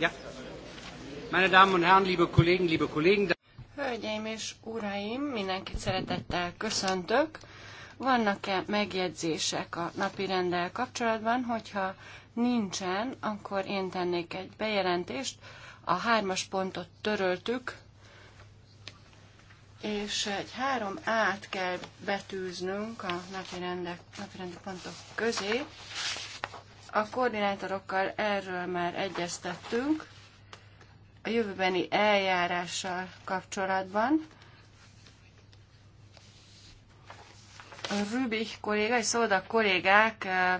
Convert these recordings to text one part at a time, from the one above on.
Ja. Meine Damen und Herren, liebe Kollegen, liebe Kollegen. Hölgyeim és uraim, mindenkit szeretettel köszöntök. Vannak-e megjegyzések a napi rendel kapcsolatban? Hogyha nincsen, akkor én tennék egy bejelentést. A hármas pontot töröltük, és egy három át kell betűznünk a napi, rendek, napi pontok közé. A koordinátorokkal erről már egyeztettünk a jövőbeni eljárással kapcsolatban. A Rübich kolléga és Szóda kollégák eh,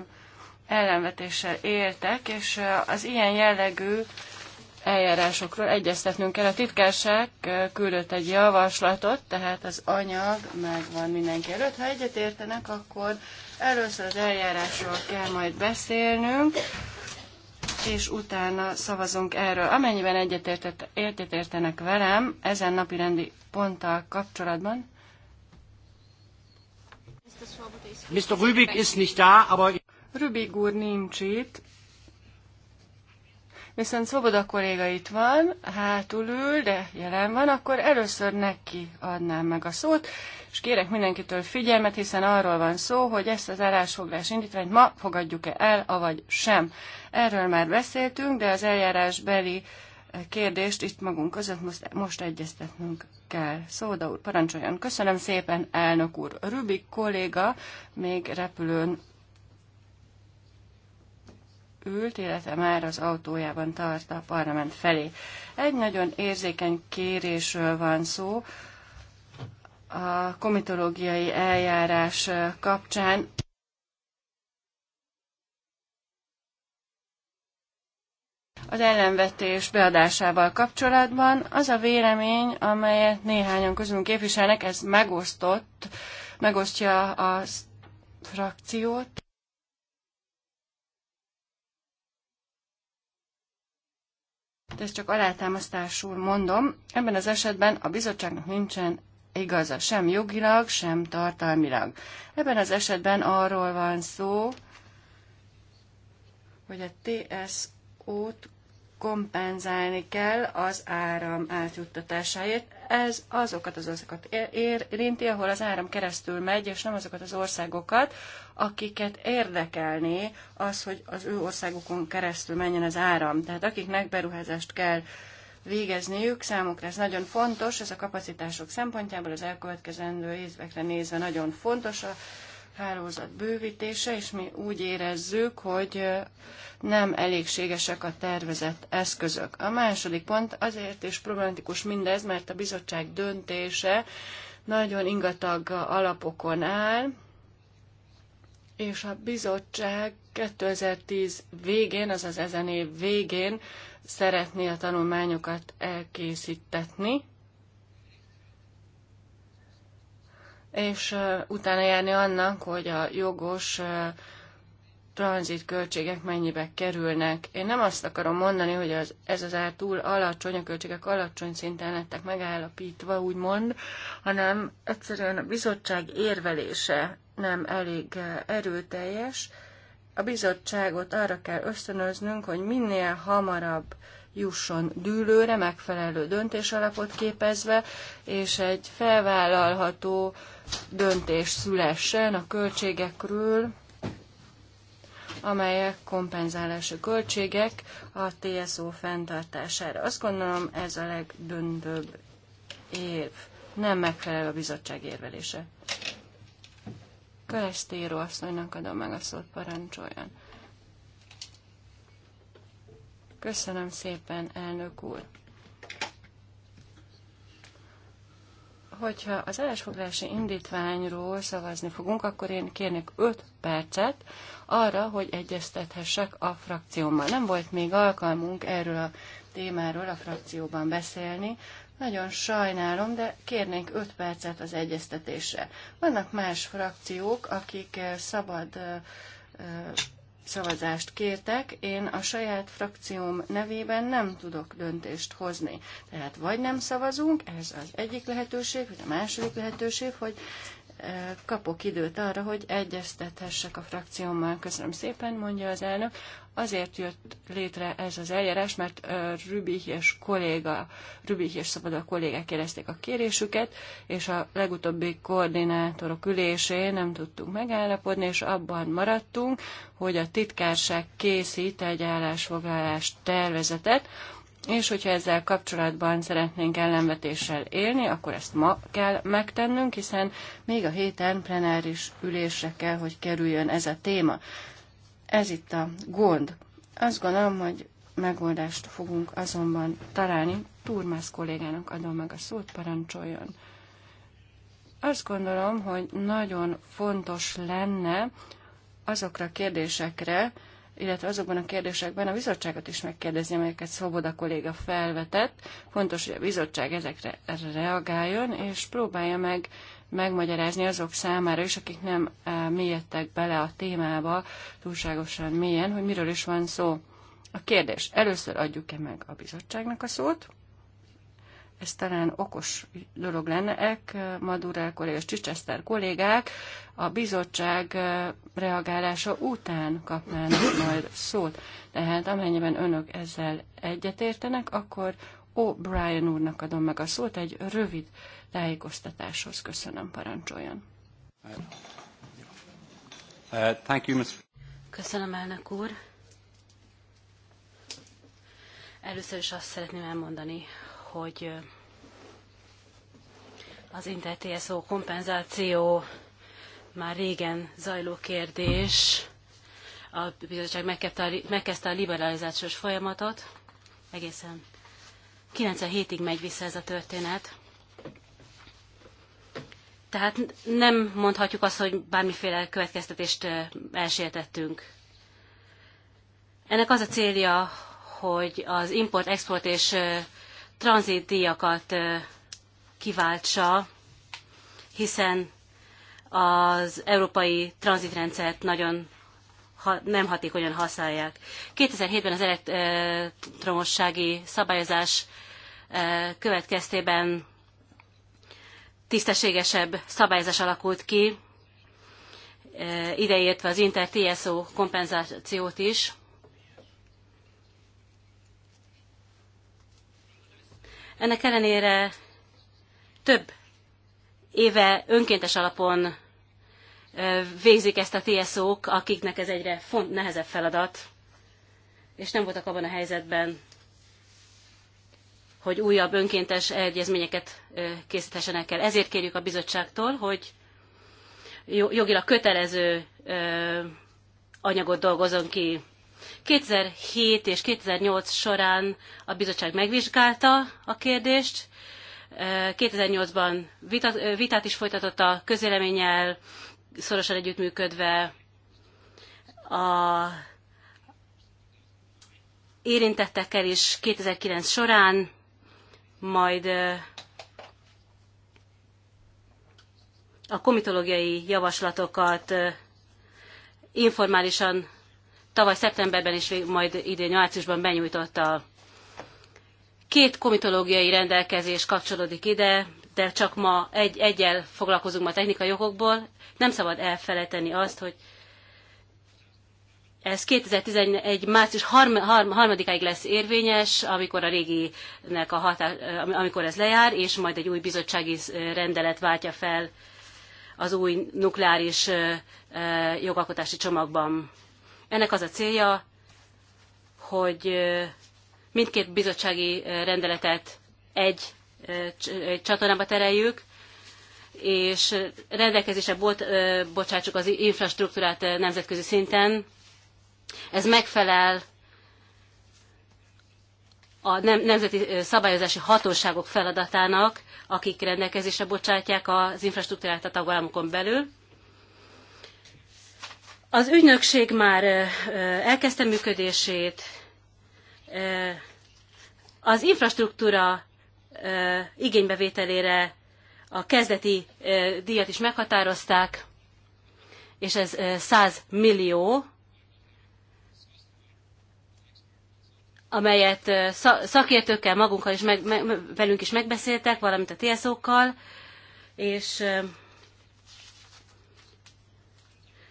ellenvetéssel éltek, és eh, az ilyen jellegű eljárásokról egyeztetnünk kell. A titkárság küldött egy javaslatot, tehát az anyag megvan mindenki előtt. Ha egyet értenek, akkor először az eljárásról kell majd beszélnünk, és utána szavazunk erről. Amennyiben egyet értenek velem ezen napi rendi ponttal kapcsolatban, Mr. Rübig ist nicht da, aber... Rübig úr nincs itt, viszont Szoboda kolléga itt van, hátul ül, de jelen van, akkor először neki adnám meg a szót, és kérek mindenkitől figyelmet, hiszen arról van szó, hogy ezt az állásfoglás indítványt ma fogadjuk-e el, avagy sem. Erről már beszéltünk, de az eljárásbeli eh, kérdést itt magunk között most, most egyeztetnünk kell. Szóda úr, parancsoljon. Köszönöm szépen, elnök úr. Rubik kolléga még repülőn ült, illetve már az autójában tart a parlament felé. Egy nagyon érzékeny kérésről van szó a komitológiai eljárás kapcsán. az ellenvetés beadásával kapcsolatban. Az a vélemény, amelyet néhányan közülünk képviselnek, ez megosztott, megosztja a frakciót. De hát ezt csak alátámasztásul mondom. Ebben az esetben a bizottságnak nincsen igaza, sem jogilag, sem tartalmilag. Ebben az esetben arról van szó, hogy a TSO-t kompenzálni kell az áram átjuttatásáért ez azokat az országokat érinti, ahol az áram keresztül megy, és nem azokat az országokat, akiket érdekelné az, hogy az ő országukon keresztül menjen az áram. Tehát akiknek beruházást kell végezniük, számukra ez nagyon fontos, ez a kapacitások szempontjából az elkövetkezendő évekre nézve nagyon fontos. A hálózat bővítése, és mi úgy érezzük, hogy nem elégségesek a tervezett eszközök. A második pont azért is problematikus mindez, mert a bizottság döntése nagyon ingatag alapokon áll, és a bizottság 2010 végén, azaz ezen év végén szeretné a tanulmányokat elkészítetni, és utána járni annak, hogy a jogos tranzit költségek mennyibe kerülnek. Én nem azt akarom mondani, hogy az, ez az ár túl alacsony, a költségek alacsony szinten lettek megállapítva, úgymond, hanem egyszerűen a bizottság érvelése nem elég erőteljes. A bizottságot arra kell ösztönöznünk, hogy minél hamarabb uh, jusson dűlőre, megfelelő döntés alapot képezve, és egy felvállalható döntés szülessen a költségekről, amelyek kompenzálási költségek a TSO fenntartására. Azt gondolom, ez a legdöntőbb év. Nem megfelel a bizottság érvelése. Kölesztéró asszonynak adom meg a szót, parancsoljon. Köszönöm szépen, elnök úr. Hogyha az állásfoglalási indítványról szavazni fogunk, akkor én kérnék 5 percet arra, hogy egyeztethessek a frakciómmal. Nem volt még alkalmunk erről a témáról a frakcióban beszélni, nagyon sajnálom, de kérnénk 5 percet az egyeztetésre. Vannak más frakciók, akik eh, szabad eh, eh, szavazást kértek, én a saját frakcióm nevében nem tudok döntést hozni. Tehát vagy nem szavazunk, ez az egyik lehetőség, vagy a második lehetőség, hogy kapok időt arra, hogy egyeztethessek a frakciómmal. Köszönöm szépen, mondja az elnök. Azért jött létre ez az eljárás, mert Rübih és kolléga, Rübih és Szabadal kollégák kérdezték a kérésüket, és a legutóbbi koordinátorok ülésén nem tudtunk megállapodni, és abban maradtunk, hogy a titkárság készít egy állásfoglalás tervezetet, és hogyha ezzel kapcsolatban szeretnénk ellenvetéssel élni, akkor ezt ma kell megtennünk, hiszen még a héten plenáris ülésre kell, hogy kerüljön ez a téma. Ez itt a gond. Azt gondolom, hogy megoldást fogunk azonban találni. Turmász kollégának adom meg a szót, parancsoljon. Azt gondolom, hogy nagyon fontos lenne azokra a kérdésekre, illetve azokban a kérdésekben a bizottságot is megkérdezni, amelyeket Szoboda kolléga felvetett. Fontos, hogy a bizottság ezekre reagáljon, és próbálja meg megmagyarázni azok számára is, akik nem eh, mélyedtek bele a témába túlságosan mélyen, hogy miről is van szó. A kérdés, először adjuk-e meg a bizottságnak a szót, ez talán okos dolog lenne, Ek, Madurel kolléga Csicseszter kollégák a bizottság reagálása után kapnának majd szót. Tehát amennyiben önök ezzel egyetértenek, akkor O'Brien úrnak adom meg a szót egy rövid tájékoztatáshoz. Köszönöm, parancsoljon. Uh, Köszönöm, elnök úr. Először is azt szeretném elmondani, hogy az inter kompenzáció már régen zajló kérdés. A bizottság megkezdte a liberalizációs folyamatot. Egészen 97-ig megy vissza ez a történet. Tehát nem mondhatjuk azt, hogy bármiféle következtetést elsértettünk. Ennek az a célja, hogy az import, export és tranzitdíjakat kiváltsa, hiszen az európai tranzitrendszert nagyon ha, nem hatékonyan használják. 2007-ben az elektromossági szabályozás következtében tisztességesebb szabályozás alakult ki, ideértve az Inter TSO kompenzációt is. Ennek ellenére több éve önkéntes alapon végzik ezt a TSO-k, akiknek ez egyre font, nehezebb feladat, és nem voltak abban a helyzetben, hogy újabb önkéntes egyezményeket készíthessenek el. Ezért kérjük a bizottságtól, hogy jogilag kötelező anyagot dolgozon ki 2007 és 2008 során a bizottság megvizsgálta a kérdést, 2008-ban vitát is folytatott a közéleménnyel, szorosan együttműködve a érintettekkel is 2009 során, majd a komitológiai javaslatokat informálisan tavaly szeptemberben és majd idén márciusban benyújtotta. Két komitológiai rendelkezés kapcsolódik ide, de csak ma egy, egyel foglalkozunk ma technikai jogokból. Nem szabad elfelejteni azt, hogy ez 2011. március 3 ig lesz érvényes, amikor a réginek a hatás, amikor ez lejár, és majd egy új bizottsági rendelet váltja fel az új nukleáris jogalkotási csomagban. Ennek az a célja, hogy mindkét bizottsági rendeletet egy, csatornába tereljük, és rendelkezésre bot, bocsátsuk az infrastruktúrát nemzetközi szinten. Ez megfelel a nem, nemzeti szabályozási hatóságok feladatának, akik rendelkezésre bocsátják az infrastruktúrát a tagállamokon belül. Az ügynökség már elkezdte működését, az infrastruktúra igénybevételére a kezdeti díjat is meghatározták, és ez 100 millió, amelyet szakértőkkel, magunkkal is, meg, velünk is megbeszéltek, valamint a TSO-kkal, és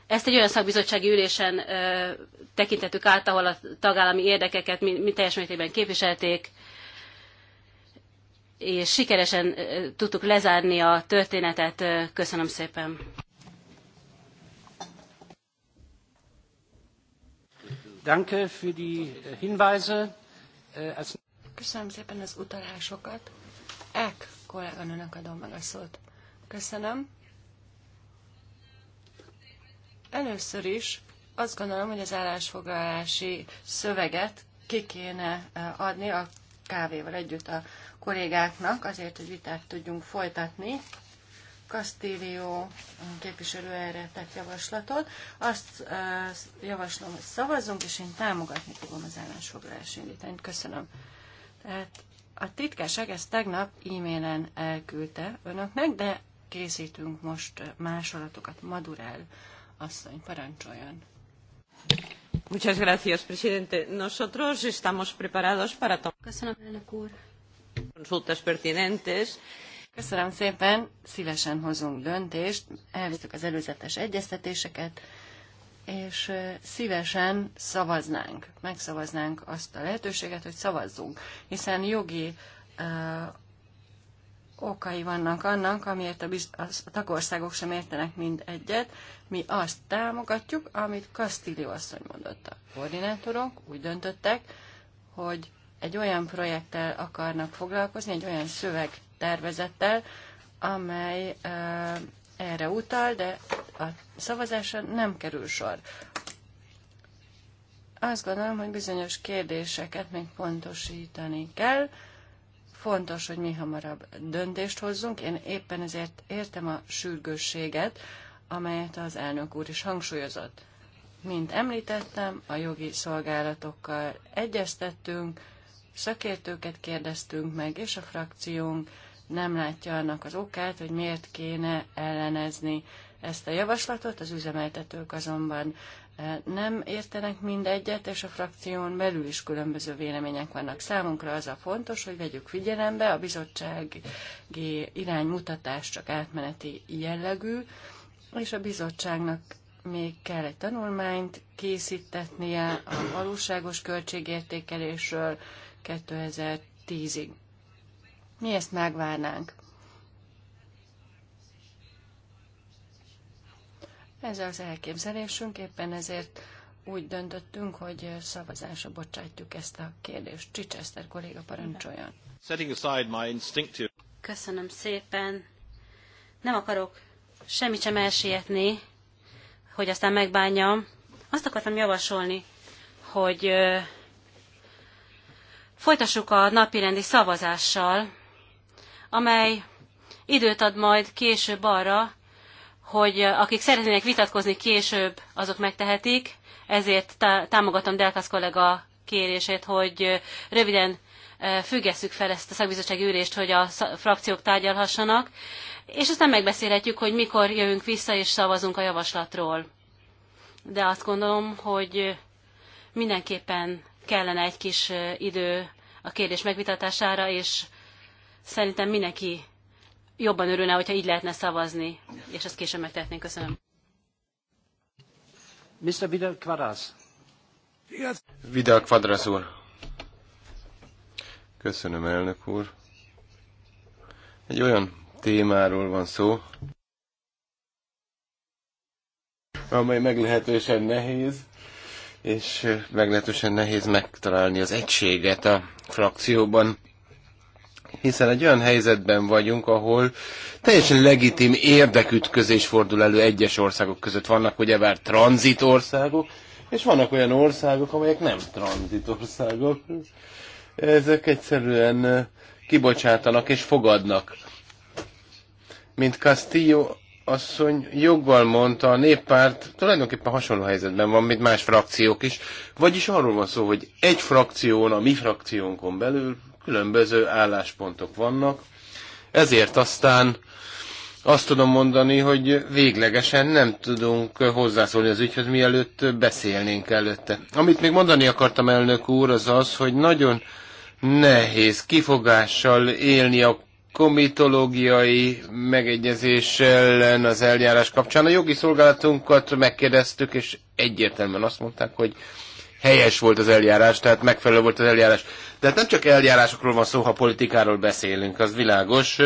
ezt egy olyan szakbizottsági ülésen ö, tekintettük át, ahol a tagállami érdekeket mi, mi teljes mértékben képviselték, és sikeresen ö, tudtuk lezárni a történetet. Köszönöm szépen! Danke für die äh, Hinweise. Äh, köszönöm szépen az utalásokat. Ek kolléganőnek adom meg a szót. Köszönöm. Először is azt gondolom, hogy az állásfoglalási szöveget ki kéne e, adni a kávéval együtt a kollégáknak, azért, hogy vitát tudjunk folytatni. Castillo képviselő erre tett javaslatot. Azt e, javaslom, hogy szavazzunk, és én támogatni fogom az állásfoglalás indítványt. Köszönöm. Tehát a titkárság ezt tegnap e-mailen elküldte önöknek, de készítünk most másolatokat madurál asszony, parancsoljon. Muchas gracias, presidente. Nosotros estamos preparados para Köszönöm, elnök úr. consultas pertinentes. Köszönöm szépen, szívesen hozunk döntést, elvittük az előzetes egyeztetéseket, és szívesen szavaznánk, megszavaznánk azt a lehetőséget, hogy szavazzunk, hiszen jogi okai vannak annak, amiért a, biz- a tagországok sem értenek mind egyet. Mi azt támogatjuk, amit Castillo asszony mondott. A koordinátorok úgy döntöttek, hogy egy olyan projekttel akarnak foglalkozni, egy olyan szövegtervezettel, amely e, erre utal, de a szavazásra nem kerül sor. Azt gondolom, hogy bizonyos kérdéseket még pontosítani kell, Fontos, hogy mi hamarabb döntést hozzunk. Én éppen ezért értem a sürgősséget, amelyet az elnök úr is hangsúlyozott. Mint említettem, a jogi szolgálatokkal egyeztettünk, szakértőket kérdeztünk meg, és a frakciónk nem látja annak az okát, hogy miért kéne ellenezni ezt a javaslatot, az üzemeltetők azonban nem értenek mindegyet, és a frakción belül is különböző vélemények vannak. Számunkra az a fontos, hogy vegyük figyelembe, a bizottsági iránymutatás csak átmeneti jellegű, és a bizottságnak még kell egy tanulmányt készítetnie a valóságos költségértékelésről 2010-ig. Mi ezt megvárnánk. Ez az elképzelésünk, éppen ezért úgy döntöttünk, hogy szavazásra bocsátjuk ezt a kérdést. Csicseszter kolléga parancsoljon. Setting aside my instinctive... Köszönöm szépen. Nem akarok semmit sem elsietni, hogy aztán megbánjam. Azt akartam javasolni, hogy folytassuk a napirendi szavazással, amely időt ad majd később arra, hogy akik szeretnének vitatkozni később, azok megtehetik, ezért támogatom Delkász kollega kérését, hogy röviden függesszük fel ezt a szakbizottsági ülést, hogy a frakciók tárgyalhassanak, és aztán megbeszélhetjük, hogy mikor jövünk vissza és szavazunk a javaslatról. De azt gondolom, hogy mindenképpen kellene egy kis idő a kérdés megvitatására, és szerintem mindenki jobban örülne, hogyha így lehetne szavazni, és ezt később megtehetnénk. Köszönöm. Mr. Vidal Quadras. Vidal Quadras úr. Köszönöm, elnök úr. Egy olyan témáról van szó, amely meglehetősen nehéz, és meglehetősen nehéz megtalálni az egységet a frakcióban hiszen egy olyan helyzetben vagyunk, ahol teljesen legitim érdekütközés fordul elő egyes országok között. Vannak ugyebár országok, és vannak olyan országok, amelyek nem országok. Ezek egyszerűen eh, kibocsátanak és fogadnak. Mint Castillo asszony joggal mondta, a néppárt tulajdonképpen hasonló helyzetben van, mint más frakciók is. Vagyis arról van szó, hogy egy frakción, a mi frakciónkon belül Különböző álláspontok vannak. Ezért aztán azt tudom mondani, hogy véglegesen nem tudunk hozzászólni az ügyhöz, mielőtt beszélnénk előtte. Amit még mondani akartam, elnök úr, az az, hogy nagyon nehéz kifogással élni a komitológiai megegyezés ellen az eljárás kapcsán. A jogi szolgálatunkat megkérdeztük, és egyértelműen azt mondták, hogy helyes volt az eljárás, tehát megfelelő volt az eljárás de hát nem csak eljárásokról van szó, ha politikáról beszélünk, az világos,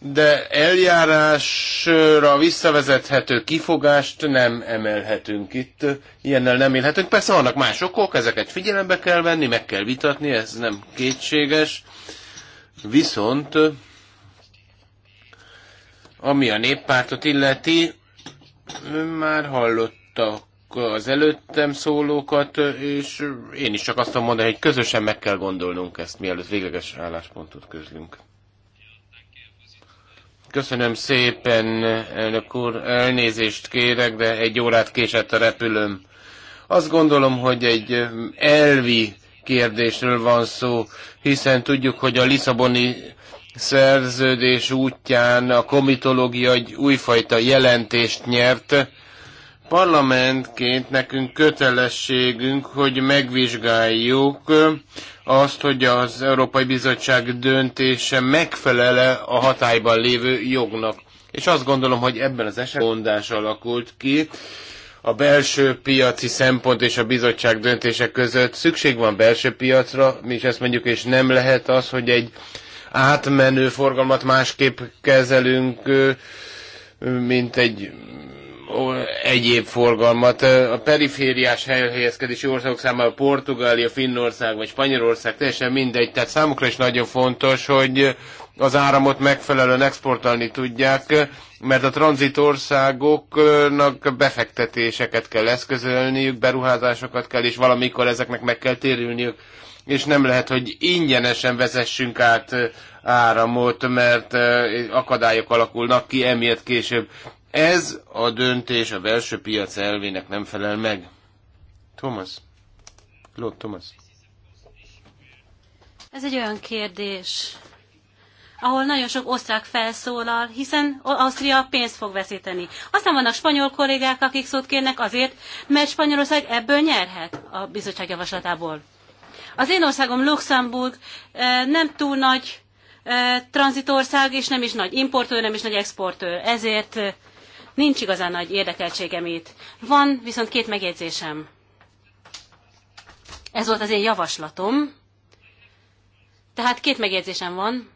de eljárásra visszavezethető kifogást nem emelhetünk itt, ilyennel nem élhetünk. Persze vannak más okok, ezeket figyelembe kell venni, meg kell vitatni, ez nem kétséges. Viszont, ami a néppártot illeti, már hallottak az előttem szólókat, és én is csak azt tudom mondani, hogy közösen meg kell gondolnunk ezt, mielőtt végleges álláspontot közlünk. Köszönöm szépen, elnök úr, elnézést kérek, de egy órát késett a repülőm. Azt gondolom, hogy egy elvi kérdésről van szó, hiszen tudjuk, hogy a Lisszaboni szerződés útján a komitológia egy újfajta jelentést nyert, Parlamentként nekünk kötelességünk, hogy megvizsgáljuk azt, hogy az Európai Bizottság döntése megfelele a hatályban lévő jognak. És azt gondolom, hogy ebben az esetben mondás alakult ki, a belső piaci szempont és a bizottság döntése között szükség van belső piacra, mi is ezt mondjuk, és nem lehet az, hogy egy átmenő forgalmat másképp kezelünk, mint egy egyéb forgalmat. A perifériás helyezkedési országok számára Portugália, Finnország vagy Spanyolország, teljesen mindegy. Tehát számukra is nagyon fontos, hogy az áramot megfelelően exportálni tudják, mert a tranzitországoknak befektetéseket kell eszközölniük, beruházásokat kell, és valamikor ezeknek meg kell térülniük. És nem lehet, hogy ingyenesen vezessünk át áramot, mert akadályok alakulnak ki, emiatt később ez a döntés a belső piac elvének nem felel meg. Thomas. Lord Thomas. Ez egy olyan kérdés, ahol nagyon sok osztrák felszólal, hiszen Ausztria pénzt fog veszíteni. Aztán vannak spanyol kollégák, akik szót kérnek azért, mert Spanyolország ebből nyerhet a bizottság javaslatából. Az én országom Luxemburg eh, nem túl nagy eh, tranzitország, és nem is nagy importőr, nem is nagy exportőr. Ezért eh, Nincs igazán nagy érdekeltségem itt. Van viszont két megjegyzésem. Ez volt az én javaslatom. Tehát két megjegyzésem van.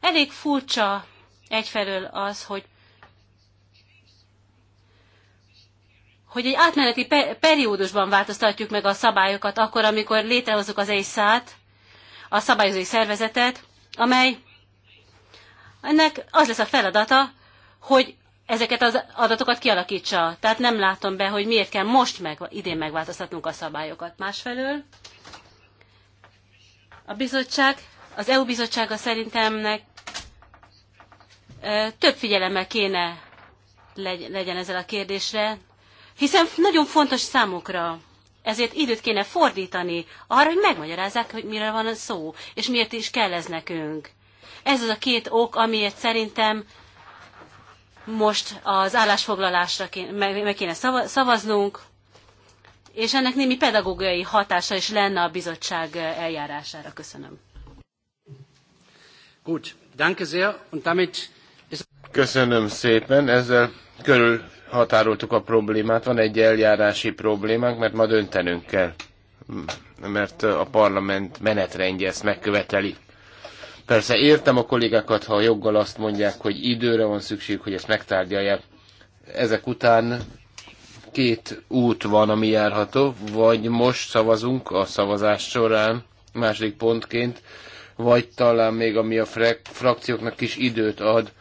Elég furcsa egyfelől az, hogy hogy egy átmeneti periódusban változtatjuk meg a szabályokat, akkor, amikor létrehozzuk az észát, a szabályozói szervezetet, amely ennek az lesz a feladata, hogy ezeket az adatokat kialakítsa. Tehát nem látom be, hogy miért kell most meg, idén megváltoztatnunk a szabályokat. Másfelől a bizottság, az EU bizottsága szerintem több figyelemmel kéne legyen ezzel a kérdésre, hiszen nagyon fontos számukra. Ezért időt kéne fordítani arra, hogy megmagyarázzák, hogy mire van a szó, és miért is kell ez nekünk. Ez az a két ok, amiért szerintem most az állásfoglalásra kéne, meg kéne szavaznunk, és ennek némi pedagógiai hatása is lenne a bizottság eh, eljárására. Köszönöm. Gut, danke sehr, und damit Köszönöm szépen, ezzel körül határoltuk a problémát. Van egy eljárási problémánk, mert ma döntenünk kell, mert a parlament menetrendje ezt megköveteli. Persze értem a kollégákat, ha joggal azt mondják, hogy időre van szükség, hogy ezt megtárgyalják. Ezek után két út van, ami járható, vagy most szavazunk a szavazás során, második pontként, vagy talán még ami a frakcióknak is időt ad.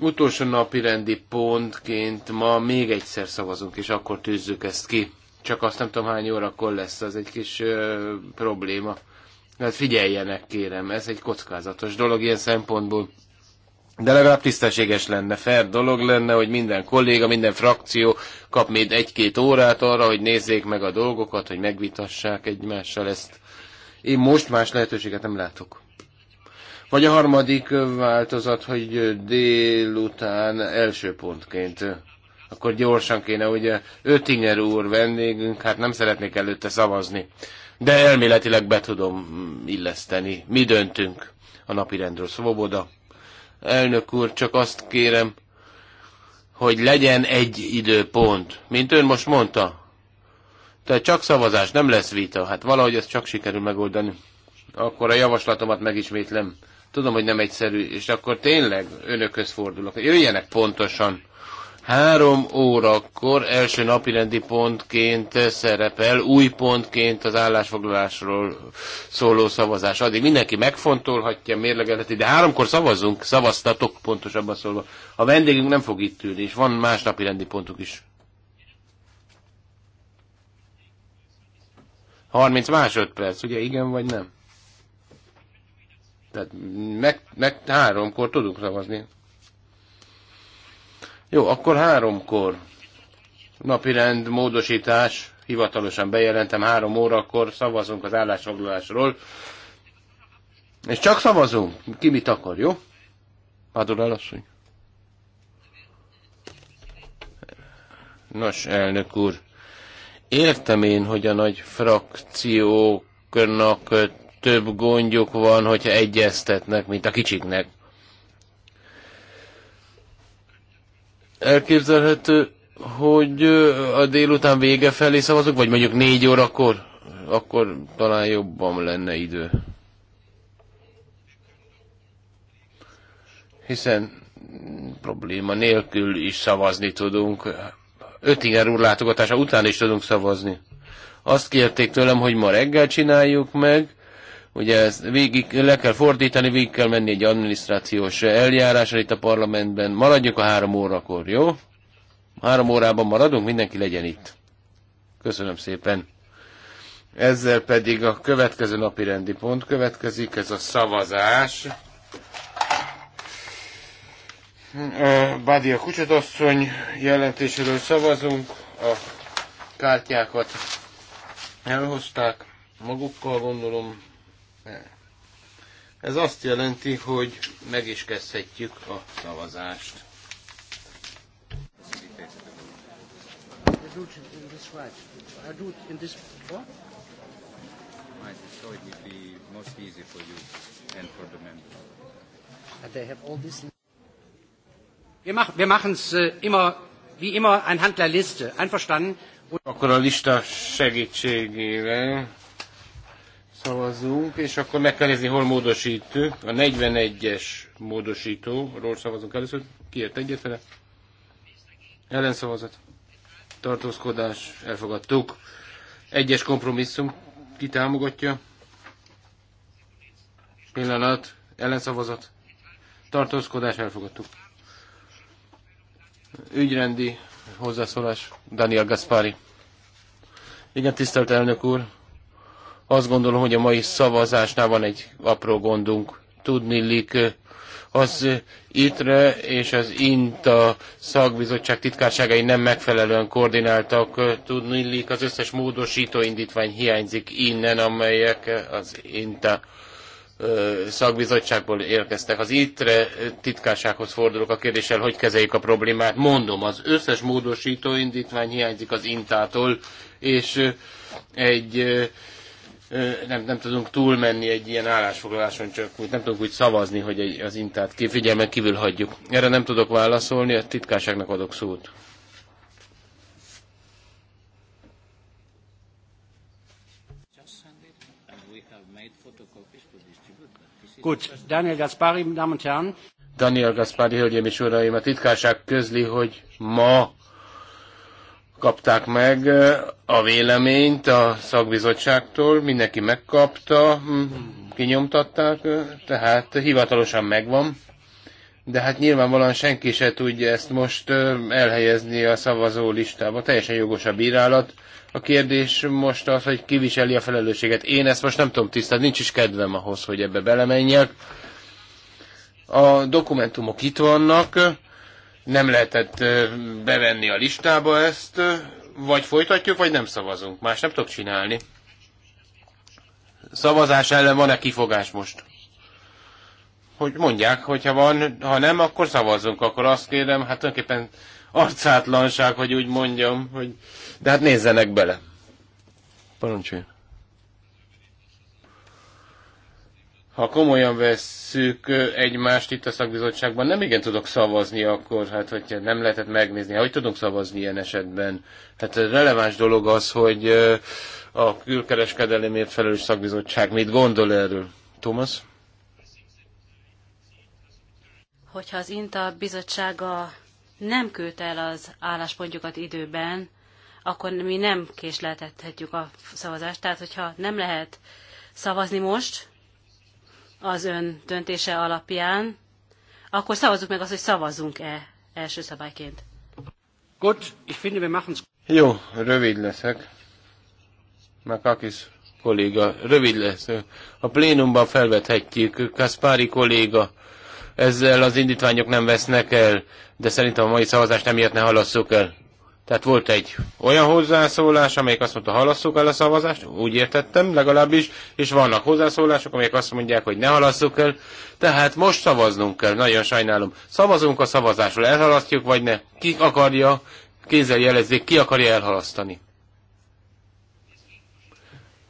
Utolsó napi rendi pontként ma még egyszer szavazunk, és akkor tűzzük ezt ki. Csak azt nem tudom, hány órakor lesz, az egy kis ö, probléma. Hát figyeljenek, kérem, ez egy kockázatos dolog ilyen szempontból. De legalább tisztességes lenne, fair dolog lenne, hogy minden kolléga, minden frakció kap még egy-két órát arra, hogy nézzék meg a dolgokat, hogy megvitassák egymással ezt. Én most más lehetőséget nem látok. Vagy a harmadik változat, hogy délután első pontként. Akkor gyorsan kéne, ugye Ötinger úr vendégünk, hát nem szeretnék előtte szavazni de elméletileg be tudom illeszteni. Mi döntünk a napirendről. Szoboda? Elnök úr, csak azt kérem, hogy legyen egy időpont. Mint ön most mondta. Tehát csak szavazás, nem lesz vita. Hát valahogy ezt csak sikerül megoldani. Akkor a javaslatomat megismétlem. Tudom, hogy nem egyszerű, és akkor tényleg önökhöz fordulok. Jöjjenek pontosan Három órakor első napirendi pontként szerepel, új pontként az állásfoglalásról szóló szavazás. Addig mindenki megfontolhatja, mérlegelheti, de háromkor szavazunk, szavaztatok pontosabban szólva. A vendégünk nem fog itt ülni, és van más napirendi pontuk is. 30 másodperc, ugye igen vagy nem? Tehát meg, meg háromkor tudunk szavazni. Jó, akkor háromkor napirend módosítás, hivatalosan bejelentem, három órakor szavazunk az állásfoglalásról. És csak szavazunk, ki mit akar, jó? Pádor elasszony. Nos, elnök úr, értem én, hogy a nagy frakcióknak több gondjuk van, hogyha egyeztetnek, mint a kicsiknek. Elképzelhető, hogy a délután vége felé szavazok, vagy mondjuk négy órakor, akkor talán jobban lenne idő. Hiszen probléma nélkül is szavazni tudunk. Öttinger úr látogatása után is tudunk szavazni. Azt kérték tőlem, hogy ma reggel csináljuk meg, Ugye ezt végig le kell fordítani, végig kell menni egy adminisztrációs eljárásra itt a parlamentben. Maradjuk a három órakor, jó? Három órában maradunk, mindenki legyen itt. Köszönöm szépen. Ezzel pedig a következő napi rendi pont következik, ez a szavazás. Bádia Kucsatasszony jelentéséről szavazunk, a kártyákat elhozták magukkal, gondolom, ez azt jelenti, hogy meg is kezdhetjük a szavazást. Wir machen es äh, immer, wie immer, anhand der Liste. Einverstanden? Akkor a lista segítségével szavazunk, és akkor meg kell nézni, hol módosítő. A 41-es módosítóról szavazunk először. Kiért egyet vele? Ellenszavazat. Tartózkodás. Elfogadtuk. Egyes kompromisszum. Ki támogatja? Pillanat. Ellenszavazat. Tartózkodás. Elfogadtuk. Ügyrendi hozzászólás. Daniel Gaspari. Igen, tisztelt elnök úr azt gondolom, hogy a mai szavazásnál van egy apró gondunk. Tudnillik az ITRE és az INTA szakbizottság titkárságai nem megfelelően koordináltak. Tudnillik az összes módosító indítvány hiányzik innen, amelyek az INTA szakbizottságból érkeztek. Az ITRE titkársághoz fordulok a kérdéssel, hogy kezeljük a problémát. Mondom, az összes módosító indítvány hiányzik az intától, és egy nem, nem tudunk túlmenni egy ilyen állásfoglaláson, csak úgy nem tudunk úgy szavazni, hogy az intát figyelmen kívül hagyjuk. Erre nem tudok válaszolni, a titkárságnak adok szót. Gut, Daniel Gaspari, Damen und Herren. Daniel Gaspari, hölgyeim és uraim, a titkárság közli, hogy ma kapták meg a véleményt a szakbizottságtól, mindenki megkapta, kinyomtatták, tehát hivatalosan megvan. De hát nyilvánvalóan senki se tudja ezt most elhelyezni a szavazó listába. Teljesen jogos a bírálat. A kérdés most az, hogy ki viseli a felelősséget. Én ezt most nem tudom tisztelni, nincs is kedvem ahhoz, hogy ebbe belemenjek. A dokumentumok itt vannak, nem lehetett bevenni a listába ezt, vagy folytatjuk, vagy nem szavazunk. Más nem tudok csinálni. Szavazás ellen van-e kifogás most? Hogy mondják, hogyha van, ha nem, akkor szavazunk, Akkor azt kérem, hát tulajdonképpen arcátlanság, hogy úgy mondjam, hogy... de hát nézzenek bele. Parancsoljon. ha komolyan vesszük egymást itt a szakbizottságban, nem igen tudok szavazni akkor, hát hogyha nem lehetett megnézni, hogy tudunk szavazni ilyen esetben. Hát a releváns dolog az, hogy a külkereskedelemért felelős szakbizottság mit gondol erről. Thomas? Hogyha az INTA bizottsága nem küldte el az álláspontjukat időben, akkor mi nem késleltethetjük a szavazást. Tehát, hogyha nem lehet szavazni most, az ön döntése alapján, akkor szavazzuk meg azt, hogy szavazunk-e első szabályként. Gut, ich finde, wir machen's. Jó, rövid leszek. Makakis kolléga, rövid lesz. A plénumban felvethetjük, Kaspári kolléga, ezzel az indítványok nem vesznek el, de szerintem a mai szavazást ilyet ne halasszuk el. Tehát volt egy olyan hozzászólás, amelyik azt mondta, halasszuk el a szavazást, úgy értettem legalábbis, és vannak hozzászólások, amelyek azt mondják, hogy ne halasszuk el, tehát most szavaznunk kell, nagyon sajnálom. Szavazunk a szavazásról, elhalasztjuk vagy ne? Ki akarja, kézzel jelezzék, ki akarja elhalasztani?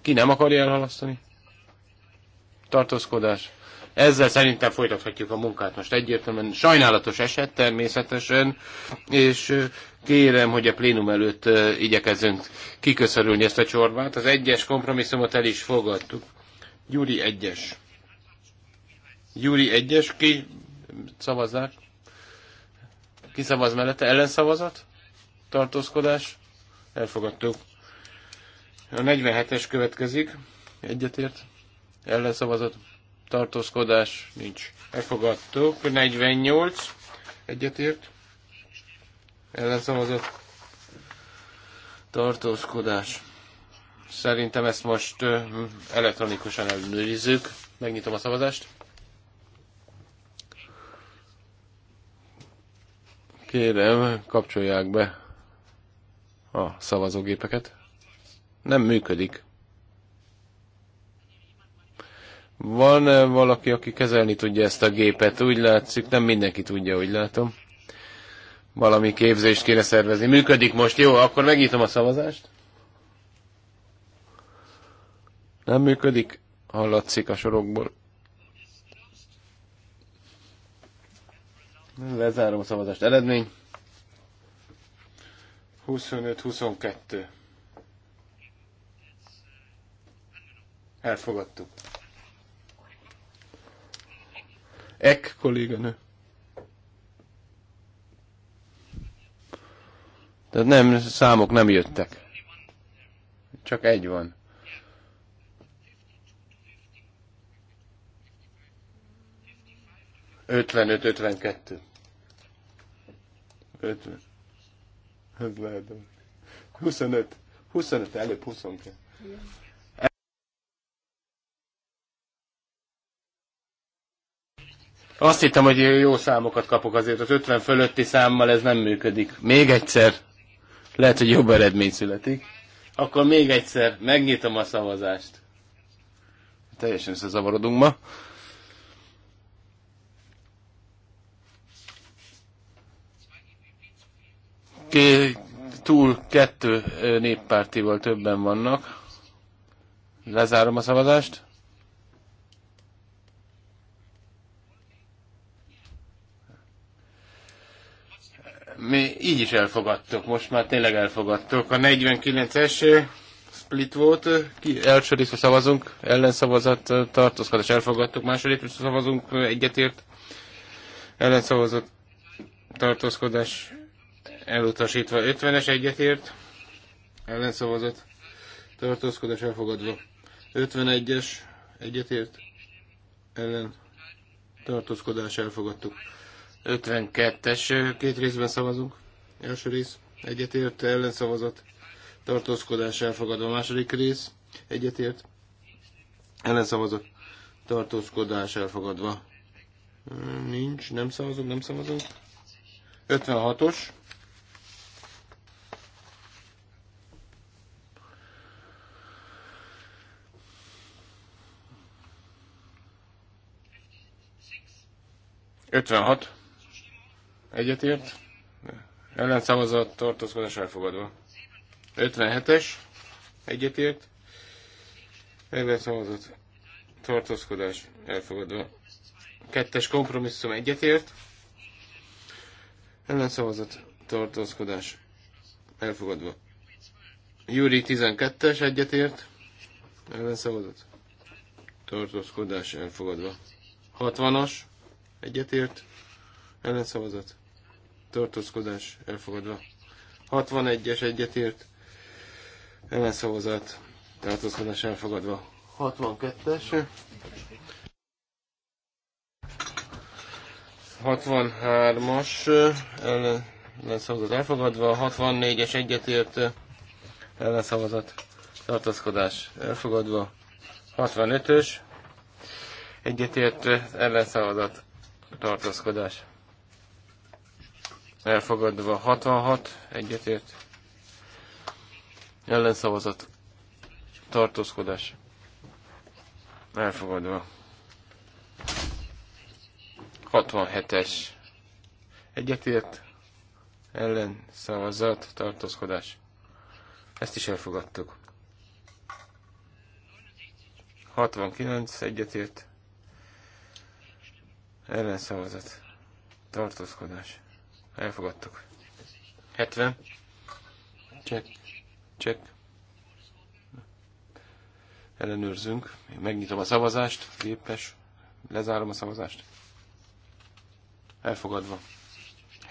Ki nem akarja elhalasztani? Tartózkodás. Ezzel szerintem folytathatjuk a munkát most egyértelműen. Sajnálatos eset természetesen, és kérem, hogy a plénum előtt igyekezzünk kiköszörülni ezt a csorbát. Az egyes kompromisszumot el is fogadtuk. Gyuri egyes. Gyuri egyes, ki szavazzák? Ki szavaz mellette? Ellenszavazat? Tartózkodás? Elfogadtuk. A 47-es következik. Egyetért. Ellenszavazat tartózkodás nincs. Elfogadtuk. 48 egyetért Ellenszavazott. tartózkodás. Szerintem ezt most elektronikusan ellenőrizzük. Megnyitom a szavazást. Kérem, kapcsolják be a szavazógépeket. Nem működik. van -e valaki, aki kezelni tudja ezt a gépet? Úgy látszik, nem mindenki tudja, úgy látom. Valami képzést kéne szervezni. Működik most, jó, akkor megnyitom a szavazást. Nem működik? Hallatszik a sorokból. Lezárom a szavazást. Eredmény? 25-22. Elfogadtuk. Ek kolléganő. Tehát nem, számok nem jöttek. Csak egy van. Ötvenöt, ötvenkettő. Ötven. Ez lehet. Huszonöt. Huszonöt előbb, huszonkettő. Azt hittem, hogy jó számokat kapok azért, az 50 fölötti számmal ez nem működik. Még egyszer, lehet, hogy jobb eredmény születik. Akkor még egyszer, megnyitom a szavazást. Teljesen összezavarodunk ma. Ké, túl kettő néppártival többen vannak. Lezárom a szavazást. mi így is elfogadtuk, most már tényleg elfogadtuk. A 49-es eh, split volt, eh, ki első részre szavazunk, ellenszavazat eh, és elfogadtuk, második részre szavazunk egyetért, ellenszavazat tartózkodás elutasítva, 50-es egyetért, ellenszavazat tartózkodás elfogadva, 51-es egyetért, ellen tartózkodás elfogadtuk. 52-es, két részben szavazunk. Első rész, egyetért, ellenszavazat, tartózkodás elfogadva. Második rész, egyetért, ellenszavazat, tartózkodás elfogadva. Nincs, nem szavazunk, nem szavazunk. 56-os. hat. Egyetért? Ellenszavazat, tartózkodás elfogadva. 57-es. Egyetért. Ellenszavazat, tartózkodás elfogadva. Kettes kompromisszum egyetért. Ellenszavazat, tartózkodás elfogadva. Júri 12-es egyetért. Ellenszavazat, tartózkodás elfogadva. 60-as egyetért. Ellenszavazat, tartózkodás elfogadva. 61-es egyetért ellenszavazat tartózkodás elfogadva. 62-es. 63-as ellen, ellenszavazat elfogadva, 64-es egyetért ellenszavazat tartózkodás elfogadva, 65-ös egyetért ellenszavazat tartózkodás elfogadva 66, egyetért, ellenszavazat, tartózkodás, elfogadva 67-es, egyetért, ellenszavazat, tartózkodás. Ezt is elfogadtuk. 69 egyetért, ellenszavazat, tartózkodás Elfogadtuk. 70. Check. Check. Ellenőrzünk. Én megnyitom a szavazást. Képes. Lezárom a szavazást. Elfogadva.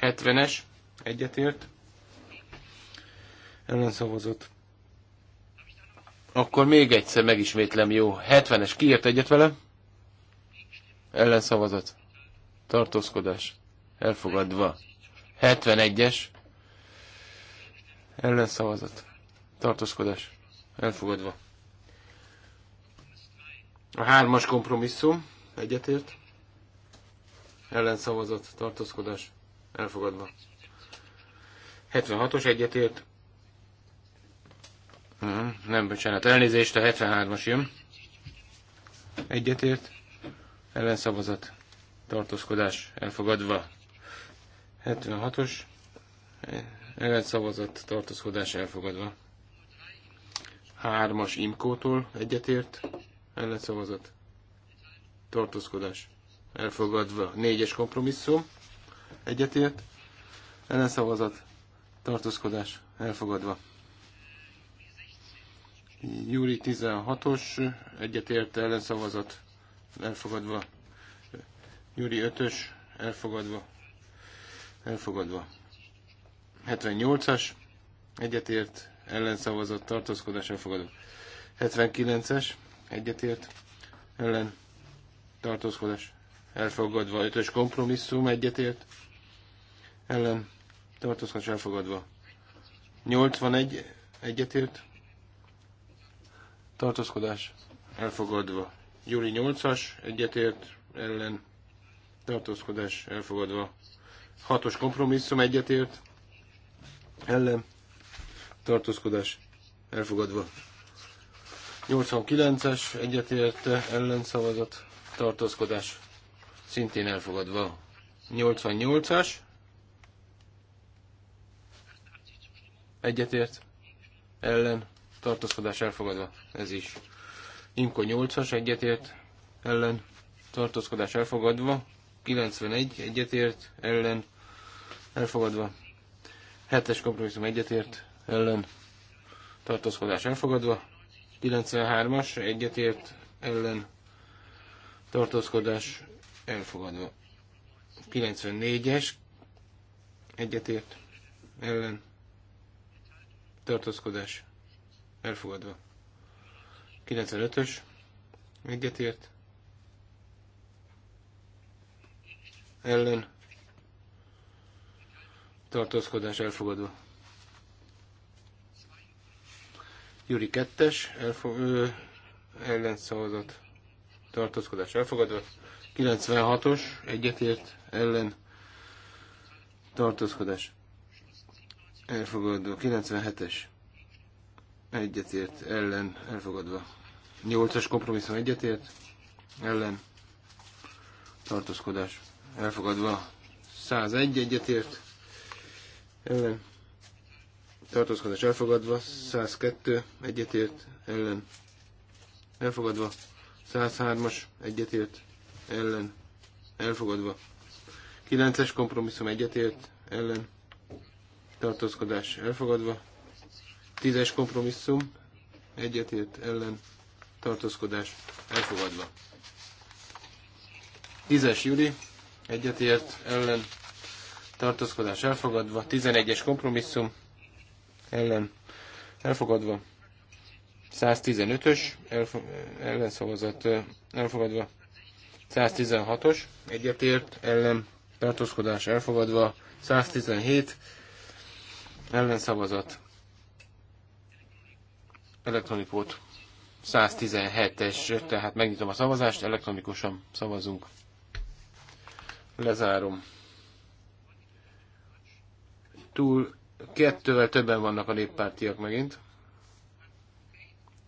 70-es. Egyetért. Ellenszavazott. Akkor még egyszer megismétlem, jó. 70-es kiért egyet vele? Ellenszavazat. Tartózkodás. Elfogadva. 71-es ellenszavazat. Tartózkodás. Elfogadva. A hármas kompromisszum. Egyetért. Ellenszavazat. Tartózkodás. Elfogadva. 76-os egyetért. Hmm, nem, bocsánat, elnézést, a 73-as jön. Egyetért. Ellenszavazat. Tartózkodás elfogadva. 76-os ellenszavazat tartózkodás elfogadva. 3-as Imkótól egyetért ellenszavazat tartózkodás elfogadva. 4-es kompromisszum egyetért ellenszavazat tartózkodás elfogadva. Júli 16-os egyetért ellenszavazat elfogadva. Júli 5-ös elfogadva elfogadva. 78-as, egyetért, ellenszavazott, tartózkodás elfogadva. 79-es, egyetért, ellen, tartózkodás elfogadva. 5-ös kompromisszum, egyetért, ellen, tartózkodás elfogadva. 81, egyetért, tartózkodás elfogadva. Júli 8-as, egyetért, ellen, tartózkodás elfogadva. Hatos kompromisszum egyetért. Ellen. Tartózkodás elfogadva. 89-es egyetért ellenszavazat. Tartózkodás szintén elfogadva. 88-as. Egyetért. Ellen. Tartózkodás elfogadva. Ez is. Imko 8-as egyetért. Ellen. Tartózkodás elfogadva. 91 egyetért ellen elfogadva. 7-es kompromisszum egyetért ellen tartózkodás elfogadva. 93-as egyetért ellen tartózkodás elfogadva. 94-es egyetért ellen tartózkodás elfogadva. 95-ös egyetért ellen tartózkodás elfogadva. Gyuri kettes elfo- ellen szavazat tartózkodás elfogadva. 96-os egyetért ellen tartózkodás elfogadva. 97-es egyetért ellen elfogadva. 8-as kompromisszum egyetért ellen tartózkodás elfogadva 101 egyetért, ellen tartózkodás elfogadva 102 egyetért, ellen elfogadva 103-as egyetért, ellen elfogadva 9-es kompromisszum egyetért, ellen tartózkodás elfogadva 10-es kompromisszum egyetért, ellen tartózkodás elfogadva. 10-es júli egyetért ellen tartózkodás elfogadva, 11-es kompromisszum ellen elfogadva, 115-ös elf- ellenszavazat elfogadva, 116-os egyetért ellen tartózkodás elfogadva, 117 ellenszavazat elektronikót 117-es, tehát megnyitom a szavazást, elektronikusan szavazunk. Lezárom. Túl kettővel többen vannak a néppártiak megint.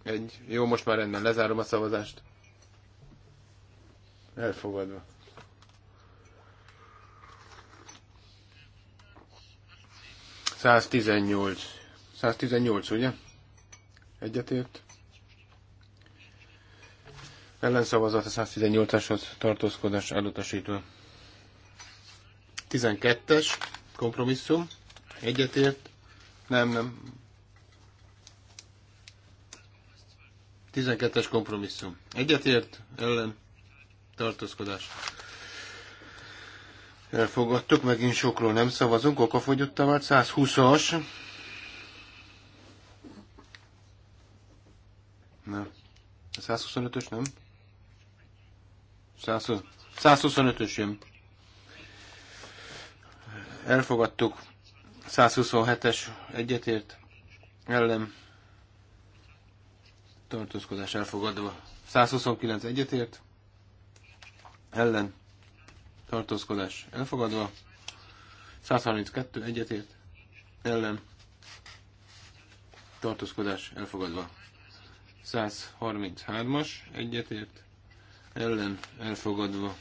Egy. Jó, most már rendben, lezárom a szavazást. Elfogadva. Száztizennyolc. 118, ugye? Egyetért. Ellenszavazat a 118-ashoz tartózkodás elutasítva. 12-es kompromisszum. Egyetért. Nem, nem. 12-es kompromisszum. Egyetért, ellen, tartózkodás. Elfogadtuk, megint sokról nem szavazunk, a vált, 120-as. Na. 125-ös nem? 125-ös jön. Elfogadtuk. 127-es egyetért ellen tartózkodás elfogadva. 129 egyetért ellen tartózkodás elfogadva. 132 egyetért ellen tartózkodás elfogadva. 133-as egyetért ellen elfogadva.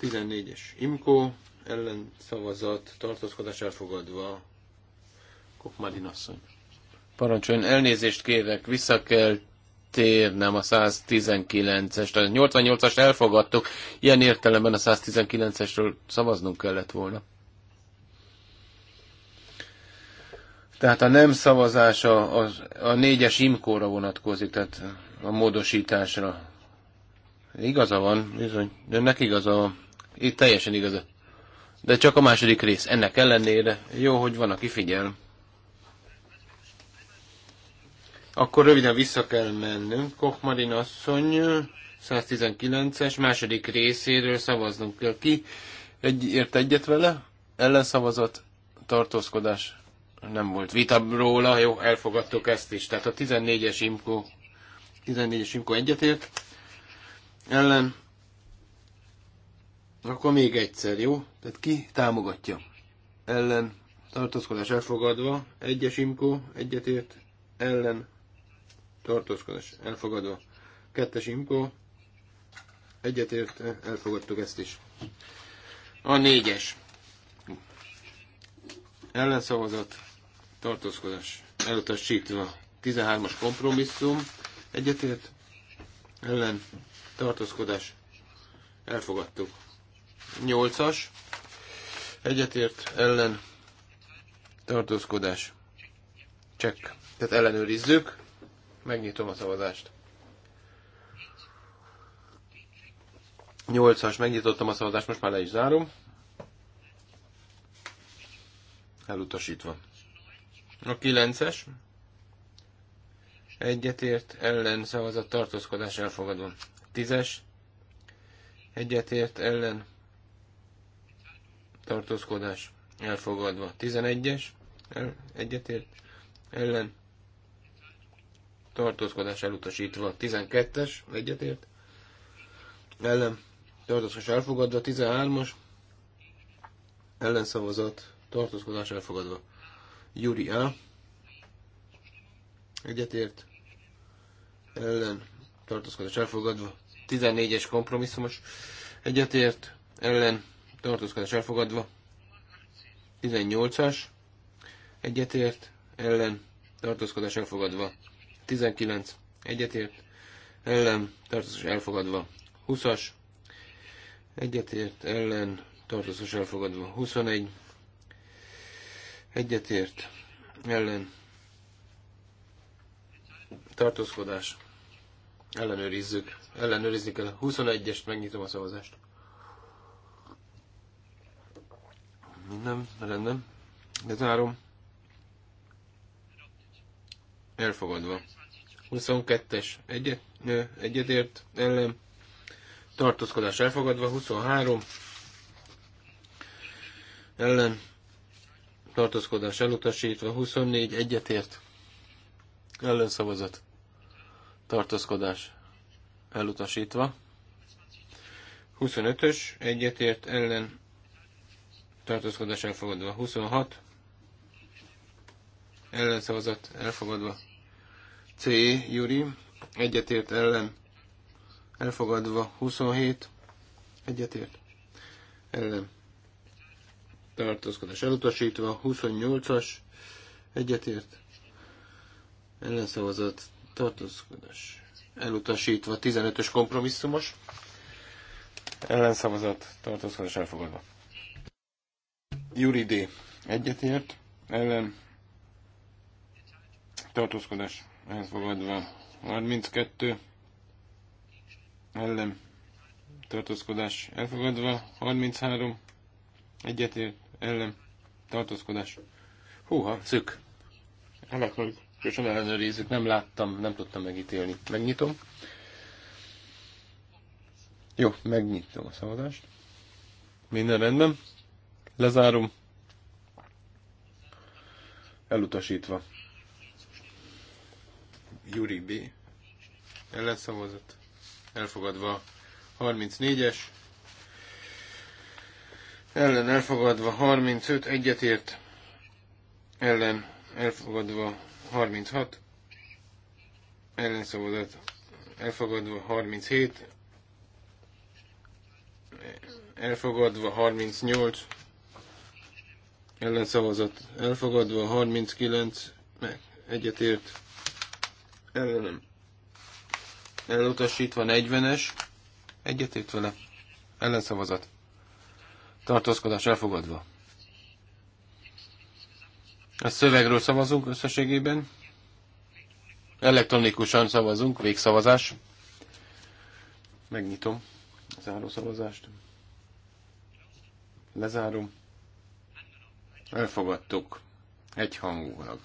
14-es Imkó ellen szavazat, tartózkodás elfogadva. Kokmadin asszony. Parancsoljon, elnézést kérek, vissza kell térnem a 119-est. A 88-ast elfogadtuk, ilyen értelemben a 119-esről szavaznunk kellett volna. Tehát a nem a, a, a négyes imkóra vonatkozik, tehát a módosításra. Igaza van, bizony. Önnek igaza van. Itt teljesen igaza. De csak a második rész. Ennek ellenére jó, hogy van, aki figyel. Akkor röviden vissza kell mennünk. Kochmarin asszony 119-es második részéről szavaznunk kell ki. Egy, ért egyet vele? Ellenszavazat, tartózkodás, nem volt vita róla, jó, elfogadtuk ezt is. Tehát a 14-es Imko, 14-es Imko egyetért, ellen Hát akkor még egyszer, jó? Tehát ki támogatja? Ellen tartózkodás elfogadva, egyes imkó, egyetért, ellen tartózkodás elfogadva, kettes imkó, egyetért, elfogadtuk ezt is. A négyes. Ellenszavazat, tartózkodás elutasítva. 13-as kompromisszum, egyetért, ellen tartózkodás elfogadtuk. 8-as. Egyetért ellen tartózkodás. Check. Tehát ellenőrizzük. Megnyitom a szavazást. 8-as, megnyitottam a szavazást, most már le is zárom. Elutasítva. A 9-es. Egyetért, ellen, szavazat, tartózkodás elfogadva. 10-es. Egyetért, ellen, tartózkodás elfogadva. 11-es el, egyetért ellen tartózkodás elutasítva. 12-es egyetért ellen tartózkodás elfogadva. 13-as ellenszavazat tartózkodás elfogadva. Júri A. Egyetért ellen tartózkodás elfogadva. 14-es kompromisszumos egyetért ellen tartózkodás elfogadva. 18-as egyetért ellen tartózkodás elfogadva. 19 egyetért ellen tartózkodás elfogadva. 20-as egyetért ellen tartózkodás elfogadva. 21 egyetért ellen tartózkodás ellenőrizzük. Ellenőrizni kell. 21-est megnyitom a szavazást. Minden rendben. Lezárom. Elfogadva. 22-es egyet, egyetért ellen. Tartózkodás elfogadva. 23 ellen. Tartózkodás elutasítva. 24 egyetért ellenszavazat. Tartózkodás elutasítva. 25-ös egyetért ellen tartózkodás elfogadva. 26 ellenszavazat elfogadva. C. Juri egyetért ellen elfogadva. 27 egyetért ellen tartózkodás elutasítva. 28-as egyetért ellenszavazat tartózkodás elutasítva. 15-ös kompromisszumos ellenszavazat tartózkodás elfogadva. Juri D. Egyetért, ellen tartózkodás elfogadva. 32 ellen tartózkodás elfogadva. 33 egyetért, ellen tartózkodás. Húha, szük. Hát Elektronikusan ellenőrizzük, nem láttam, nem tudtam megítélni. Megnyitom. Jó, megnyitom a szavazást. Minden rendben. Lezárom. Elutasítva. Juri B. Ellenszavazat. Elfogadva. 34-es. Ellen elfogadva 35, egyetért. Ellen elfogadva 36. Ellenszavazat elfogadva 37. Elfogadva 38 ellenszavazat elfogadva, 39 meg egyetért ellenem elutasítva 40-es egyetért vele ellenszavazat tartózkodás elfogadva. A szövegről szavazunk összességében. Elektronikusan szavazunk, végszavazás. Megnyitom a zárószavazást. Lezárom. Elfogadtuk egyhangulag.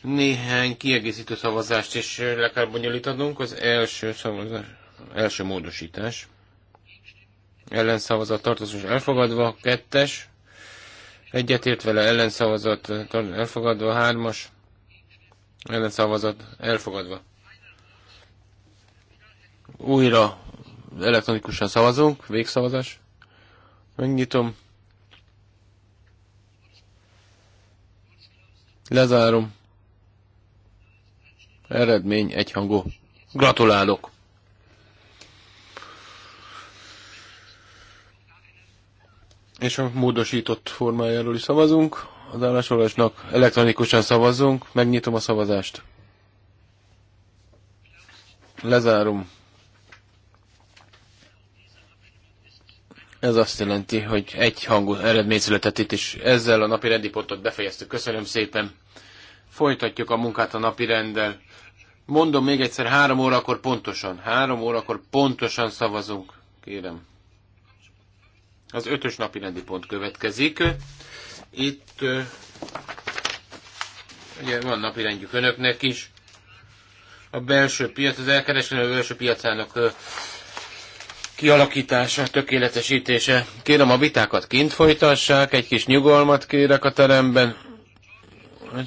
Néhány kiegészítő szavazást is le kell bonyolítanunk. Az első szavazás, első módosítás. Ellenszavazat tartozás elfogadva, kettes. Egyetért vele ellenszavazat elfogadva, hármas. Ellenszavazat elfogadva. Újra elektronikusan szavazunk, végszavazás. Megnyitom. Lezárom. Eredmény egyhangú. Gratulálok! És a módosított formájáról is szavazunk. Az állásolásnak elektronikusan szavazzunk. Megnyitom a szavazást. Lezárom. Ez azt jelenti, hogy egy hangú eredmény született itt, és ezzel a napi rendi pontot befejeztük. Köszönöm szépen. Folytatjuk a munkát a napi rendel. Mondom még egyszer, három órakor pontosan. Három órakor pontosan szavazunk, kérem. Az ötös napi rendi pont következik. Itt ugye van napi rendjük önöknek is. A belső piac, az elkereskedő belső piacának kialakítása, tökéletesítése. Kérem a vitákat kint folytassák, egy kis nyugalmat kérek a teremben.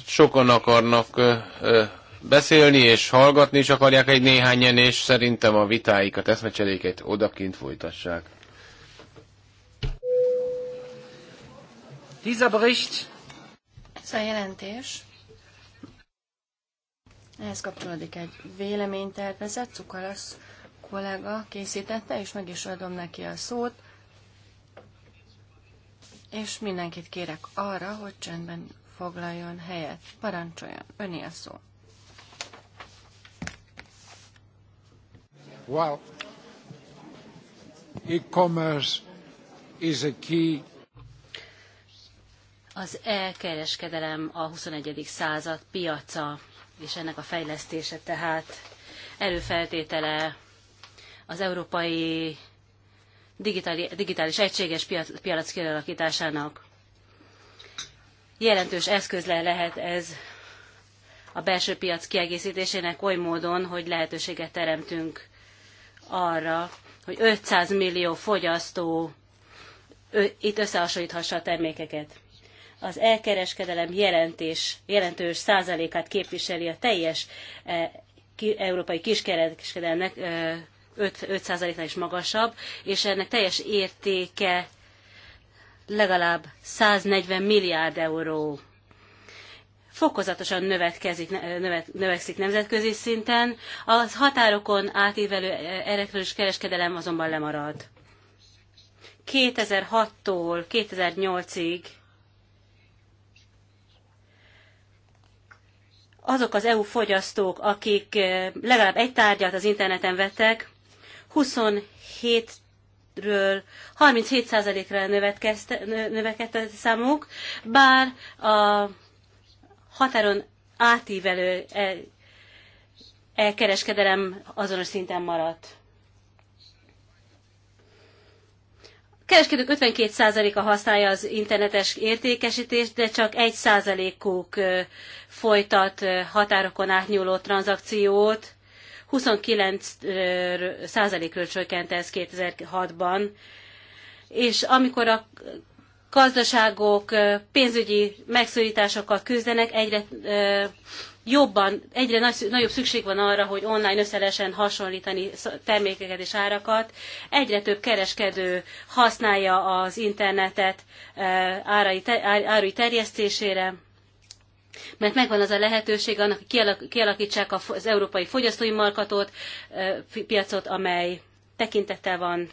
Sokan akarnak ö, ö, beszélni és hallgatni is akarják egy néhányen és szerintem a vitáikat, eszmecseréket odakint folytassák. Dieser Bericht. Ez a jelentés. Ehhez kapcsolódik egy véleménytervezet, cukalasz kollega készítette, és meg is adom neki a szót, és mindenkit kérek arra, hogy csendben foglaljon helyet. Parancsoljon, öné a szó. Well, e-commerce is a key az e-kereskedelem a 21. század piaca, és ennek a fejlesztése tehát előfeltétele az európai digitális, digitális egységes piac, kialakításának. Jelentős eszköz le lehet ez a belső piac kiegészítésének oly módon, hogy lehetőséget teremtünk arra, hogy 500 millió fogyasztó itt összehasonlíthassa a termékeket. Az elkereskedelem jelentés, jelentős százalékát képviseli a teljes e, európai kiskereskedelmnek 5%-nál is magasabb, és ennek teljes értéke legalább 140 milliárd euró. Fokozatosan növekezik, növekszik nemzetközi szinten, az határokon átívelő elektronikus kereskedelem azonban lemarad. 2006-tól 2008-ig azok az EU fogyasztók, akik eh, legalább egy tárgyat az interneten vettek, 27-ről 37%-ra növekedett a számuk, bár a határon átívelő e, e kereskedelem azonos szinten maradt. A kereskedők 52%-a használja az internetes értékesítést, de csak 1%-uk folytat határokon átnyúló tranzakciót, 29 százalékről csökkent ez 2006-ban, és amikor a gazdaságok pénzügyi megszorításokkal küzdenek, egyre jobban, egyre nagyobb szükség van arra, hogy online össze lehessen hasonlítani termékeket és árakat. Egyre több kereskedő használja az internetet árai, árai terjesztésére, mert megvan az a lehetőség annak, hogy kialakítsák az európai fogyasztói markatot, piacot, amely tekintettel van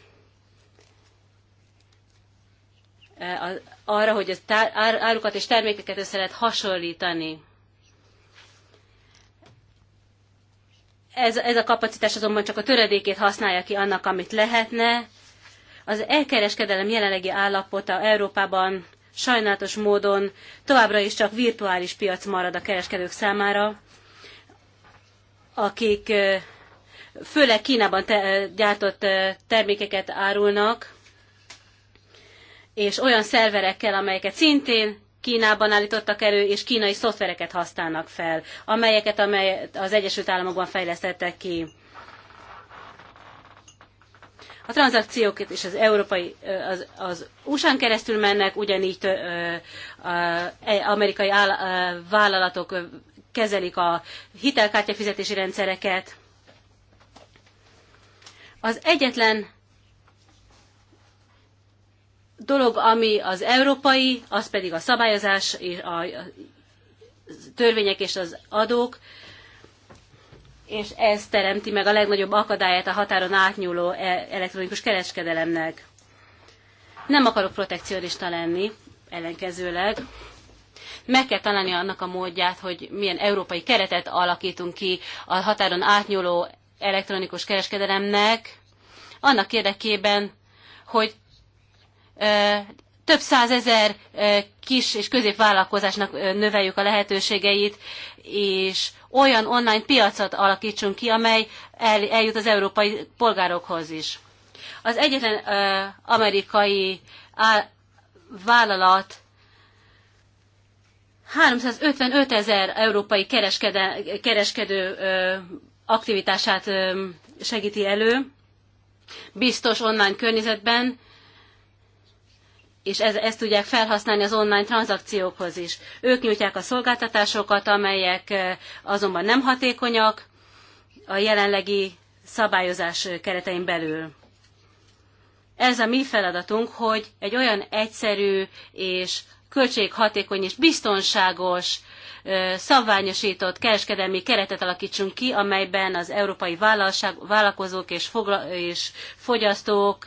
arra, hogy az árukat és termékeket össze lehet hasonlítani. Ez, ez a kapacitás azonban csak a töredékét használja ki annak, amit lehetne. Az elkereskedelem jelenlegi állapota Európában sajnálatos módon továbbra is csak virtuális piac marad a kereskedők számára, akik főleg Kínában te, gyártott termékeket árulnak, és olyan szerverekkel, amelyeket szintén Kínában állítottak elő, és kínai szoftvereket használnak fel, amelyeket amely az Egyesült Államokban fejlesztettek ki. A tranzakciók és az európai, az, az USA-n keresztül mennek, ugyanígy ö, ö, e, amerikai áll, ö, vállalatok kezelik a hitelkártya fizetési rendszereket. Az egyetlen dolog, ami az európai, az pedig a szabályozás, a törvények és az adók, és ez teremti meg a legnagyobb akadályát a határon átnyúló e- elektronikus kereskedelemnek. Nem akarok protekcionista lenni, ellenkezőleg. Meg kell találni annak a módját, hogy milyen európai keretet alakítunk ki a határon átnyúló elektronikus kereskedelemnek, annak érdekében, hogy több százezer kis és középvállalkozásnak növeljük a lehetőségeit, és olyan online piacot alakítsunk ki, amely eljut az európai polgárokhoz is. Az egyetlen amerikai vállalat 355 ezer európai kereskedő, kereskedő aktivitását segíti elő, biztos online környezetben, és ez, ezt tudják felhasználni az online tranzakciókhoz is. Ők nyújtják a szolgáltatásokat, amelyek eh, azonban nem hatékonyak a jelenlegi szabályozás eh, keretein belül. Ez a mi feladatunk, hogy egy olyan egyszerű és költséghatékony és biztonságos, szabványosított kereskedelmi keretet alakítsunk ki, amelyben az európai vállalkozók és, fogla- és fogyasztók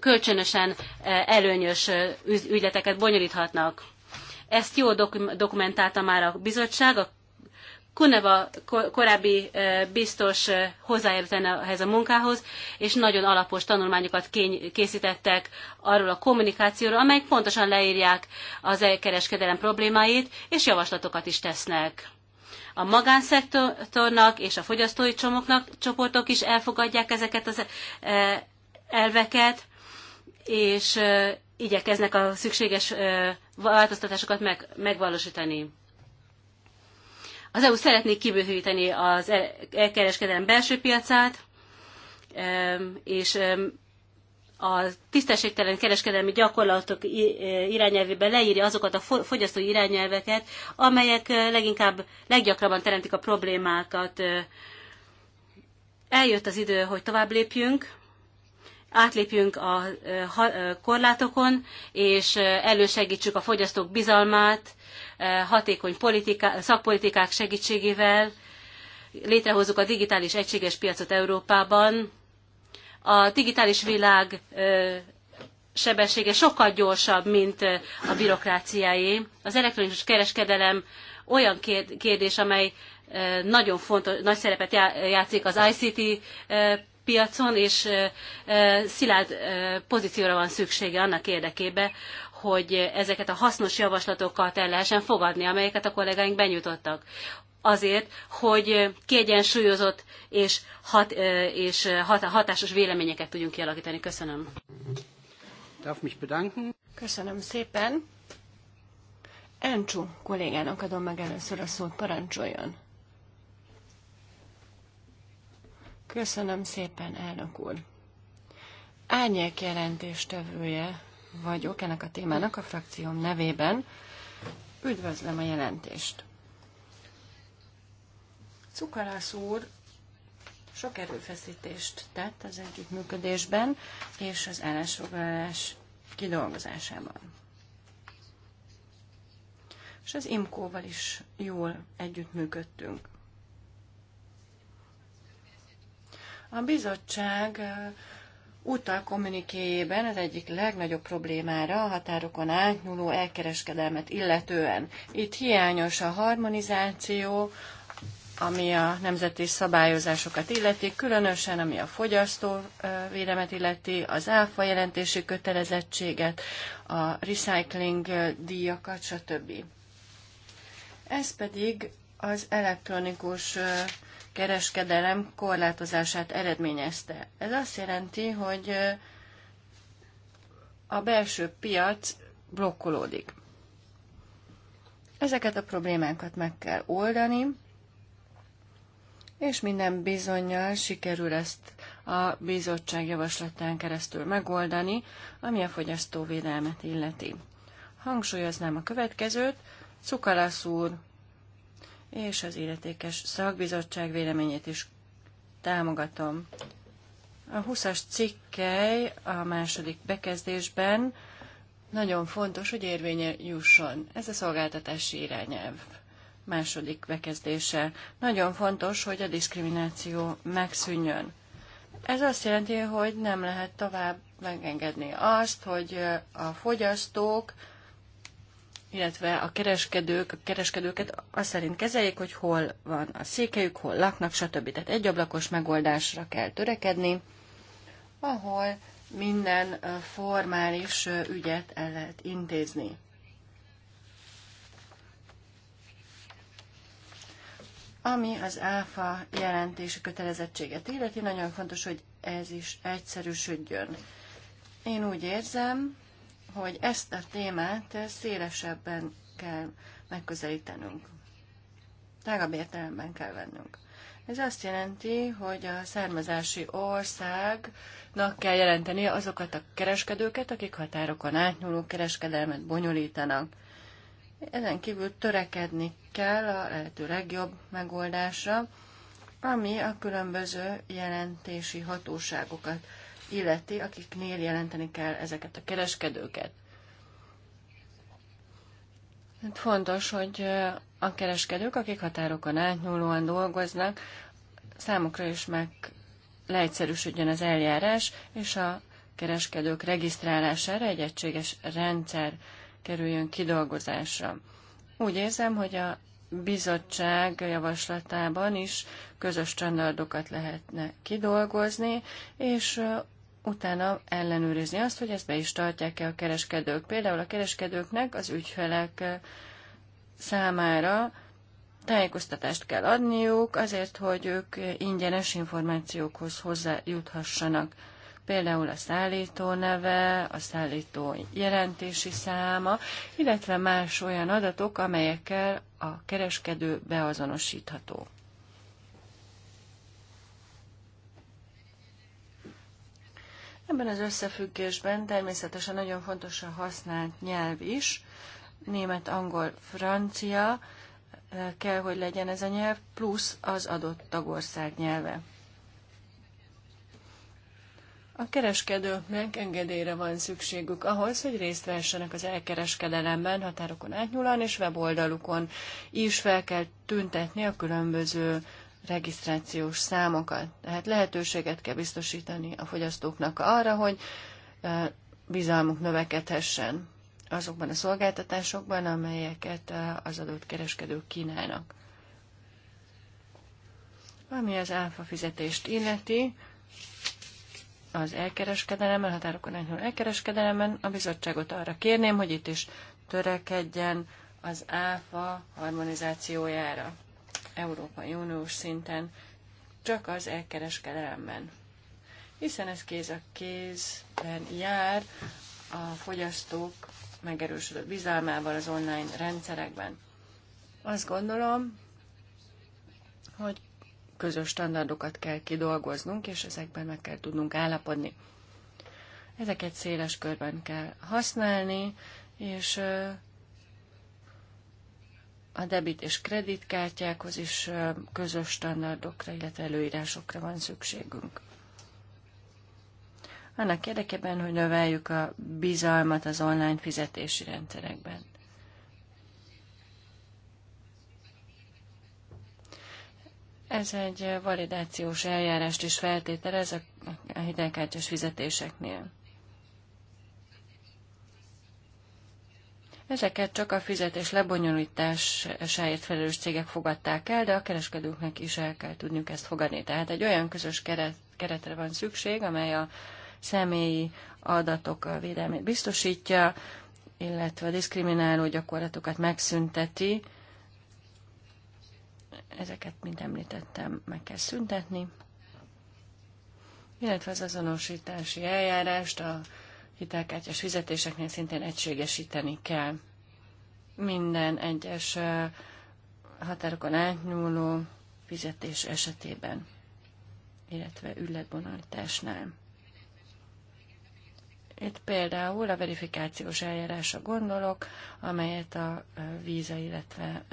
kölcsönösen előnyös ügyleteket bonyolíthatnak. Ezt jó dokumentálta már a bizottság a Kuneva korábbi biztos hozzáértene ehhez a munkához, és nagyon alapos tanulmányokat készítettek arról a kommunikációról, amelyek pontosan leírják az elkereskedelem problémáit, és javaslatokat is tesznek. A magánszektornak és a fogyasztói csomóknak, csoportok is elfogadják ezeket az elveket, és igyekeznek a szükséges változtatásokat megvalósítani. Az EU szeretné kibővíteni az elkereskedelem belső piacát, és a tisztességtelen kereskedelmi gyakorlatok e, irányelvében leírja azokat a fogyasztói irányelveket, amelyek eh, leginkább leggyakrabban teremtik a problémákat. Eh, eljött az idő, hogy tovább lépjünk, átlépjünk a eh, korlátokon, és elősegítsük a fogyasztók bizalmát, hatékony szakpolitikák segítségével létrehozzuk a digitális egységes piacot Európában. A digitális világ sebessége sokkal gyorsabb, mint a bürokráciáé. Az elektronikus kereskedelem olyan kérdés, amely nagyon fontos, nagy szerepet játszik az ICT piacon, és szilárd pozícióra van szüksége annak érdekében, hogy ezeket a hasznos javaslatokat el lehessen fogadni, amelyeket a kollégáink benyújtottak. Azért, hogy kiegyensúlyozott és, hat, és hat, hatásos véleményeket tudjunk kialakítani. Köszönöm. Darf mich bedanken. Köszönöm szépen. Encsú kollégának adom meg először a szót, parancsoljon. Köszönöm szépen, elnök úr. Árnyék jelentéstevője vagyok ennek a témának a frakcióm nevében. Üdvözlöm a jelentést. Cukarász úr sok erőfeszítést tett az együttműködésben és az állásfoglalás kidolgozásában. És az IMKO-val is jól együttműködtünk. A bizottság utal kommunikéjében az egyik legnagyobb problémára a határokon átnyúló elkereskedelmet illetően. Itt hiányos a harmonizáció, ami a nemzeti szabályozásokat illeti, különösen ami a fogyasztóvédelmet illeti, az áfa jelentési kötelezettséget, a recycling díjakat, stb. Ez pedig az elektronikus kereskedelem korlátozását eredményezte. Ez azt jelenti, hogy a belső piac blokkolódik. Ezeket a problémákat meg kell oldani, és minden bizonyal sikerül ezt a bizottság javaslatán keresztül megoldani, ami a fogyasztóvédelmet illeti. Hangsúlyoznám a következőt, Cukalasz úr és az illetékes szakbizottság véleményét is támogatom. A 20-as cikkely a második bekezdésben nagyon fontos, hogy érvénye jusson. Ez a szolgáltatási irányelv második bekezdése. Nagyon fontos, hogy a diszkrimináció megszűnjön. Ez azt jelenti, hogy nem lehet tovább megengedni azt, hogy a fogyasztók illetve a kereskedők, a kereskedőket azt szerint kezeljék, hogy hol van a székelyük, hol laknak, stb. Tehát egyablakos megoldásra kell törekedni, ahol minden formális ügyet el lehet intézni. Ami az ÁFA jelentési kötelezettséget illeti, nagyon fontos, hogy ez is egyszerűsödjön. Én úgy érzem, hogy ezt a témát szélesebben kell megközelítenünk. Tágabb értelemben kell vennünk. Ez azt jelenti, hogy a származási országnak kell jelenteni azokat a kereskedőket, akik határokon átnyúló kereskedelmet bonyolítanak. Ezen kívül törekedni kell a lehető legjobb megoldásra, ami a különböző jelentési hatóságokat illeti, akiknél jelenteni kell ezeket a kereskedőket. Hát fontos, hogy a kereskedők, akik határokon átnyúlóan dolgoznak, számukra is meg leegyszerűsödjön az eljárás, és a kereskedők regisztrálására egy egységes rendszer kerüljön kidolgozásra. Úgy érzem, hogy a bizottság javaslatában is közös standardokat lehetne kidolgozni, és utána ellenőrizni azt, hogy ezt be is tartják-e a kereskedők. Például a kereskedőknek az ügyfelek eh, számára tájékoztatást kell adniuk, azért, hogy ők ingyenes információkhoz hozzájuthassanak. Például a szállító neve, a szállító jelentési száma, illetve más olyan adatok, amelyekkel a kereskedő beazonosítható. Ebben az összefüggésben természetesen nagyon fontos a használt nyelv is. Német, angol, francia eh, kell, hogy legyen ez a nyelv, plusz az adott tagország nyelve. A kereskedőknek engedélyre van szükségük ahhoz, hogy részt vessenek az elkereskedelemben, határokon átnyúlani és weboldalukon is fel kell tüntetni a különböző regisztrációs számokat. Tehát lehetőséget kell biztosítani a fogyasztóknak arra, hogy bizalmuk növekedhessen azokban a szolgáltatásokban, amelyeket az adott kereskedők kínálnak. Ami az áfa fizetést illeti, az elkereskedelemben, határokon enyhül elkereskedelemben, a bizottságot arra kérném, hogy itt is törekedjen az áfa harmonizációjára. Európai Uniós szinten, csak az elkereskedelemben. Hiszen ez kéz a kézben jár a fogyasztók megerősödött bizalmával az online rendszerekben. Azt gondolom, hogy közös standardokat kell kidolgoznunk, és ezekben meg kell tudnunk állapodni. Ezeket széles körben kell használni, és a debit és kreditkártyákhoz is közös standardokra, illetve előírásokra van szükségünk. Annak érdekében, hogy növeljük a bizalmat az online fizetési rendszerekben. Ez egy validációs eljárást is feltételez a hitelkártyás fizetéseknél. Ezeket csak a fizetés lebonyolításáért felelős cégek fogadták el, de a kereskedőknek is el kell tudniuk ezt fogadni. Tehát egy olyan közös keret, keretre van szükség, amely a személyi adatok védelmét biztosítja, illetve a diszkrimináló gyakorlatokat megszünteti. Ezeket, mint említettem, meg kell szüntetni. Illetve az azonosítási eljárást a hitelkártyás fizetéseknél szintén egységesíteni kell. Minden egyes határokon átnyúló fizetés esetében, illetve ügyletbonalításnál. Itt például a verifikációs eljárásra gondolok, amelyet a víza, illetve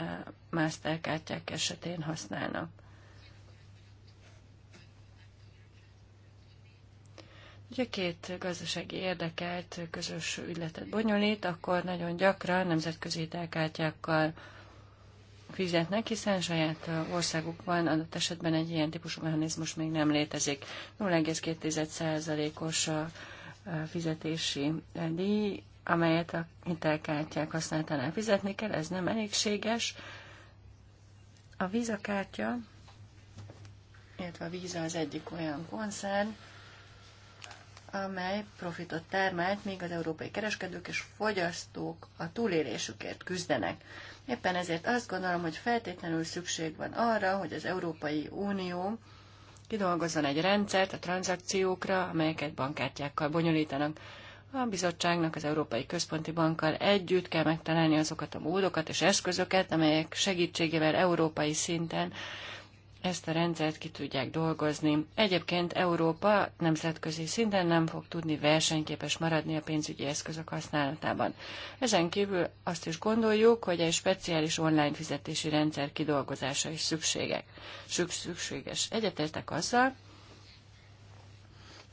Masterkártyák esetén használnak. Ugye két gazdasági érdekelt közös ügyletet bonyolít, akkor nagyon gyakran nemzetközi hitelkártyákkal fizetnek, hiszen saját országukban adott esetben egy ilyen típusú mechanizmus még nem létezik. 0,2%-os a fizetési díj, amelyet a hitelkártyák használatánál fizetni kell, ez nem elégséges. A vízakártya, illetve a víza az egyik olyan koncern, amely profitot termelt, még az európai kereskedők és fogyasztók a túlélésükért küzdenek. Éppen ezért azt gondolom, hogy feltétlenül szükség van arra, hogy az Európai Unió kidolgozzon egy rendszert a tranzakciókra, amelyeket bankkártyákkal bonyolítanak. A bizottságnak az Európai Központi Bankkal együtt kell megtalálni azokat a módokat és eszközöket, amelyek segítségével európai szinten ezt a rendszert ki tudják dolgozni. Egyébként Európa nemzetközi szinten nem fog tudni versenyképes maradni a pénzügyi eszközök használatában. Ezen kívül azt is gondoljuk, hogy egy speciális online fizetési rendszer kidolgozása is szükségek. szükséges. Egyetértek azzal,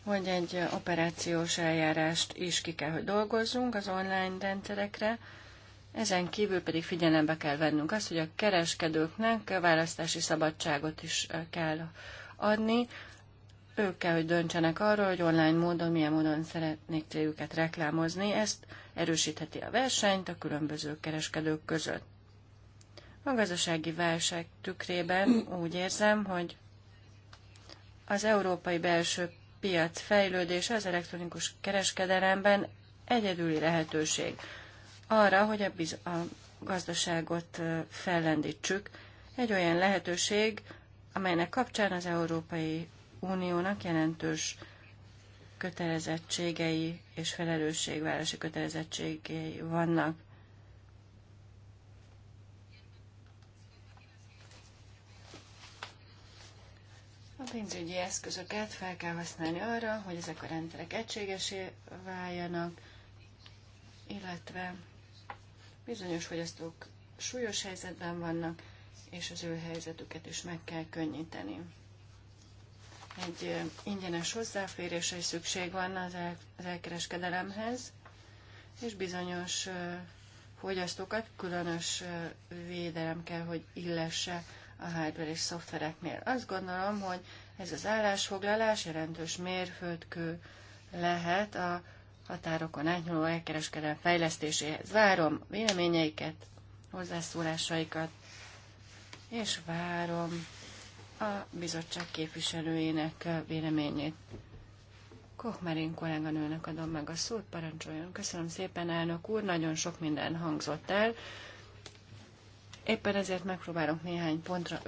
hogy egy operációs eljárást is ki kell, hogy dolgozzunk az online rendszerekre, ezen kívül pedig figyelembe kell vennünk azt, hogy a kereskedőknek a választási szabadságot is kell adni. Ők kell, hogy döntsenek arról, hogy online módon, milyen módon szeretnék cégüket reklámozni. Ezt erősítheti a versenyt a különböző kereskedők között. A gazdasági válság tükrében úgy érzem, hogy az európai belső piac fejlődése az elektronikus kereskedelemben egyedüli lehetőség arra, hogy a, biz- a gazdaságot fellendítsük. Egy olyan lehetőség, amelynek kapcsán az Európai Uniónak jelentős kötelezettségei és felelősségvárosi kötelezettségei vannak. A pénzügyi eszközöket fel kell használni arra, hogy ezek a rendszerek egységesé váljanak, illetve Bizonyos fogyasztók súlyos helyzetben vannak, és az ő helyzetüket is meg kell könnyíteni. Egy ingyenes hozzáférésre is szükség van az, el, az elkereskedelemhez, és bizonyos fogyasztókat különös védelem kell, hogy illesse a hardware és szoftvereknél. Azt gondolom, hogy ez az állásfoglalás jelentős mérföldkő lehet a határokon átnyúló elkereskedelem fejlesztéséhez. Várom véleményeiket, hozzászólásaikat, és várom a bizottság képviselőjének véleményét. Kochmerin kolléganőnek adom meg a szót, parancsoljon. Köszönöm szépen, elnök úr, nagyon sok minden hangzott el. Éppen ezért megpróbálok néhány pontra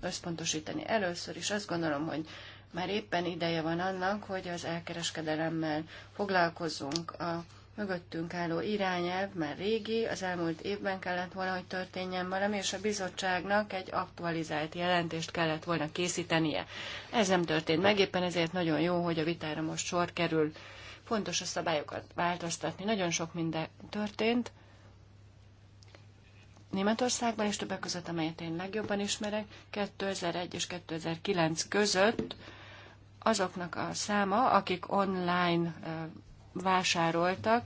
összpontosítani. Először is azt gondolom, hogy már éppen ideje van annak, hogy az elkereskedelemmel foglalkozzunk. A mögöttünk álló irányelv már régi, az elmúlt évben kellett volna, hogy történjen valami, és a bizottságnak egy aktualizált jelentést kellett volna készítenie. Ez nem történt meg, éppen ezért nagyon jó, hogy a vitára most sor kerül. Fontos a szabályokat változtatni. Nagyon sok minden történt, Németországban, és többek között, amelyet én legjobban ismerek, 2001 és 2009 között azoknak a száma, akik online vásároltak,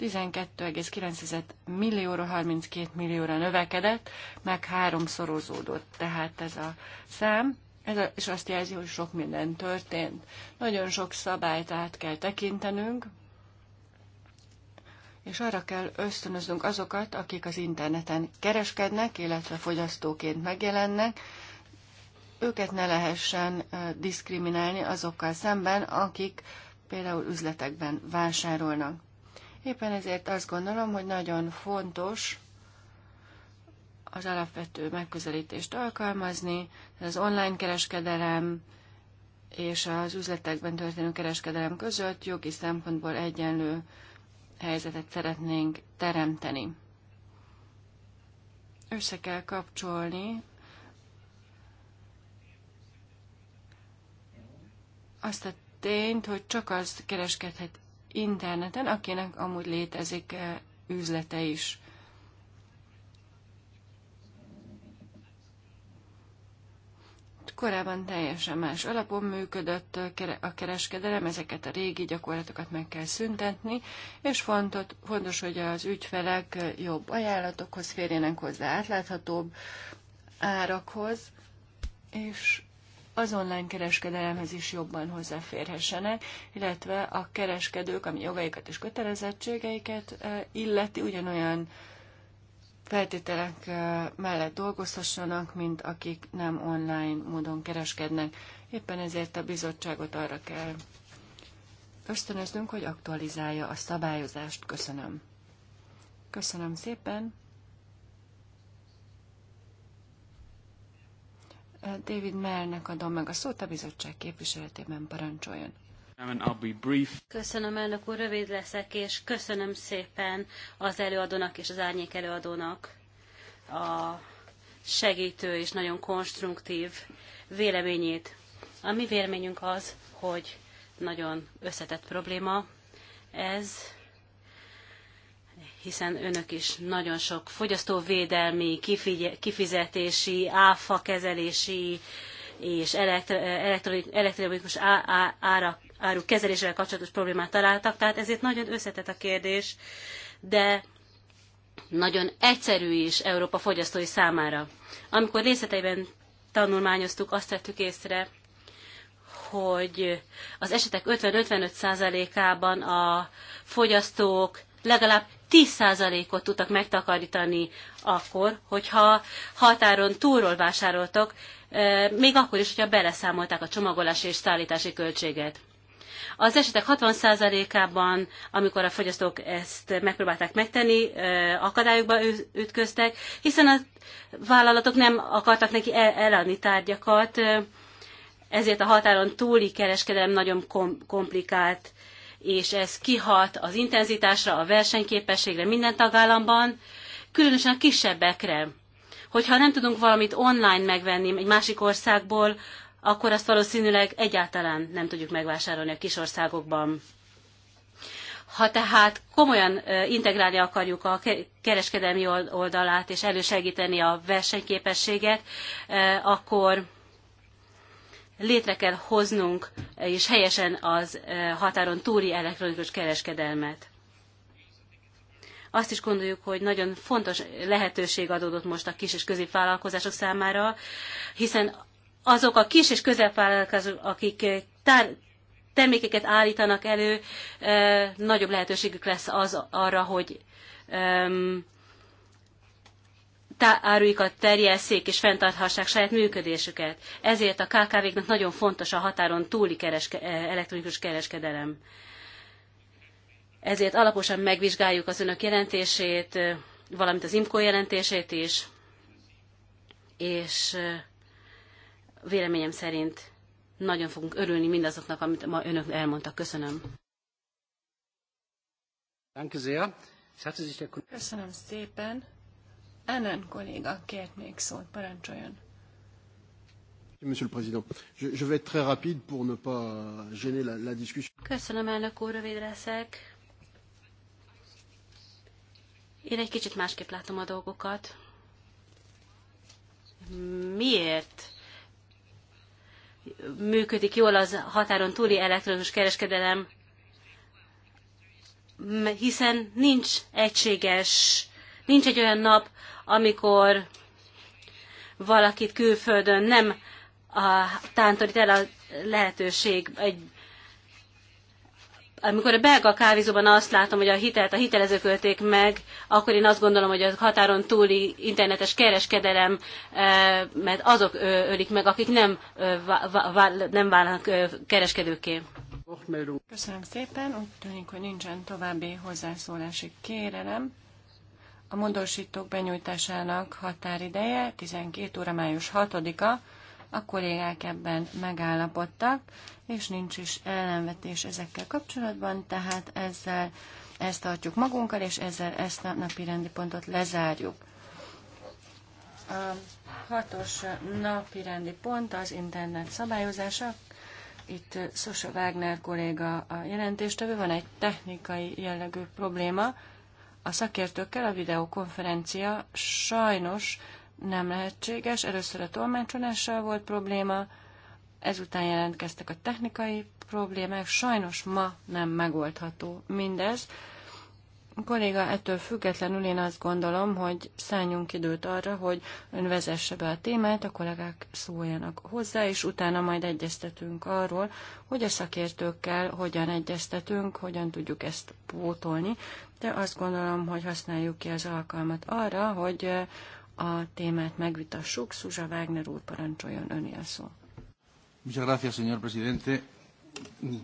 12,9 millióra 32 millióra növekedett, meg háromszorozódott tehát ez a szám, ez a, és azt jelzi, hogy sok minden történt. Nagyon sok szabályt át kell tekintenünk, és arra kell ösztönöznünk azokat, akik az interneten kereskednek, illetve fogyasztóként megjelennek, őket ne lehessen diszkriminálni azokkal szemben, akik például üzletekben vásárolnak. Éppen ezért azt gondolom, hogy nagyon fontos az alapvető megközelítést alkalmazni, az online kereskedelem és az üzletekben történő kereskedelem között jogi szempontból egyenlő helyzetet szeretnénk teremteni. Össze kell kapcsolni azt a tényt, hogy csak az kereskedhet interneten, akinek amúgy létezik eh, üzlete is. Korábban teljesen más alapon működött eh, a kereskedelem, ezeket a régi gyakorlatokat meg kell szüntetni, és fontos, hogy az ügyfelek eh, jobb ajánlatokhoz férjenek hozzá, átláthatóbb árakhoz, és az online kereskedelemhez is jobban hozzáférhessenek, illetve a kereskedők, ami jogaikat és kötelezettségeiket illeti, ugyanolyan feltételek mellett dolgozhassanak, mint akik nem online módon kereskednek. Éppen ezért a bizottságot arra kell ösztönöznünk, hogy aktualizálja a szabályozást. Köszönöm. Köszönöm szépen. David Mellnek adom meg a szót a bizottság képviseletében parancsoljon. Köszönöm, elnök úr, rövid leszek, és köszönöm szépen az előadónak és az árnyék előadónak a segítő és nagyon konstruktív véleményét. A mi véleményünk az, hogy nagyon összetett probléma ez, hiszen önök is nagyon sok fogyasztóvédelmi, kifizetési, áfakezelési és elektronikus árak kezelésével kapcsolatos problémát találtak, tehát ezért nagyon összetett a kérdés, de nagyon egyszerű is Európa fogyasztói számára. Amikor részleteiben tanulmányoztuk, azt vettük észre, hogy az esetek 50 55 százalékában a fogyasztók legalább 10%-ot tudtak megtakarítani akkor, hogyha határon túlról vásároltok, e, még akkor is, hogyha beleszámolták a csomagolási és szállítási költséget. Az esetek 60%-ában, amikor a fogyasztók ezt megpróbálták megtenni, e, akadályokba ütköztek, hiszen a vállalatok nem akartak neki eladni tárgyakat, e, ezért a határon túli kereskedelem nagyon komplikált és ez kihat az intenzitásra, a versenyképességre minden tagállamban, különösen a kisebbekre. Hogyha nem tudunk valamit online megvenni egy másik országból, akkor azt valószínűleg egyáltalán nem tudjuk megvásárolni a kis országokban. Ha tehát komolyan integrálni akarjuk a kereskedelmi oldalát és elősegíteni a versenyképességet, akkor létre kell hoznunk, és helyesen az határon túli elektronikus kereskedelmet. Azt is gondoljuk, hogy nagyon fontos lehetőség adódott most a kis és középvállalkozások számára, hiszen azok a kis és középvállalkozók, akik tár- termékeket állítanak elő, nagyobb lehetőségük lesz az arra, hogy áruikat terjesszék és fenntarthassák saját működésüket. Ezért a KKV-knak nagyon fontos a határon túli kereske, e, elektronikus kereskedelem. Ezért alaposan megvizsgáljuk az önök jelentését, valamint az IMCO jelentését is, és véleményem szerint nagyon fogunk örülni mindazoknak, amit ma önök elmondtak. Köszönöm. Köszönöm szépen. Annan kolléga kért még szót, parancsoljon. Monsieur le Président, je, je vais être très rapide pour ne pas gêner la, la discussion. Köszönöm, elnök úr, rövid leszek. Én egy kicsit másképp látom a dolgokat. Miért működik jól az határon túli elektronikus kereskedelem? Hiszen nincs egységes, nincs egy olyan nap, amikor valakit külföldön nem a, tántorít el a lehetőség egy amikor a belga kávézóban azt látom, hogy a hitelt a hitelezők ölték meg, akkor én azt gondolom, hogy a határon túli internetes kereskedelem, e, mert azok ölik meg, akik nem, nem válnak kereskedőké. Köszönöm szépen, úgy tűnik, hogy nincsen további hozzászólási kérelem. A módosítók benyújtásának határideje 12 óra május 6-a, a kollégák ebben megállapodtak, és nincs is ellenvetés ezekkel kapcsolatban, tehát ezzel ezt tartjuk magunkkal, és ezzel ezt a napi rendi pontot lezárjuk. A hatos napi rendi pont az internet szabályozása. Itt Szosa Wagner kolléga a jelentéstevő, van egy technikai jellegű probléma, a szakértőkkel a videokonferencia sajnos nem lehetséges. Először a tolmácsolással volt probléma, ezután jelentkeztek a technikai problémák, sajnos ma nem megoldható mindez. A kolléga, ettől függetlenül én azt gondolom, hogy szálljunk időt arra, hogy ön vezesse be a témát, a kollégák szóljanak hozzá, és utána majd egyeztetünk arról, hogy a szakértőkkel hogyan egyeztetünk, hogyan tudjuk ezt pótolni de azt gondolom, hogy használjuk ki az alkalmat arra, hogy a témát megvitassuk. Szuzsa Wagner úr parancsoljon öné a szó. Muchas gracias, señor presidente.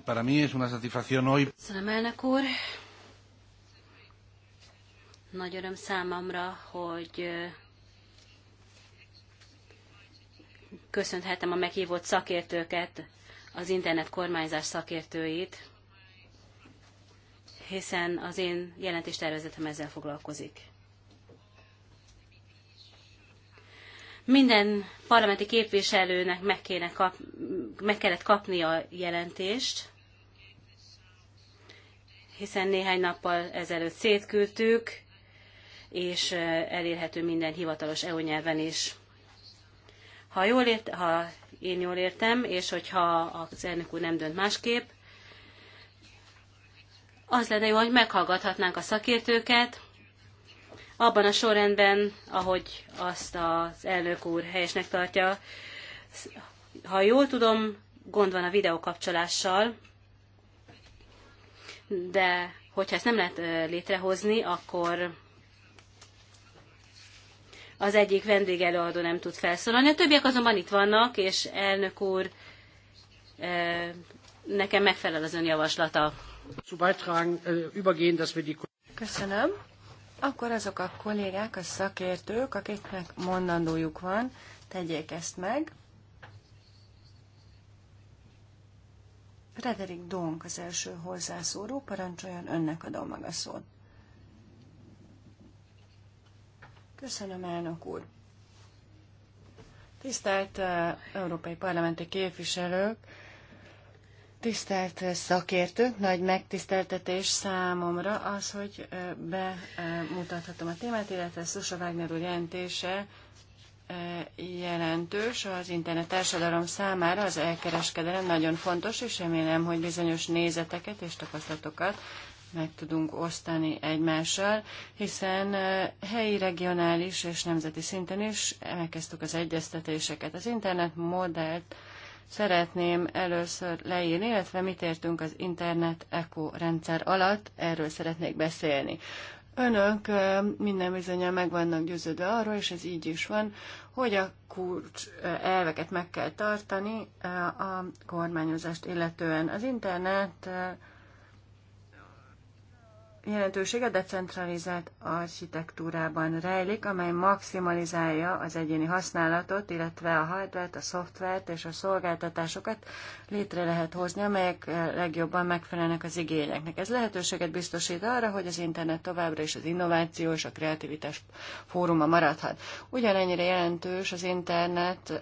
Para mí es una satisfacción hoy. Köszönöm, elnök úr. Nagy öröm számomra, hogy köszönhetem a meghívott szakértőket, az internet kormányzás szakértőit, hiszen az én jelentéstervezetem ezzel foglalkozik. Minden parlamenti képviselőnek meg, kéne kap, meg kellett kapni a jelentést, hiszen néhány nappal ezelőtt szétküldtük, és elérhető minden hivatalos EU nyelven is. Ha, jól ért, ha én jól értem, és hogyha az elnök úr nem dönt másképp, az lenne jó, hogy meghallgathatnánk a szakértőket, abban a sorrendben, ahogy azt az elnök úr helyesnek tartja. Ha jól tudom, gond van a videókapcsolással, de hogyha ezt nem lehet létrehozni, akkor az egyik vendégelőadó nem tud felszólalni. A többiek azonban itt vannak, és elnök úr, nekem megfelel az ön javaslata. Äh, Köszönöm. Akkor azok a kollégák, a szakértők, akiknek mondandójuk van, tegyék ezt meg. Frederik Donk az első hozzászóró, parancsoljon, önnek adom meg a szót. Köszönöm, elnök úr. Tisztelt uh, európai parlamenti képviselők, Tisztelt szakértő, nagy megtiszteltetés számomra az, hogy bemutathatom a témát, illetve Szusa Wagner úr jelentése jelentős az internet társadalom számára, az elkereskedelem nagyon fontos, és remélem, hogy bizonyos nézeteket és tapasztalatokat meg tudunk osztani egymással, hiszen helyi, regionális és nemzeti szinten is elkezdtük az egyeztetéseket. Az internet modellt szeretném először leírni, illetve mit értünk az Internet eko rendszer alatt, erről szeretnék beszélni. Önök minden bizonyal meg vannak győződve arról, és ez így is van, hogy a kulcs elveket meg kell tartani a kormányozást illetően. Az internet jelentősége decentralizált architektúrában rejlik, amely maximalizálja az egyéni használatot, illetve a hardvert, a szoftvert és a szolgáltatásokat létre lehet hozni, amelyek legjobban megfelelnek az igényeknek. Ez lehetőséget biztosít arra, hogy az internet továbbra is az innováció és a kreativitás fóruma maradhat. Ugyanennyire jelentős az internet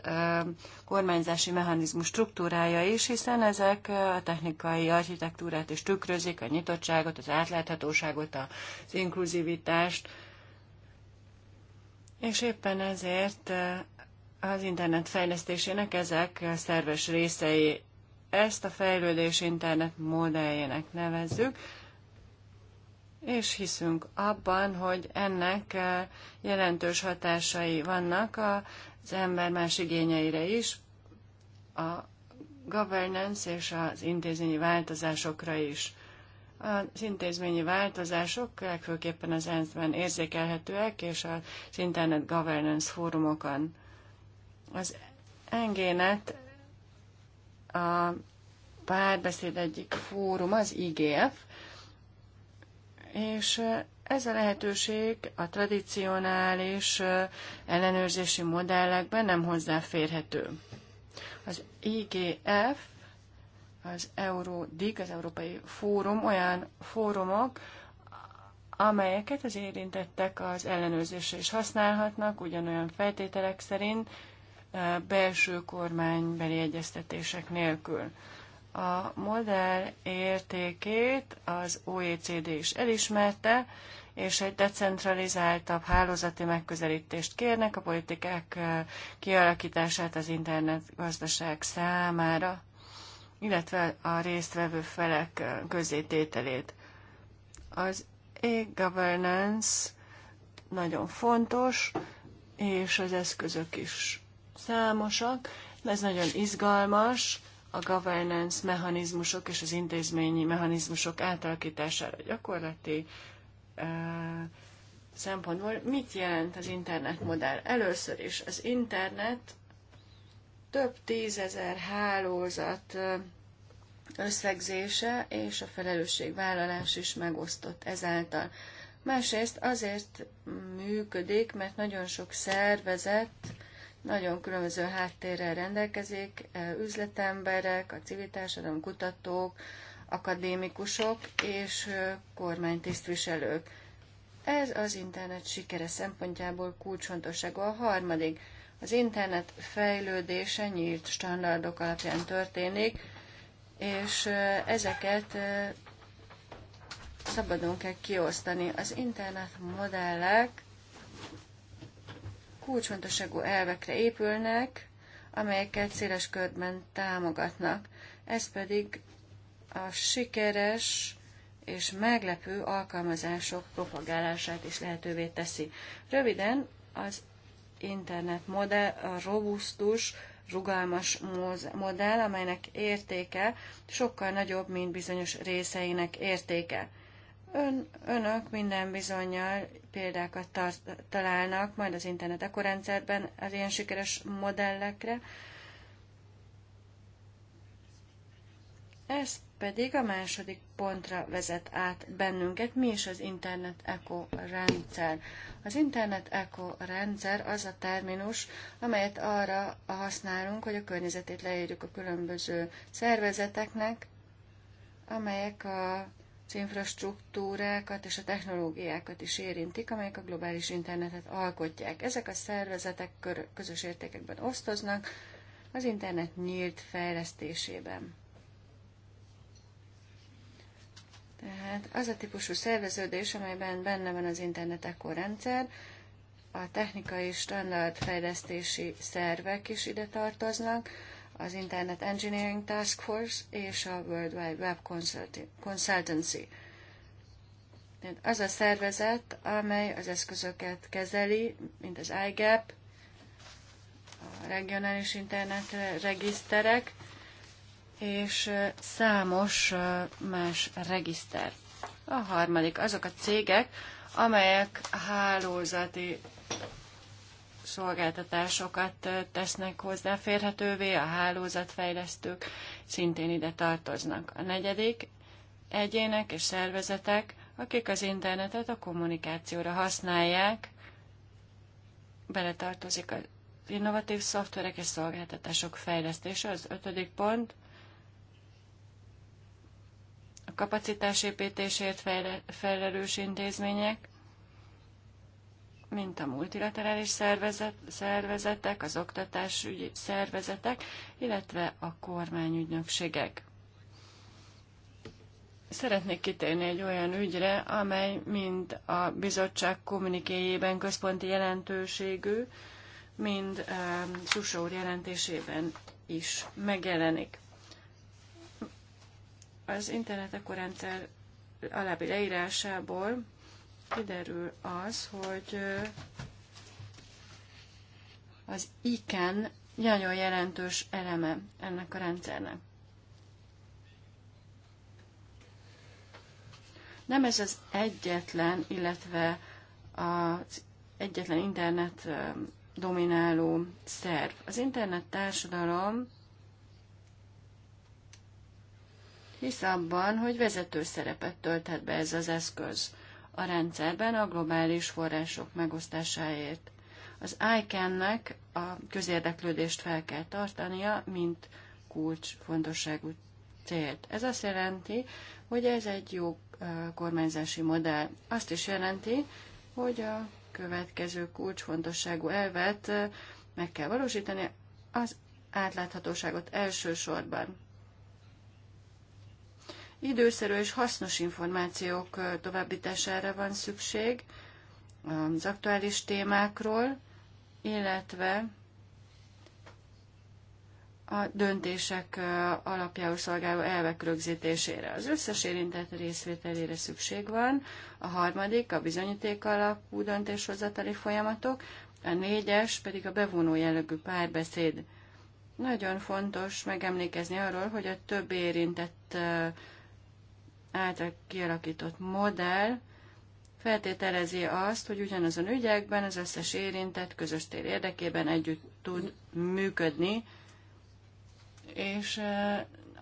kormányzási mechanizmus struktúrája is, hiszen ezek a technikai architektúrát is tükrözik, a nyitottságot, az átláthatóságot, az inkluzivitást, és éppen ezért az internet fejlesztésének ezek szerves részei. Ezt a fejlődés internet modelljének nevezzük, és hiszünk abban, hogy ennek jelentős hatásai vannak a az ember más igényeire is, a governance és az intézményi változásokra is. Az intézményi változások legfőképpen az ENSZ-ben érzékelhetőek, és az Internet Governance fórumokon. Az engénet a párbeszéd egyik fórum, az IGF, és ez a lehetőség a tradicionális ellenőrzési modellekben nem hozzáférhető. Az IGF, az Eurodig, az Európai Fórum olyan fórumok, amelyeket az érintettek az ellenőrzésre is használhatnak, ugyanolyan feltételek szerint, belső kormánybeli egyeztetések nélkül. A modell értékét az OECD is elismerte, és egy decentralizáltabb hálózati megközelítést kérnek a politikák kialakítását az internetgazdaság számára, illetve a résztvevő felek közétételét. Az e-governance nagyon fontos, és az eszközök is számosak. Ez nagyon izgalmas, a governance mechanizmusok és az intézményi mechanizmusok átalakítására gyakorlati uh, szempontból. Mit jelent az internetmodell? Először is az internet több tízezer hálózat összegzése és a felelősségvállalás is megosztott ezáltal. Másrészt azért működik, mert nagyon sok szervezet nagyon különböző háttérrel rendelkezik, üzletemberek, a civil társadalom, kutatók, akadémikusok és kormánytisztviselők. Ez az internet sikere szempontjából kulcsfontosságú. A harmadik, az internet fejlődése nyílt standardok alapján történik, és ezeket szabadon kell kiosztani. Az internet modellek kulcsfontosságú elvekre épülnek, amelyeket széles körben támogatnak. Ez pedig a sikeres és meglepő alkalmazások propagálását is lehetővé teszi. Röviden az internet modell a robusztus, rugalmas modell, amelynek értéke sokkal nagyobb, mint bizonyos részeinek értéke. Ön, önök minden bizonyal példákat tar- találnak majd az internet ekorendszerben az ilyen sikeres modellekre. Ez pedig a második pontra vezet át bennünket. Mi is az internet ekorendszer? Az internet ekorendszer az a terminus, amelyet arra használunk, hogy a környezetét leírjuk a különböző szervezeteknek, amelyek a infrastruktúrákat és a technológiákat is érintik, amelyek a globális internetet alkotják. Ezek a szervezetek közös értékekben osztoznak az internet nyílt fejlesztésében. Tehát az a típusú szerveződés, amelyben benne van az internet rendszer, a technikai fejlesztési szervek is ide tartoznak, az Internet Engineering Task Force és a World Wide Web Consultancy. Az a szervezet, amely az eszközöket kezeli, mint az IGAP, a regionális internet regiszterek, és számos más regiszter. A harmadik azok a cégek, amelyek hálózati szolgáltatásokat tesznek hozzáférhetővé, a hálózatfejlesztők szintén ide tartoznak. A negyedik, egyének és szervezetek, akik az internetet a kommunikációra használják, beletartozik az innovatív szoftverek és szolgáltatások fejlesztése. Az ötödik pont, a kapacitásépítésért felelős intézmények, mint a multilaterális szervezet, szervezetek, az oktatásügyi szervezetek, illetve a kormányügynökségek. Szeretnék kitérni egy olyan ügyre, amely mind a bizottság kommunikéjében központi jelentőségű, mind um, úr jelentésében is megjelenik. Az internet rendszer alábbi leírásából kiderül az, hogy az iken nagyon jelentős eleme ennek a rendszernek. Nem ez az egyetlen, illetve az egyetlen internet domináló szerv. Az internet társadalom hisz abban, hogy vezető szerepet tölthet be ez az eszköz a rendszerben a globális források megosztásáért. Az ICANN-nek a közérdeklődést fel kell tartania, mint fontosságú célt. Ez azt jelenti, hogy ez egy jó kormányzási modell. Azt is jelenti, hogy a következő kulcsfontosságú elvet meg kell valósítani, az átláthatóságot elsősorban. Időszerű és hasznos információk továbbítására van szükség az aktuális témákról, illetve a döntések alapjául szolgáló elvek rögzítésére. Az összes érintett részvételére szükség van. A harmadik a bizonyíték alapú döntéshozatali folyamatok, a négyes pedig a bevonó jellegű párbeszéd. Nagyon fontos megemlékezni arról, hogy a több érintett által kialakított modell feltételezi azt, hogy ugyanazon ügyekben az összes érintett közös tér érdekében együtt tud működni, és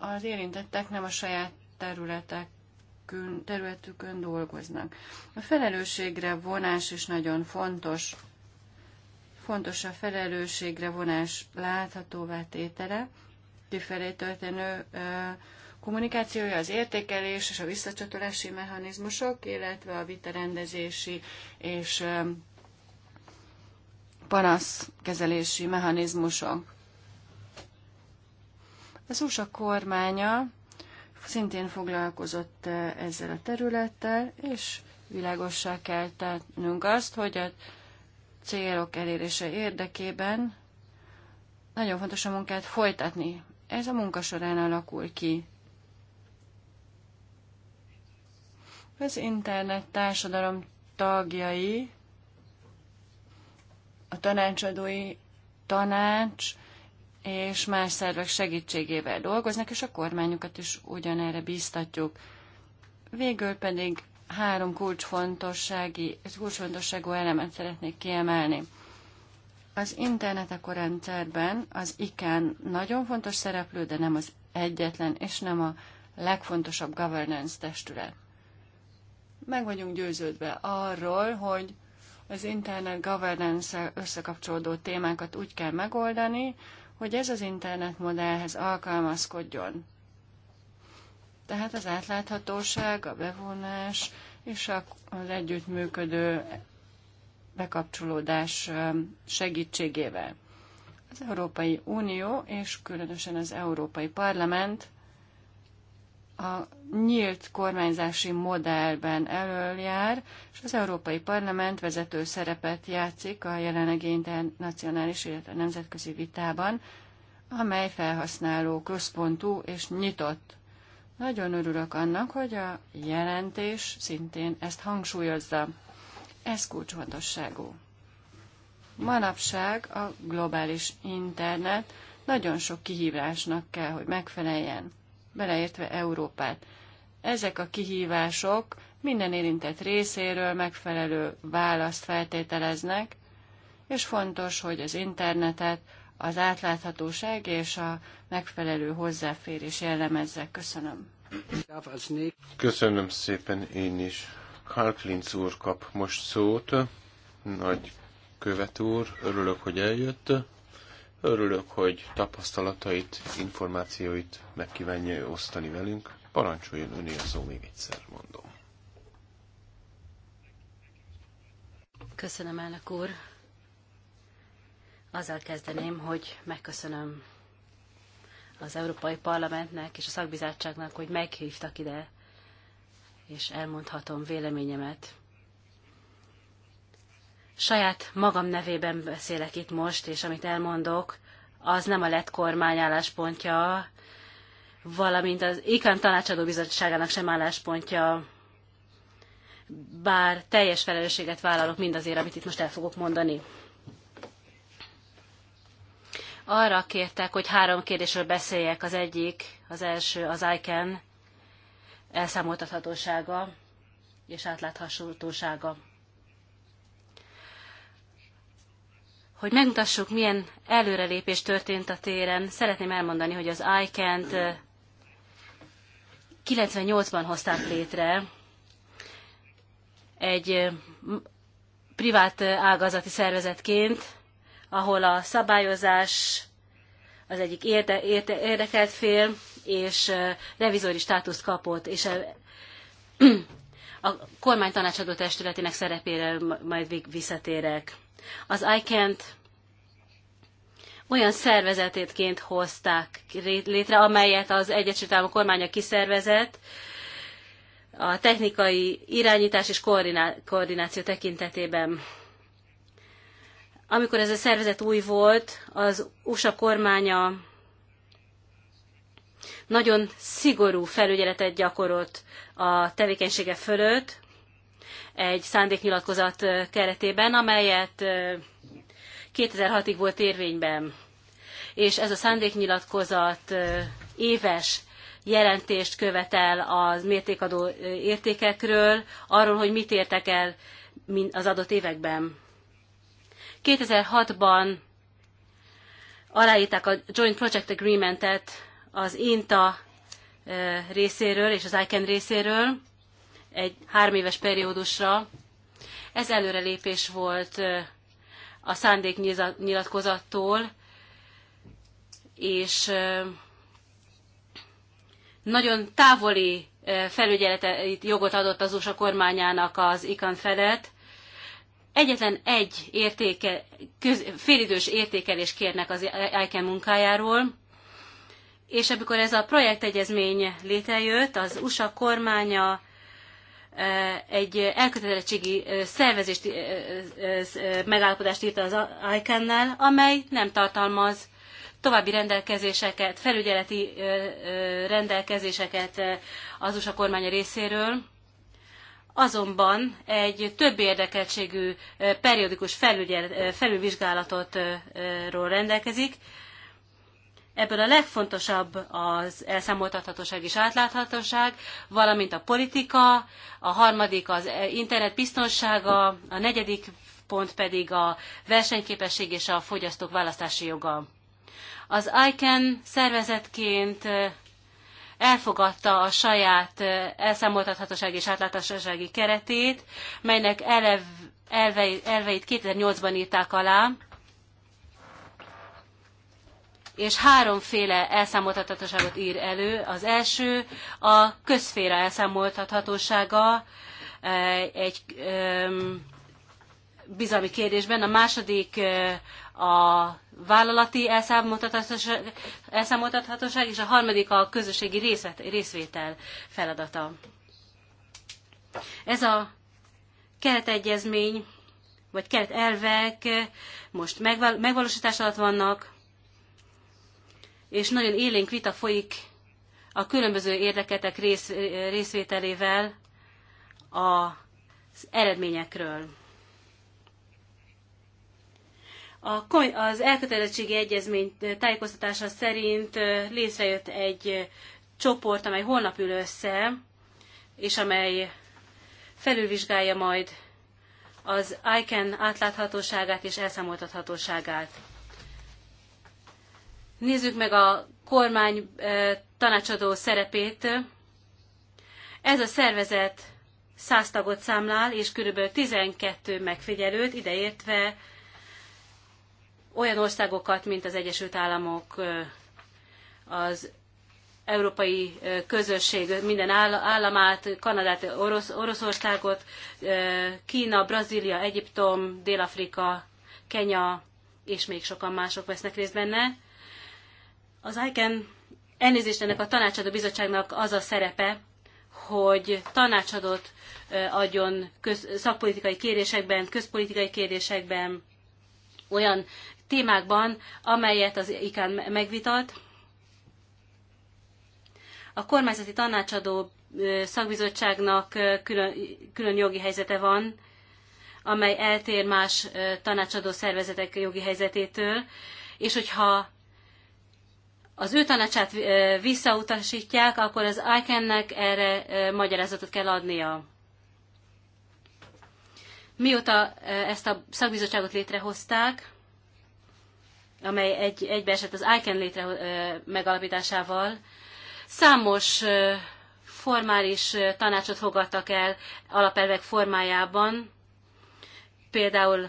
az érintettek nem a saját területek területükön dolgoznak. A felelősségre vonás is nagyon fontos. Fontos a felelősségre vonás láthatóvá tétele, kifelé történő kommunikációja, az értékelés és a visszacsatolási mechanizmusok, illetve a vitarendezési és panaszkezelési mechanizmusok. Az USA kormánya szintén foglalkozott eh, ezzel a területtel, és világossá kell tennünk azt, hogy a célok elérése érdekében nagyon fontos a munkát folytatni. Ez a munka során alakul ki. Az internet társadalom tagjai, a tanácsadói tanács és más szervek segítségével dolgoznak, és a kormányukat is ugyanerre bíztatjuk. Végül pedig három kulcsfontossági, kulcsfontosságú elemet szeretnék kiemelni. Az internet a rendszerben az ICAN nagyon fontos szereplő, de nem az egyetlen, és nem a legfontosabb governance testület meg vagyunk győződve arról, hogy az internet governance összekapcsolódó témákat úgy kell megoldani, hogy ez az internet modellhez alkalmazkodjon. Tehát az átláthatóság, a bevonás és az együttműködő bekapcsolódás um, segítségével. Az Európai Unió és különösen az Európai Parlament a nyílt kormányzási modellben előjár, és az Európai Parlament vezető szerepet játszik a jelenlegi internacionális, illetve nemzetközi vitában, amely felhasználó központú és nyitott. Nagyon örülök annak, hogy a jelentés szintén ezt hangsúlyozza. Ez kulcsfontosságú. Manapság a globális internet nagyon sok kihívásnak kell, hogy megfeleljen beleértve Európát. Ezek a kihívások minden érintett részéről megfelelő választ feltételeznek, és fontos, hogy az internetet, az átláthatóság és a megfelelő hozzáférés jellemezze. Köszönöm. Köszönöm szépen én is. Karl Klinz úr kap most szót. Nagy követ úr, örülök, hogy eljött. Örülök, hogy tapasztalatait, információit megkívánja osztani velünk. Parancsoljon öné a szó még egyszer, mondom. Köszönöm, elnök úr. Azzal kezdeném, hogy megköszönöm az Európai Parlamentnek és a szakbizottságnak, hogy meghívtak ide, és elmondhatom véleményemet Saját magam nevében beszélek itt most, és amit elmondok, az nem a lett kormány álláspontja, valamint az ICAN tanácsadó bizottságának sem álláspontja, bár teljes felelősséget vállalok mindazért, amit itt most el fogok mondani. Arra kértek, hogy három kérdésről beszéljek. Az egyik, az első, az ICAN elszámoltathatósága és átláthatósága. Hogy megmutassuk, milyen előrelépés történt a téren, szeretném elmondani, hogy az ICANN-t 98-ban hozták létre egy privát ágazati szervezetként, ahol a szabályozás az egyik érde, érde, érdekelt fél, és revizori státuszt kapott, és a kormány tanácsadó testületének szerepére majd visszatérek. Az ICANT olyan szervezetétként hozták létre, amelyet az Egyesült Államok kormánya kiszervezett, a technikai irányítás és koordináció tekintetében. Amikor ez a szervezet új volt, az USA kormánya nagyon szigorú felügyeletet gyakorolt a tevékenysége fölött, egy szándéknyilatkozat keretében, amelyet 2006-ig volt érvényben. És ez a szándéknyilatkozat éves jelentést követel az mértékadó értékekről, arról, hogy mit értek el az adott években. 2006-ban aláírták a Joint Project Agreement-et az INTA részéről és az ICANN részéről, egy három éves periódusra. Ez előrelépés volt a szándéknyilatkozattól, és nagyon távoli felügyeleti jogot adott az USA kormányának az ICAN felett. Egyetlen egy értéke, köz, félidős értékelés kérnek az ICAN munkájáról, és amikor ez a projektegyezmény létrejött, az USA kormánya Eh, egy elkötelezettségi eh, szervezést, eh, megállapodást írt az ICANN-nel, amely nem tartalmaz további rendelkezéseket, felügyeleti rendelkezéseket az USA kormánya részéről, azonban egy több érdekeltségű periódikus felügyel, felülvizsgálatotról rendelkezik, Ebből a legfontosabb az elszámoltathatóság és átláthatóság, valamint a politika, a harmadik az internet biztonsága, a negyedik pont pedig a versenyképesség és a fogyasztók választási joga. Az ICANN szervezetként elfogadta a saját elszámoltathatóság és átláthatósági keretét, melynek elev, elvei, elveit 2008-ban írták alá, és háromféle elszámoltathatóságot ír elő. Az első a közféra elszámoltathatósága eh, egy bizalmi kérdésben, a második eh, a vállalati elszámoltathatóság, elszámoltathatóság és a harmadik a közösségi részvet, részvétel feladata. Ez a keretegyezmény, vagy keretelvek most megval, megvalósítás alatt vannak, és nagyon élénk vita folyik a különböző érdeketek rész, részvételével az eredményekről. A, az elkötelezettségi egyezmény tájékoztatása szerint létrejött egy csoport, amely holnap ül össze, és amely felülvizsgálja majd az ICANN átláthatóságát és elszámoltathatóságát. Nézzük meg a kormány tanácsadó szerepét. Ez a szervezet 100 tagot számlál, és kb. 12 megfigyelőt, ideértve olyan országokat, mint az Egyesült Államok, az Európai Közösség minden államát, Kanadát, Orosz, Oroszországot, Kína, Brazília, Egyiptom, Dél-Afrika, Kenya, és még sokan mások vesznek részt benne. Az ICAN elnézést ennek a tanácsadó bizottságnak az a szerepe, hogy tanácsadót adjon köz, szakpolitikai kérdésekben, közpolitikai kérdésekben olyan témákban, amelyet az ICAN megvitat. A kormányzati tanácsadó szakbizottságnak külön, külön jogi helyzete van, amely eltér más tanácsadó szervezetek jogi helyzetétől, és hogyha az ő tanácsát visszautasítják, akkor az ICANN-nek erre magyarázatot kell adnia. Mióta ezt a szakbizottságot létrehozták, amely egy, egybeesett az ICAN létre megalapításával, számos formális tanácsot fogadtak el alapelvek formájában, például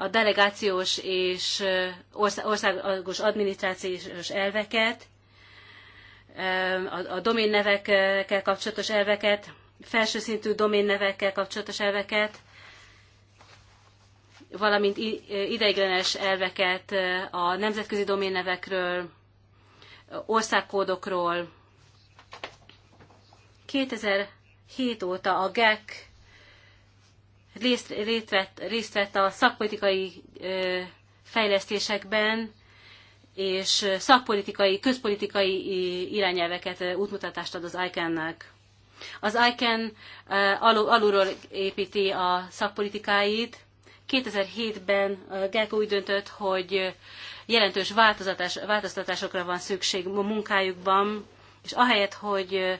a delegációs és országos adminisztrációs elveket, a doménnevekkel kapcsolatos elveket, felső szintű doménnevekkel kapcsolatos elveket, valamint ideiglenes elveket a nemzetközi doménnevekről, országkódokról. 2007 óta a GEC részt, részt, vett, részt vett a szakpolitikai fejlesztésekben, és szakpolitikai, közpolitikai irányelveket, útmutatást ad az icann nak Az ICANN alulról építi a szakpolitikáit. 2007-ben Gelko úgy döntött, hogy jelentős változtatásokra van szükség a munkájukban, és ahelyett, hogy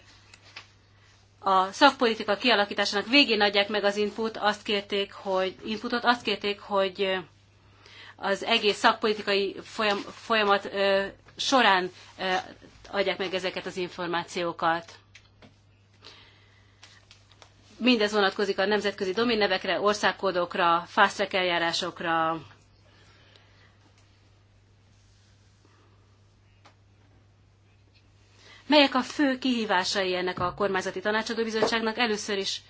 a szakpolitika kialakításának végén adják meg az input, azt kérték, hogy, inputot, azt kérték, hogy az egész szakpolitikai folyam, folyamat ö, során ö, adják meg ezeket az információkat. Mindez vonatkozik a nemzetközi doménnevekre, országkódokra, fast eljárásokra, Melyek a fő kihívásai ennek a kormányzati tanácsadóbizottságnak? Először is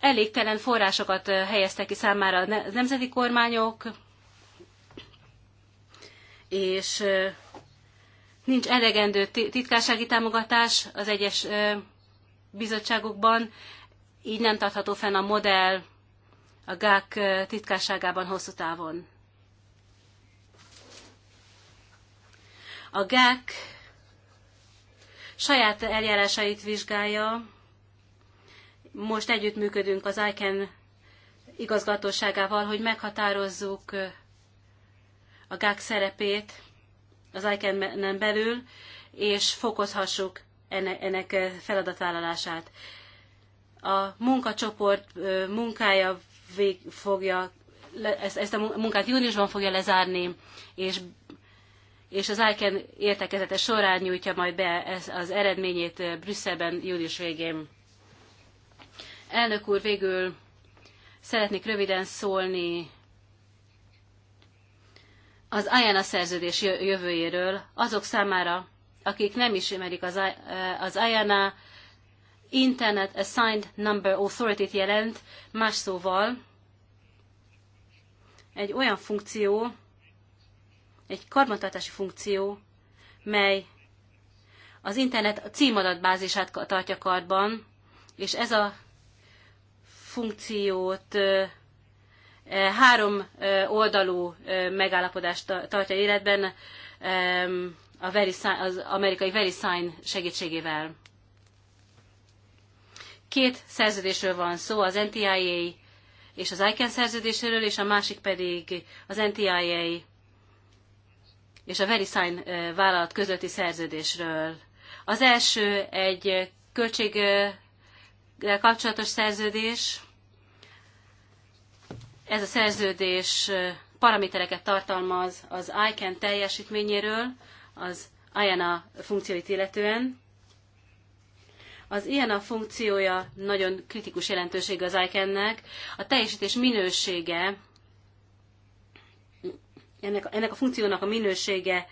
elégtelen forrásokat eh, helyeztek ki számára a nemzeti kormányok, és eh, nincs elegendő titkársági támogatás az egyes eh, bizottságokban, így nem tartható fenn a modell a GÁK titkárságában hosszú távon. A GEC saját eljárásait vizsgálja. Most együttműködünk az ICANN igazgatóságával, hogy meghatározzuk a GAC e szerepét az ICANN-en belül, és fokozhassuk ennek feladatvállalását. A munkacsoport munkája vég, fogja, ezt a munkát júniusban fogja lezárni, és és az ICAN értekezete során nyújtja majd be az eredményét eh, Brüsszelben július végén. Elnök úr, végül szeretnék röviden szólni az IANA szerződés jövőjéről azok számára, akik nem ismerik az, eh, az IANA Internet Assigned Number Authority-t jelent, más szóval egy olyan funkció, egy karbantartási funkció, mely az internet címadatbázisát tartja karban, és ez a funkciót három oldalú megállapodást tartja életben a az amerikai VeriSign segítségével. Két szerződésről van szó, az NTIA és az ICANN szerződéséről, és a másik pedig az NTIA és a VeriSign vállalat közötti szerződésről. Az első egy költség kapcsolatos szerződés. Ez a szerződés paramétereket tartalmaz az ICANN teljesítményéről, az IANA funkcióit illetően. Az IANA funkciója nagyon kritikus jelentőség az ICANN-nek. A teljesítés minősége ennek, ennek a funkciónak a minősége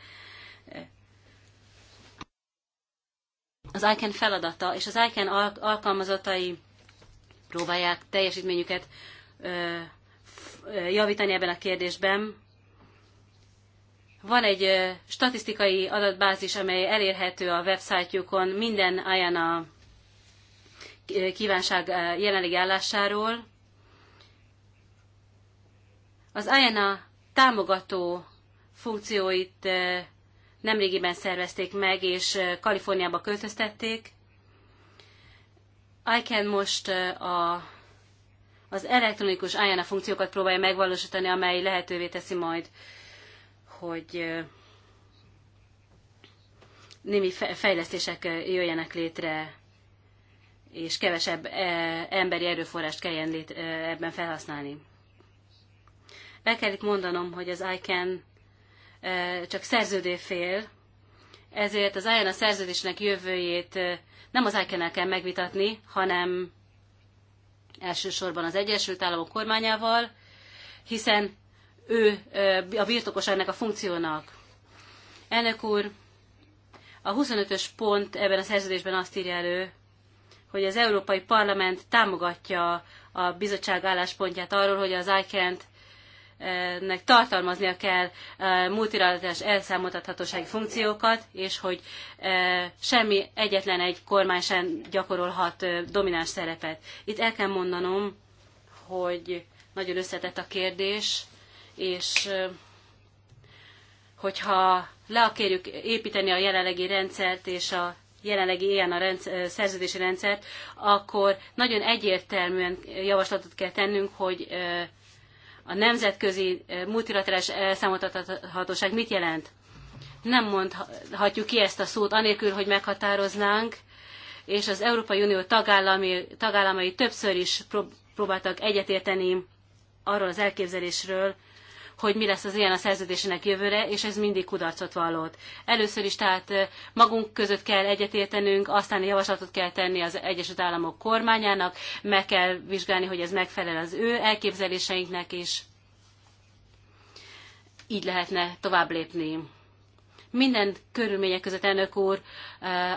az ICANN feladata, és az ICANN alkalmazatai próbálják teljesítményüket javítani ebben a kérdésben. Van egy statisztikai adatbázis, amely elérhető a websájtjukon minden a kívánság jelenlegi állásáról. Az IANA támogató funkcióit eh, nemrégiben szervezték meg, és eh, Kaliforniába költöztették. ICANN most eh, a, az elektronikus IANA funkciókat próbálja megvalósítani, amely lehetővé teszi majd, hogy némi fejlesztések jöjjenek létre, és kevesebb emberi erőforrást kelljen ebben felhasználni. El kell itt mondanom, hogy az ICANN csak fél, ezért az ICANN a szerződésnek jövőjét nem az ICANN-el kell megvitatni, hanem elsősorban az Egyesült Államok kormányával, hiszen ő a birtokos ennek a funkciónak. Elnök úr, a 25-ös pont ebben a szerződésben azt írja elő, hogy az Európai Parlament támogatja a bizottság álláspontját arról, hogy az ICANN-t nek tartalmaznia kell e, multilaterális elszámoltathatósági funkciókat, és hogy e, semmi egyetlen egy kormány sem gyakorolhat e, domináns szerepet. Itt el kell mondanom, hogy nagyon összetett a kérdés, és hogyha le akarjuk építeni a jelenlegi rendszert és a jelenlegi ilyen a rendsz, szerződési rendszert, akkor nagyon egyértelműen javaslatot kell tennünk, hogy a nemzetközi eh, multilaterális elszámoltathatóság mit jelent? Nem mondhatjuk ki ezt a szót anélkül, hogy meghatároznánk, és az Európai Unió tagállami, tagállamai többször is próbáltak egyetérteni arról az elképzelésről, hogy mi lesz az ilyen a szerződésének jövőre, és ez mindig kudarcot vallott. Először is tehát magunk között kell egyetértenünk, aztán javaslatot kell tenni az Egyesült Államok kormányának, meg kell vizsgálni, hogy ez megfelel az ő elképzeléseinknek is. Így lehetne tovább lépni minden körülmények között, elnök úr,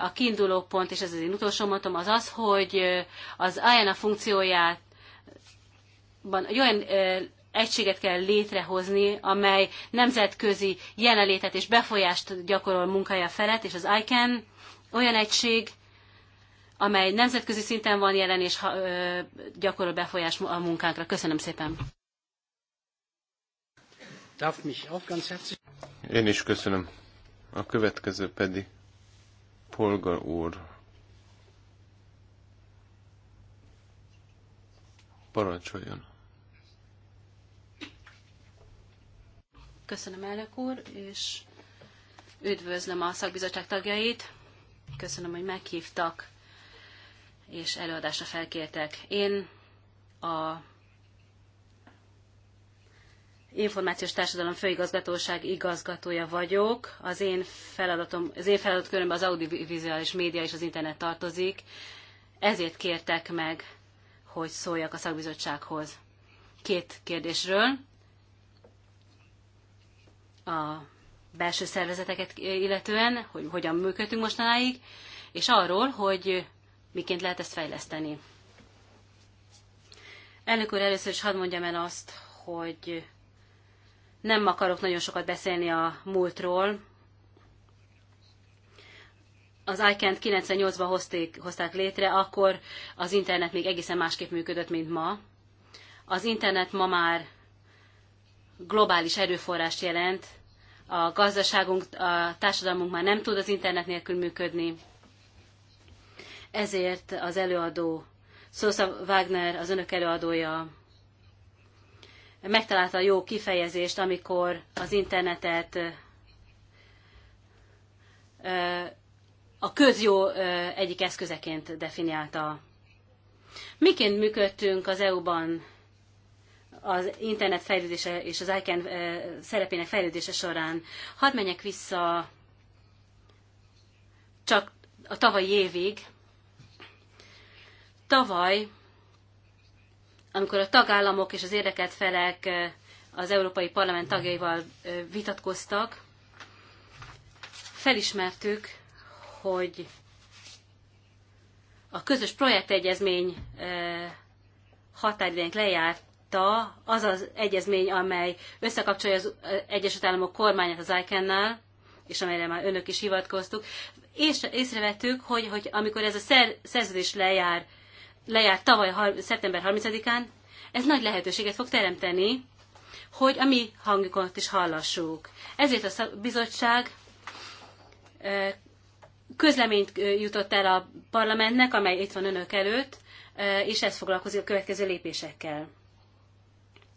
a kiinduló pont, és ez az én utolsó mondatom, az az, hogy az IANA funkcióját egy olyan egységet kell létrehozni, amely nemzetközi jelenlétet és befolyást gyakorol munkája felett, és az ICANN olyan egység, amely nemzetközi szinten van jelen, és gyakorol befolyást a munkánkra. Köszönöm szépen! Én is köszönöm. A következő pedig Polgar úr. Parancsoljon. Köszönöm, elnök úr, és üdvözlöm a szakbizottság tagjait. Köszönöm, hogy meghívtak és előadásra felkértek. Én a Információs Társadalom Főigazgatóság igazgatója vagyok. Az én feladatom, az én feladatkörömbe az audiovizuális média és az internet tartozik. Ezért kértek meg, hogy szóljak a szakbizottsághoz két kérdésről a belső szervezeteket illetően, hogy hogyan működtünk mostanáig, és arról, hogy miként lehet ezt fejleszteni. Elnök úr, először is hadd mondjam el azt, hogy nem akarok nagyon sokat beszélni a múltról. Az ICANN 98-ban hozték, hozták létre, akkor az internet még egészen másképp működött, mint ma. Az internet ma már globális erőforrást jelent, a gazdaságunk, a társadalmunk már nem tud az internet nélkül működni. Ezért az előadó, Szósza Wagner, az önök előadója megtalálta a jó kifejezést, amikor az internetet a közjó egyik eszközeként definiálta. Miként működtünk az EU-ban az internet fejlődése és az ICANN eh, szerepének fejlődése során. Hadd menjek vissza csak a tavalyi évig. Tavaly, amikor a tagállamok és az érdekelt felek eh, az Európai Parlament tagjaival eh, vitatkoztak, felismertük, hogy a közös projektegyezmény határidejénk lejárt elfogadta az az egyezmény, amely összekapcsolja az Egyesült Államok kormányát az ICANN-nál, és amelyre már önök is hivatkoztuk, és észrevettük, hogy, hogy amikor ez a szer, szerződés lejár, lejár tavaly szeptember 30-án, ez nagy lehetőséget fog teremteni, hogy a mi hangjukat is hallassuk. Ezért a bizottság közleményt jutott el a parlamentnek, amely itt van önök előtt, és ez foglalkozik a következő lépésekkel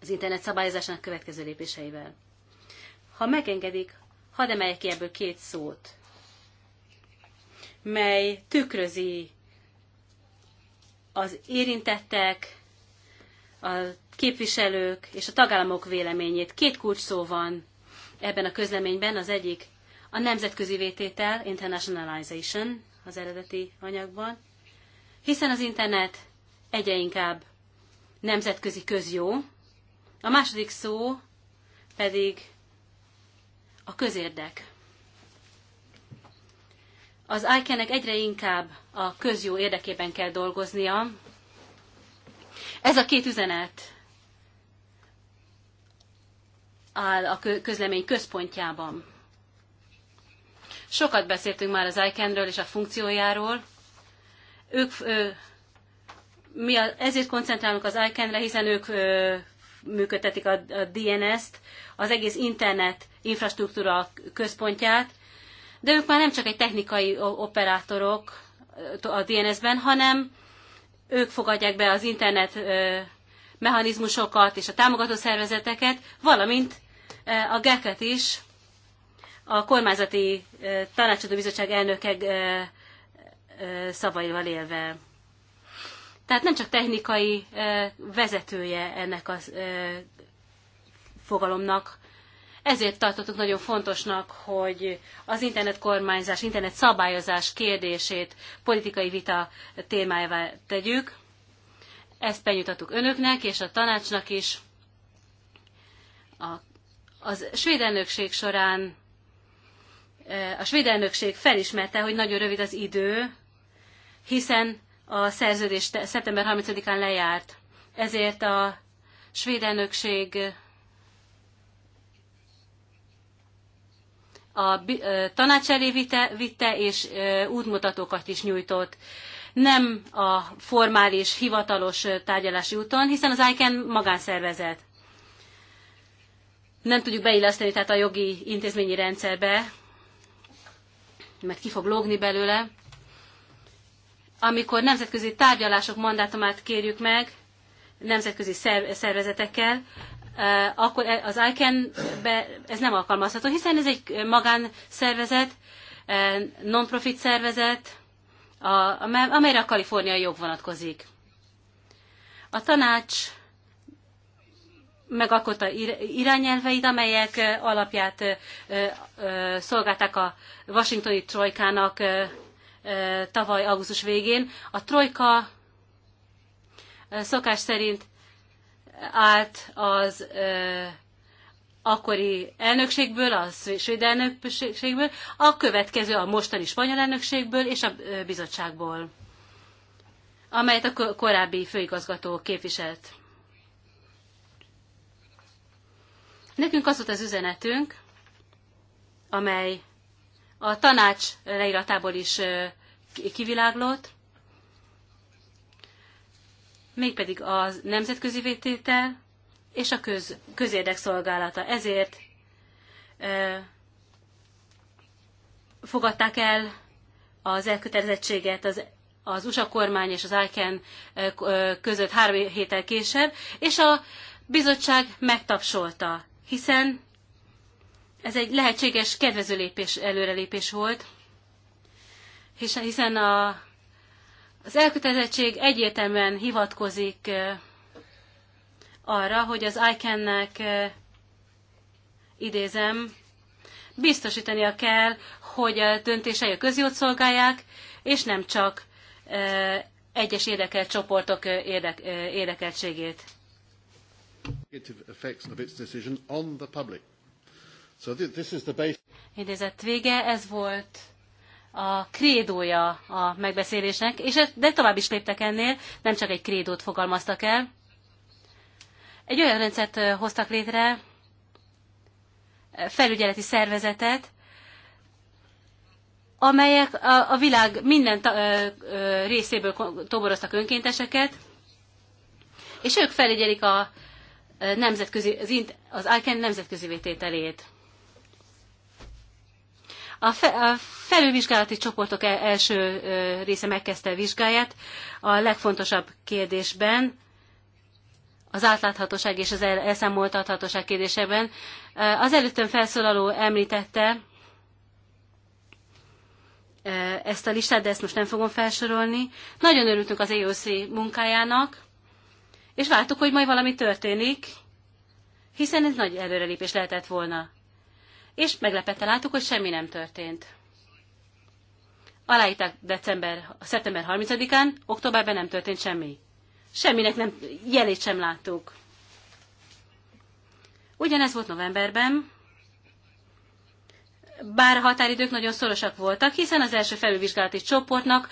az internet szabályozásának következő lépéseivel. Ha megengedik, hadd emeljek ki ebből két szót, mely tükrözi az érintettek, a képviselők és a tagállamok véleményét. Két kulcs szó van ebben a közleményben, az egyik a nemzetközi vététel, internationalization az eredeti anyagban, hiszen az internet egyre inkább nemzetközi közjó, a második szó pedig a közérdek. Az ICANN-nek egyre inkább a közjó érdekében kell dolgoznia. Ez a két üzenet áll a közlemény központjában. Sokat beszéltünk már az ICANN-ről és a funkciójáról. Ők, ö, mi a, ezért koncentrálunk az ICANN-re, hiszen ők ö, működtetik a, a DNS-t, az egész internet infrastruktúra központját, de ők már nem csak egy technikai operátorok a DNS-ben, hanem ők fogadják be az internet mechanizmusokat és a támogató szervezeteket, valamint a GEC-et is, a kormányzati tanácsadó bizottság elnöke szavaival élve. Tehát nem csak technikai vezetője ennek a fogalomnak, ezért tartottuk nagyon fontosnak, hogy az internetkormányzás, internet szabályozás kérdését politikai vita témájává tegyük. Ezt benyújtottuk önöknek és a tanácsnak is. A, az svéd elnökség során a svéd elnökség felismerte, hogy nagyon rövid az idő, hiszen a szerződés szeptember 30-án lejárt. Ezért a svéd elnökség a tanács elé vitte, vitte és útmutatókat is nyújtott. Nem a formális, hivatalos tárgyalási úton, hiszen az ICAN magánszervezet. Nem tudjuk beilleszteni tehát a jogi intézményi rendszerbe, mert ki fog lógni belőle, amikor nemzetközi tárgyalások mandátumát kérjük meg nemzetközi szervezetekkel, akkor e- az ICAN-be ez nem alkalmazható, hiszen ez egy magánszervezet, non-profit szervezet, amelyre a kaliforniai jog vonatkozik. A tanács megalkotta irányelveit, amelyek alapját szolgálták a washingtoni trojkának tavaly augusztus végén. A trojka szokás szerint állt az akkori elnökségből, a svéd elnökségből, a következő a mostani spanyol elnökségből és a bizottságból, amelyet a korábbi főigazgató képviselt. Nekünk az volt az üzenetünk, amely a tanács leíratából is kiviláglott, mégpedig a nemzetközi vététel és a köz, közérdek szolgálata. Ezért e, fogadták el az elkötelezettséget az, az USA kormány és az ICAN között három héttel később, és a bizottság megtapsolta, hiszen ez egy lehetséges kedvező lépés, előrelépés volt, hiszen a, az elkötelezettség egyértelműen hivatkozik arra, hogy az ICANN-nek, idézem, biztosítania kell, hogy a döntései a közjót szolgálják, és nem csak egyes érdekelt csoportok érdek, érdekeltségét. So this is the base. Idézett vége, ez volt a krédója a megbeszélésnek, és ez, de tovább is léptek ennél, nem csak egy krédót fogalmaztak el. Egy olyan rendszert hoztak létre, felügyeleti szervezetet, amelyek a, a világ minden ta, ö, ö, részéből toboroztak önkénteseket, és ők felügyelik a nemzetközi, az, az ICANN e nemzetközi vétételét. A, fe, a felülvizsgálati csoportok e, első része megkezdte a vizsgáját a legfontosabb kérdésben, az átláthatóság és az elszámoltathatóság kérdésében. Az előttem felszólaló említette ezt a listát, de ezt most nem fogom felsorolni. Nagyon örültünk az EOC munkájának, és vártuk, hogy majd valami történik, hiszen ez nagy előrelépés lehetett volna és meglepetten láttuk, hogy semmi nem történt. Aláírták december, szeptember 30-án, októberben nem történt semmi. Semminek nem, jelét sem láttuk. Ugyanez volt novemberben, bár a határidők nagyon szorosak voltak, hiszen az első felülvizsgálati csoportnak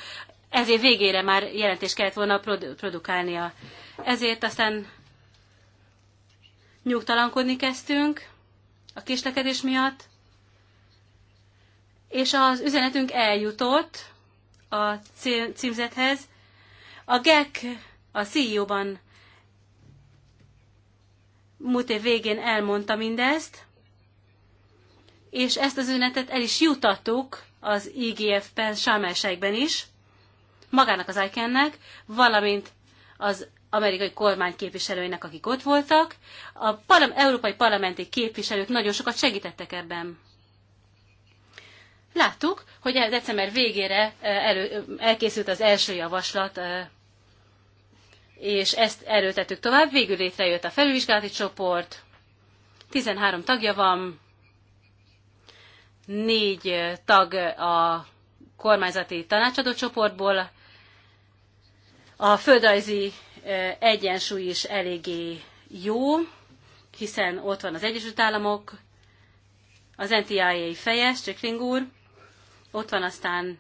ezért végére már jelentést kellett volna produkálnia. Ezért aztán nyugtalankodni kezdtünk, a késlekedés miatt, és az üzenetünk eljutott a címzethez. A GEC a CEO-ban múlt év végén elmondta mindezt, és ezt az üzenetet el is jutattuk az IGF-ben, is, magának az ICANN-nek, valamint az amerikai kormány képviselőinek, akik ott voltak. A parlam, európai parlamenti képviselők nagyon sokat segítettek ebben. Láttuk, hogy december végére elő, elkészült az első javaslat, és ezt erőltettük tovább. Végül létrejött a felülvizsgálati csoport, 13 tagja van, négy tag a kormányzati tanácsadó csoportból, a földrajzi egyensúly is eléggé jó, hiszen ott van az Egyesült Államok, az NTIA fejes, Csekling úr, ott van aztán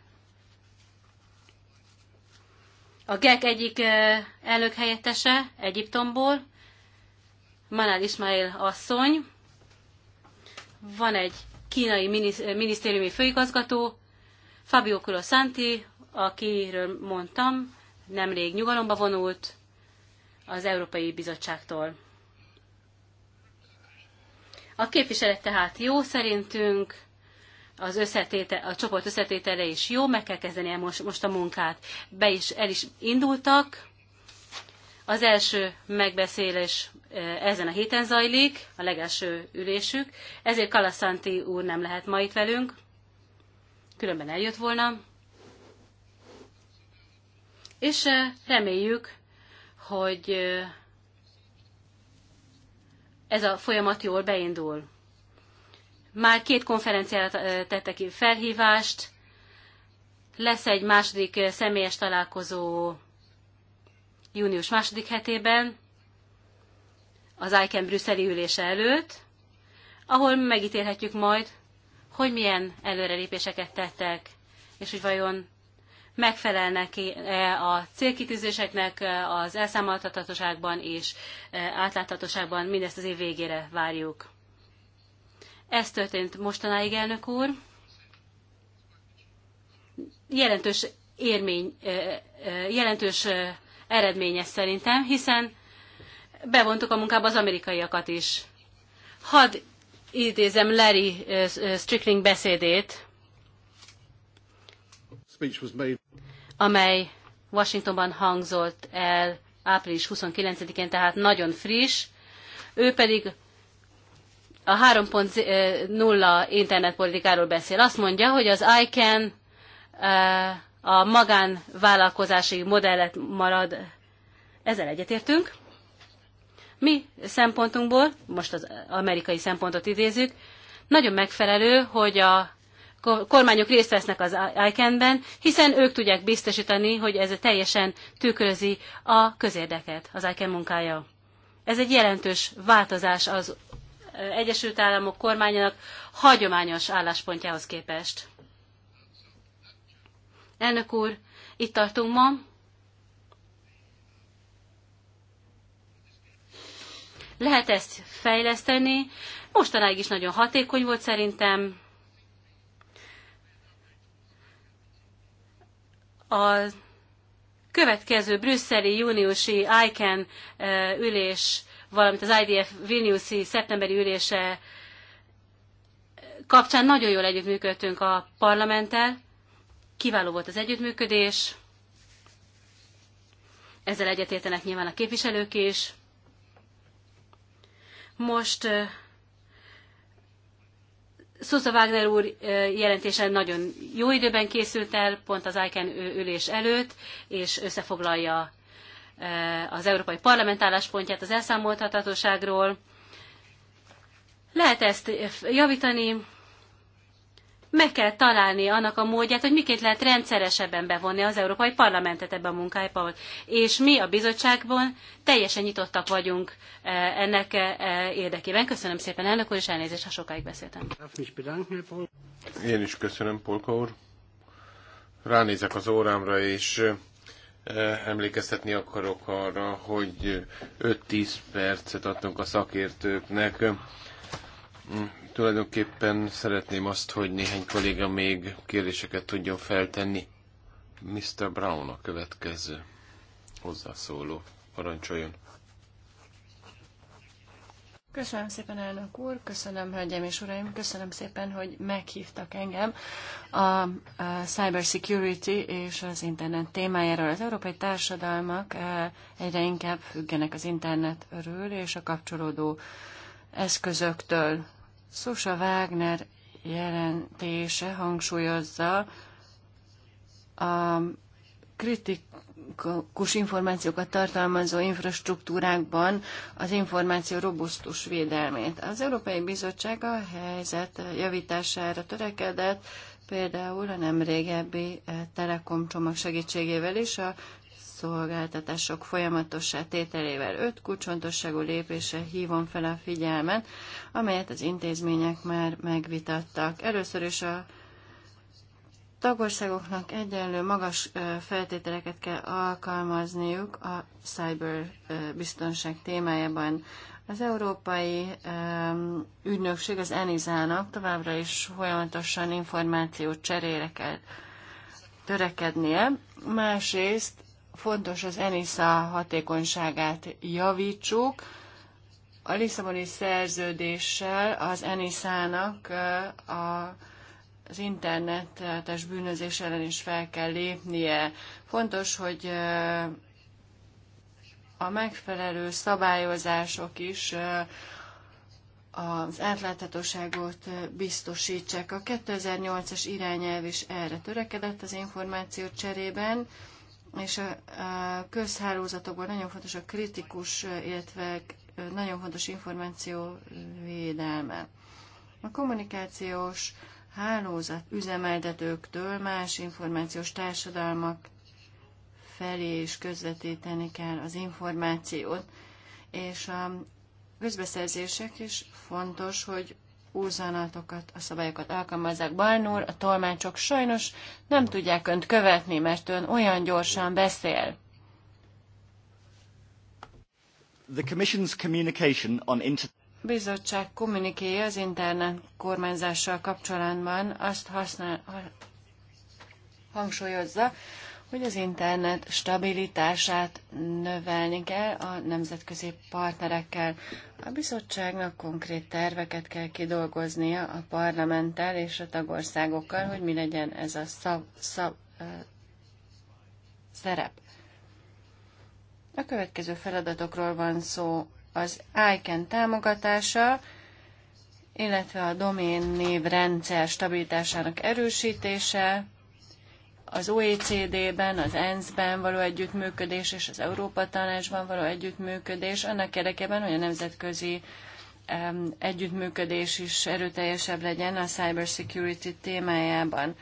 a GEK egyik elnök helyettese Egyiptomból, Manal Ismail asszony, van egy kínai minisztériumi főigazgató, Fabio Culo Santi, akiről mondtam, nemrég nyugalomba vonult, az Európai Bizottságtól. A képviselet tehát jó szerintünk, az összetéte, a csoport összetétele is jó, meg kell kezdeni el most, most a munkát. Be is, el is indultak. Az első megbeszélés e, ezen a héten zajlik, a legelső ülésük, ezért Kalaszanti úr nem lehet ma itt velünk, különben eljött volna. És e, reméljük, hogy ez a folyamat jól beindul. Már két konferenciára tettek ki felhívást, lesz egy második személyes találkozó június második hetében, az ICAN brüsszeli ülése előtt, ahol megítélhetjük majd, hogy milyen előrelépéseket tettek, és hogy vajon megfelelnek-e a célkitűzéseknek e, az elszámoltathatóságban és e, átláthatóságban, mindezt az év végére várjuk. Ez történt mostanáig, elnök úr. Jelentős érmény, e, jelentős eredményes szerintem, hiszen bevontuk a munkába az amerikaiakat is. Hadd idézem Larry Strickling beszédét, amely Washingtonban hangzott el április 29-én, tehát nagyon friss. Ő pedig a 3.0 internetpolitikáról beszél. Azt mondja, hogy az ICANN eh, a magánvállalkozási modellet marad. Ezzel egyetértünk. Mi szempontunkból, most az amerikai szempontot idézzük, nagyon megfelelő, hogy a kormányok részt vesznek az ICANN-ben, hiszen ők tudják biztosítani, hogy ez teljesen tükrözi a közérdeket, az ICANN munkája. Ez egy jelentős változás az Egyesült Államok kormányának hagyományos álláspontjához képest. Elnök úr, itt tartunk ma. Lehet ezt fejleszteni. Mostanáig is nagyon hatékony volt szerintem. A következő brüsszeli júniusi ICAN eh, ülés, valamint az IDF Vilniuszi szeptemberi ülése kapcsán nagyon jól együttműködtünk a parlamenttel, kiváló volt az együttműködés, ezzel egyetértenek nyilván a képviselők is. Most eh, Szusza Wagner úr jelentése nagyon jó időben készült el, pont az ICAN ülés előtt, és összefoglalja az Európai Parlament álláspontját az elszámoltathatóságról. Lehet ezt javítani, meg kell találni annak a módját, hogy miként lehet rendszeresebben bevonni az Európai Parlamentet ebbe a munkájába. És mi a bizottságban teljesen nyitottak vagyunk e, ennek e, e, érdekében. Köszönöm szépen, elnök úr, és elnézést, ha sokáig beszéltem. Én is köszönöm, Polka úr. Ránézek az órámra, és emlékeztetni akarok arra, hogy 5-10 percet adtunk a szakértőknek tulajdonképpen szeretném azt, hogy néhány kolléga még kérdéseket tudjon feltenni. Mr. Brown a következő hozzászóló. Parancsoljon. Köszönöm szépen, elnök úr, köszönöm, hölgyeim és uraim, köszönöm szépen, hogy meghívtak engem a, a cyber security és az internet témájáról. Az európai társadalmak e, egyre inkább függenek az internetről és a kapcsolódó eszközöktől. Susa Wagner jelentése hangsúlyozza a kritikus információkat tartalmazó infrastruktúrákban az információ robusztus védelmét. Az Európai Bizottság a helyzet javítására törekedett, például a nem régebbi telekomcsomag segítségével is a szolgáltatások folyamatossá tételével öt kulcsontosságú lépésre hívom fel a figyelmet, amelyet az intézmények már megvitattak. Először is a tagországoknak egyenlő magas feltételeket kell alkalmazniuk a cyber biztonság témájában. Az Európai um, Ügynökség, az ENISA-nak továbbra is folyamatosan információ cserére kell törekednie. Másrészt Fontos az ENISA hatékonyságát javítsuk. A Lisszaboni szerződéssel az ENISZának a az internetes bűnözés ellen is fel kell lépnie. Fontos, hogy a megfelelő szabályozások is az átláthatóságot biztosítsák. A 2008-as irányelv is erre törekedett az információ cserében és a közhálózatokban nagyon fontos a kritikus, illetve nagyon fontos információ védelme. A kommunikációs hálózat üzemeltetőktől más információs társadalmak felé is közvetíteni kell az információt, és a közbeszerzések is fontos, hogy úzanatokat, a szabályokat alkalmazzák. Barnúr, a tolmácsok sajnos nem tudják önt követni, mert ön olyan gyorsan beszél. The Commission's communication on inter- bizottság kommunikéje az internet kormányzással kapcsolatban azt használ, hangsúlyozza, hogy az internet stabilitását növelni kell a nemzetközi partnerekkel. A bizottságnak konkrét terveket kell kidolgoznia a parlamenttel és a tagországokkal, hogy mi legyen ez a szab, szab, uh, szerep. A következő feladatokról van szó az ICANN támogatása, illetve a domén név rendszer stabilitásának erősítése, az OECD-ben, az ENSZ-ben való együttműködés és az Európa Tanácsban való együttműködés, annak érdekében, hogy a nemzetközi együttműködés is erőteljesebb legyen a cybersecurity témájában.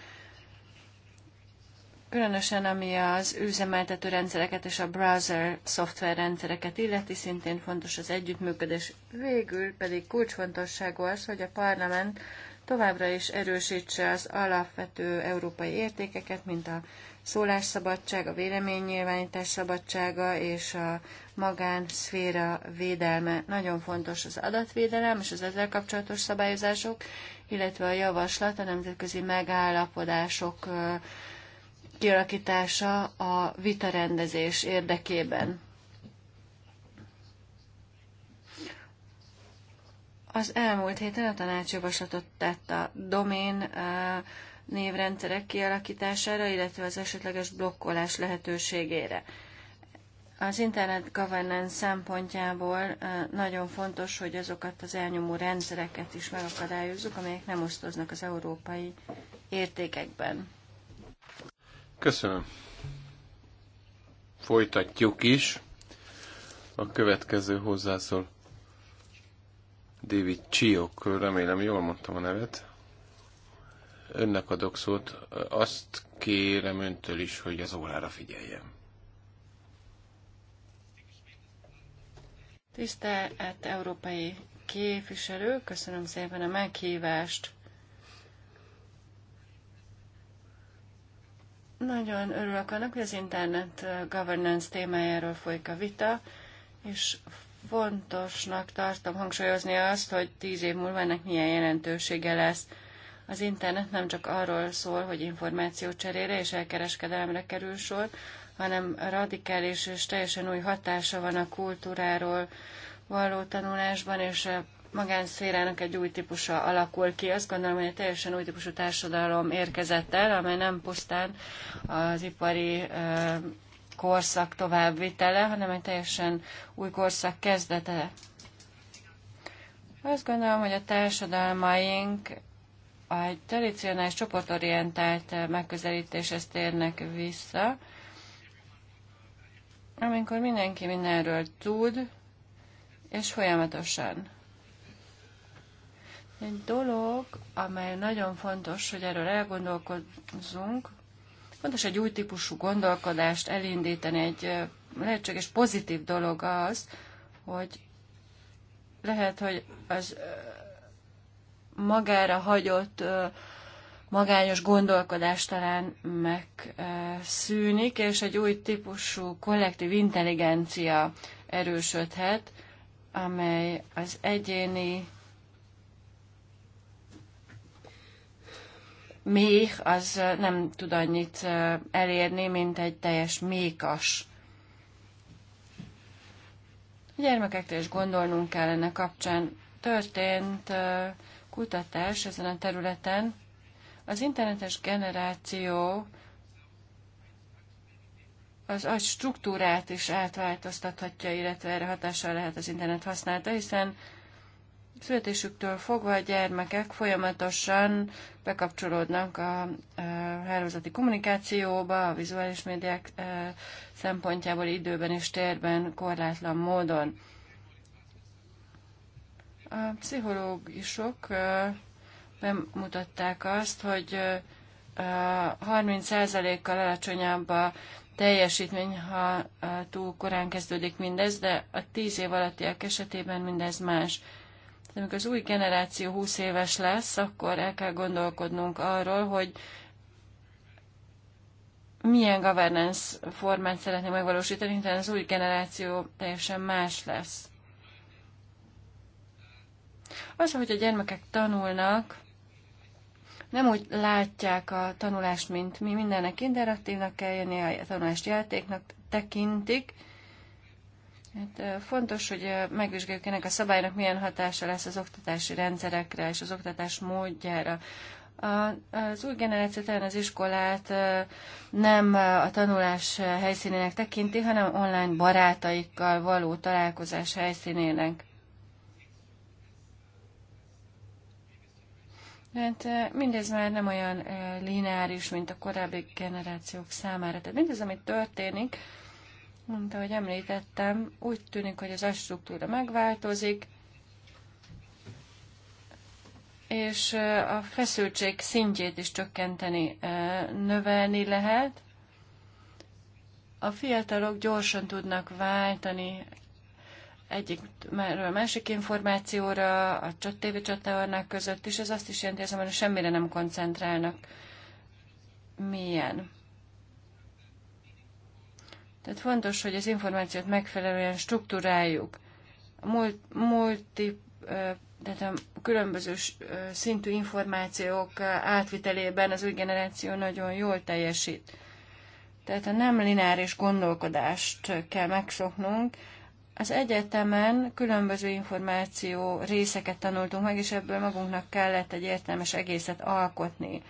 Különösen ami az üzemeltető rendszereket és a browser szoftverrendszereket illeti, szintén fontos az együttműködés. Végül pedig kulcsfontosságú az, hogy a parlament továbbra is erősítse az alapvető európai értékeket, mint a szólásszabadság, a véleménynyilvánítás szabadsága és a magánszféra védelme. Nagyon fontos az adatvédelem és az ezzel kapcsolatos szabályozások, illetve a javaslat a nemzetközi megállapodások kialakítása a vitarendezés érdekében. Az elmúlt héten a tanácsjavaslatot tett a domén névrendszerek kialakítására, illetve az esetleges blokkolás lehetőségére. Az internet governance szempontjából nagyon fontos, hogy azokat az elnyomó rendszereket is megakadályozzuk, amelyek nem osztoznak az európai értékekben. Köszönöm. Folytatjuk is. A következő hozzászól David Csiok, remélem jól mondtam a nevet. Önnek adok szót, azt kérem öntől is, hogy az órára figyeljen. Tisztelt európai képviselő, köszönöm szépen a meghívást. Nagyon örülök annak, hogy az internet governance témájáról folyik a vita, és fontosnak tartom hangsúlyozni azt, hogy tíz év múlva ennek milyen jelentősége lesz. Az internet nem csak arról szól, hogy információ cserére és elkereskedelemre kerül sor, hanem radikális és teljesen új hatása van a kultúráról való tanulásban, és a magánszférának egy új típusa alakul ki. Azt gondolom, hogy egy teljesen új típusú társadalom érkezett el, amely nem pusztán az ipari korszak továbbvitele, hanem egy teljesen új korszak kezdete. Azt gondolom, hogy a társadalmaink egy tradicionális csoportorientált megközelítéshez térnek vissza, amikor mindenki mindenről tud, és folyamatosan. Egy dolog, amely nagyon fontos, hogy erről elgondolkozzunk, Fontos egy új típusú gondolkodást elindítani, egy lehetséges pozitív dolog az, hogy lehet, hogy az magára hagyott magányos gondolkodás talán megszűnik, és egy új típusú kollektív intelligencia erősödhet, amely az egyéni méh az nem tud annyit elérni, mint egy teljes mékas. A gyermekekre is gondolnunk kellene kapcsán. Történt kutatás ezen a területen. Az internetes generáció az agy struktúrát is átváltoztathatja, illetve erre hatással lehet az internet használata, hiszen Születésüktől fogva a gyermekek folyamatosan bekapcsolódnak a hálózati kommunikációba, a vizuális médiák e, szempontjából időben és térben korlátlan módon. A pszichológusok e, bemutatták azt, hogy 30%-kal e, alacsonyabb a teljesítmény, ha túl korán kezdődik mindez, de a 10 év alattiak esetében mindez más. De amikor az új generáció 20 éves lesz, akkor el kell gondolkodnunk arról, hogy milyen governance formát szeretnénk megvalósítani, hiszen az új generáció teljesen más lesz. Az, hogy a gyermekek tanulnak, nem úgy látják a tanulást, mint mi mindennek interaktívnak kell jönni, a tanulást játéknak tekintik, Hát fontos, hogy megvizsgáljuk ennek a szabálynak milyen hatása lesz az oktatási rendszerekre és az oktatás módjára. A, az új generáció talán az iskolát nem a tanulás helyszínének tekinti, hanem online barátaikkal való találkozás helyszínének. Mert hát, mindez már nem olyan lineáris, mint a korábbi generációk számára. Tehát mindez, amit történik, mint ahogy említettem, úgy tűnik, hogy az S-struktúra megváltozik, és a feszültség szintjét is csökkenteni, növelni lehet. A fiatalok gyorsan tudnak váltani egyik a másik információra, a tévé csatornák között is, ez azt is jelenti, hogy semmire nem koncentrálnak milyen. Tehát fontos, hogy az információt megfelelően struktúráljuk. A multi, tehát a különböző szintű információk átvitelében az új generáció nagyon jól teljesít. Tehát a nem lineáris gondolkodást kell megszoknunk. Az egyetemen különböző információ részeket tanultunk meg, és ebből magunknak kellett egy értelmes egészet alkotni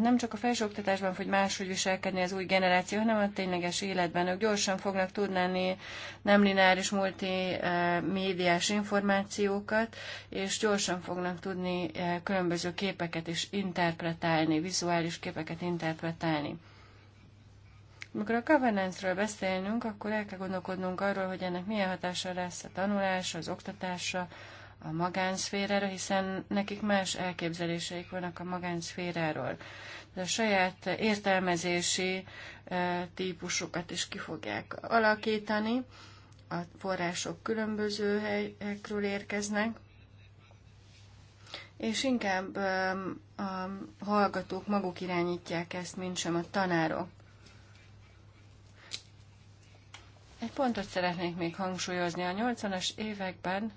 nem csak a felsőoktatásban fog máshogy viselkedni az új generáció, hanem a tényleges életben. Ők gyorsan fognak tudni nem lineáris multimédiás eh, információkat, és gyorsan fognak tudni eh, különböző képeket is interpretálni, vizuális képeket interpretálni. Amikor a governance-ről akkor el kell gondolkodnunk arról, hogy ennek milyen hatása lesz a tanulásra, az oktatásra, a magánszféráról, hiszen nekik más elképzeléseik vannak a magánszféráról. De a saját értelmezési e, típusokat is ki fogják alakítani, a források különböző helyekről érkeznek, és inkább e, a hallgatók maguk irányítják ezt, mint sem a tanárok. Egy pontot szeretnék még hangsúlyozni. A 80-as években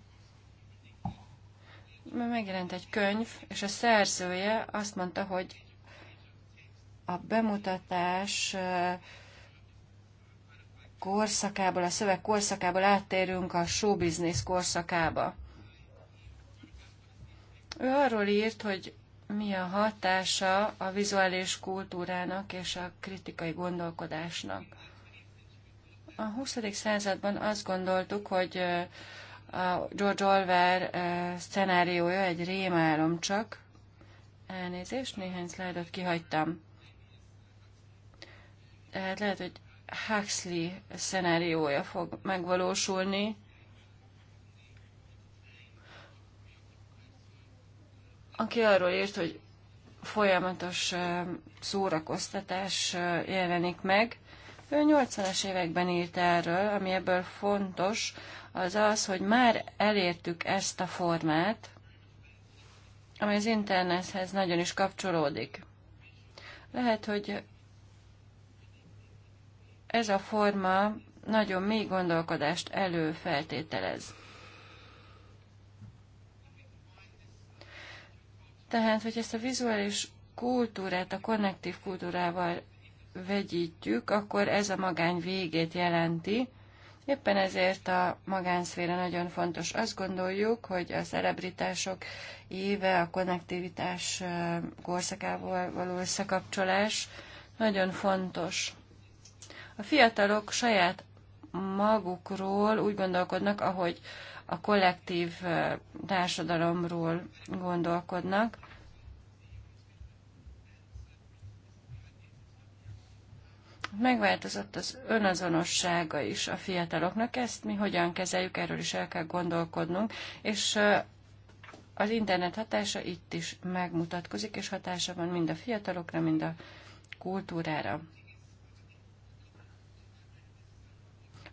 megjelent egy könyv, és a szerzője azt mondta, hogy a bemutatás korszakából, a szöveg korszakából áttérünk a showbiznisz korszakába. Ő arról írt, hogy mi a hatása a vizuális kultúrának és a kritikai gondolkodásnak. A 20. században azt gondoltuk, hogy a George Orwell eh, szenáriója egy rémálom csak. Elnézést, néhány szlájdot kihagytam. Tehát lehet, hogy Huxley szenáriója fog megvalósulni. Aki arról írt, hogy folyamatos eh, szórakoztatás eh, jelenik meg. Ő 80 es években írt erről, ami ebből fontos, az az, hogy már elértük ezt a formát, ami az internethez nagyon is kapcsolódik. Lehet, hogy ez a forma nagyon mély gondolkodást előfeltételez. Tehát, hogy ezt a vizuális kultúrát a konnektív kultúrával vegyítjük, akkor ez a magány végét jelenti, Éppen ezért a magánszféra nagyon fontos. Azt gondoljuk, hogy a szerebritások éve, a konnektivitás korszakával való összekapcsolás nagyon fontos. A fiatalok saját magukról úgy gondolkodnak, ahogy a kollektív társadalomról gondolkodnak. Megváltozott az önazonossága is a fiataloknak, ezt mi hogyan kezeljük, erről is el kell gondolkodnunk, és az internet hatása itt is megmutatkozik, és hatása van mind a fiatalokra, mind a kultúrára.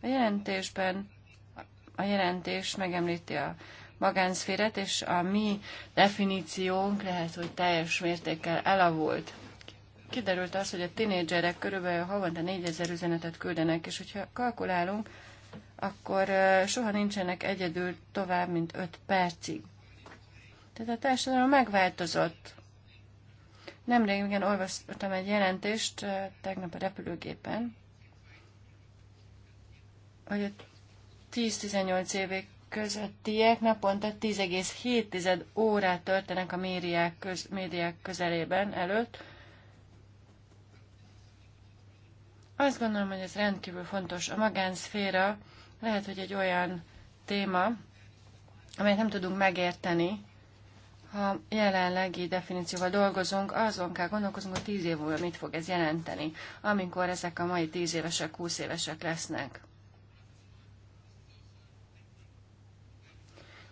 A jelentésben a jelentés megemlíti a magánszférát, és a mi definíciónk lehet, hogy teljes mértékkel elavult kiderült az, hogy a tinédzserek körülbelül havonta 4000 üzenetet küldenek, és hogyha kalkulálunk, akkor soha nincsenek egyedül tovább, mint 5 percig. Tehát a társadalom megváltozott. Nemrég igen olvastam egy jelentést tegnap a repülőgépen, hogy a 10-18 évek közöttiek naponta 10,7 órát töltenek a médiák, köz, médiák közelében előtt, Azt gondolom, hogy ez rendkívül fontos. A magánszféra lehet, hogy egy olyan téma, amelyet nem tudunk megérteni, ha jelenlegi definícióval dolgozunk, azon kell gondolkozunk, hogy tíz év múlva mit fog ez jelenteni, amikor ezek a mai tíz évesek, húsz évesek lesznek.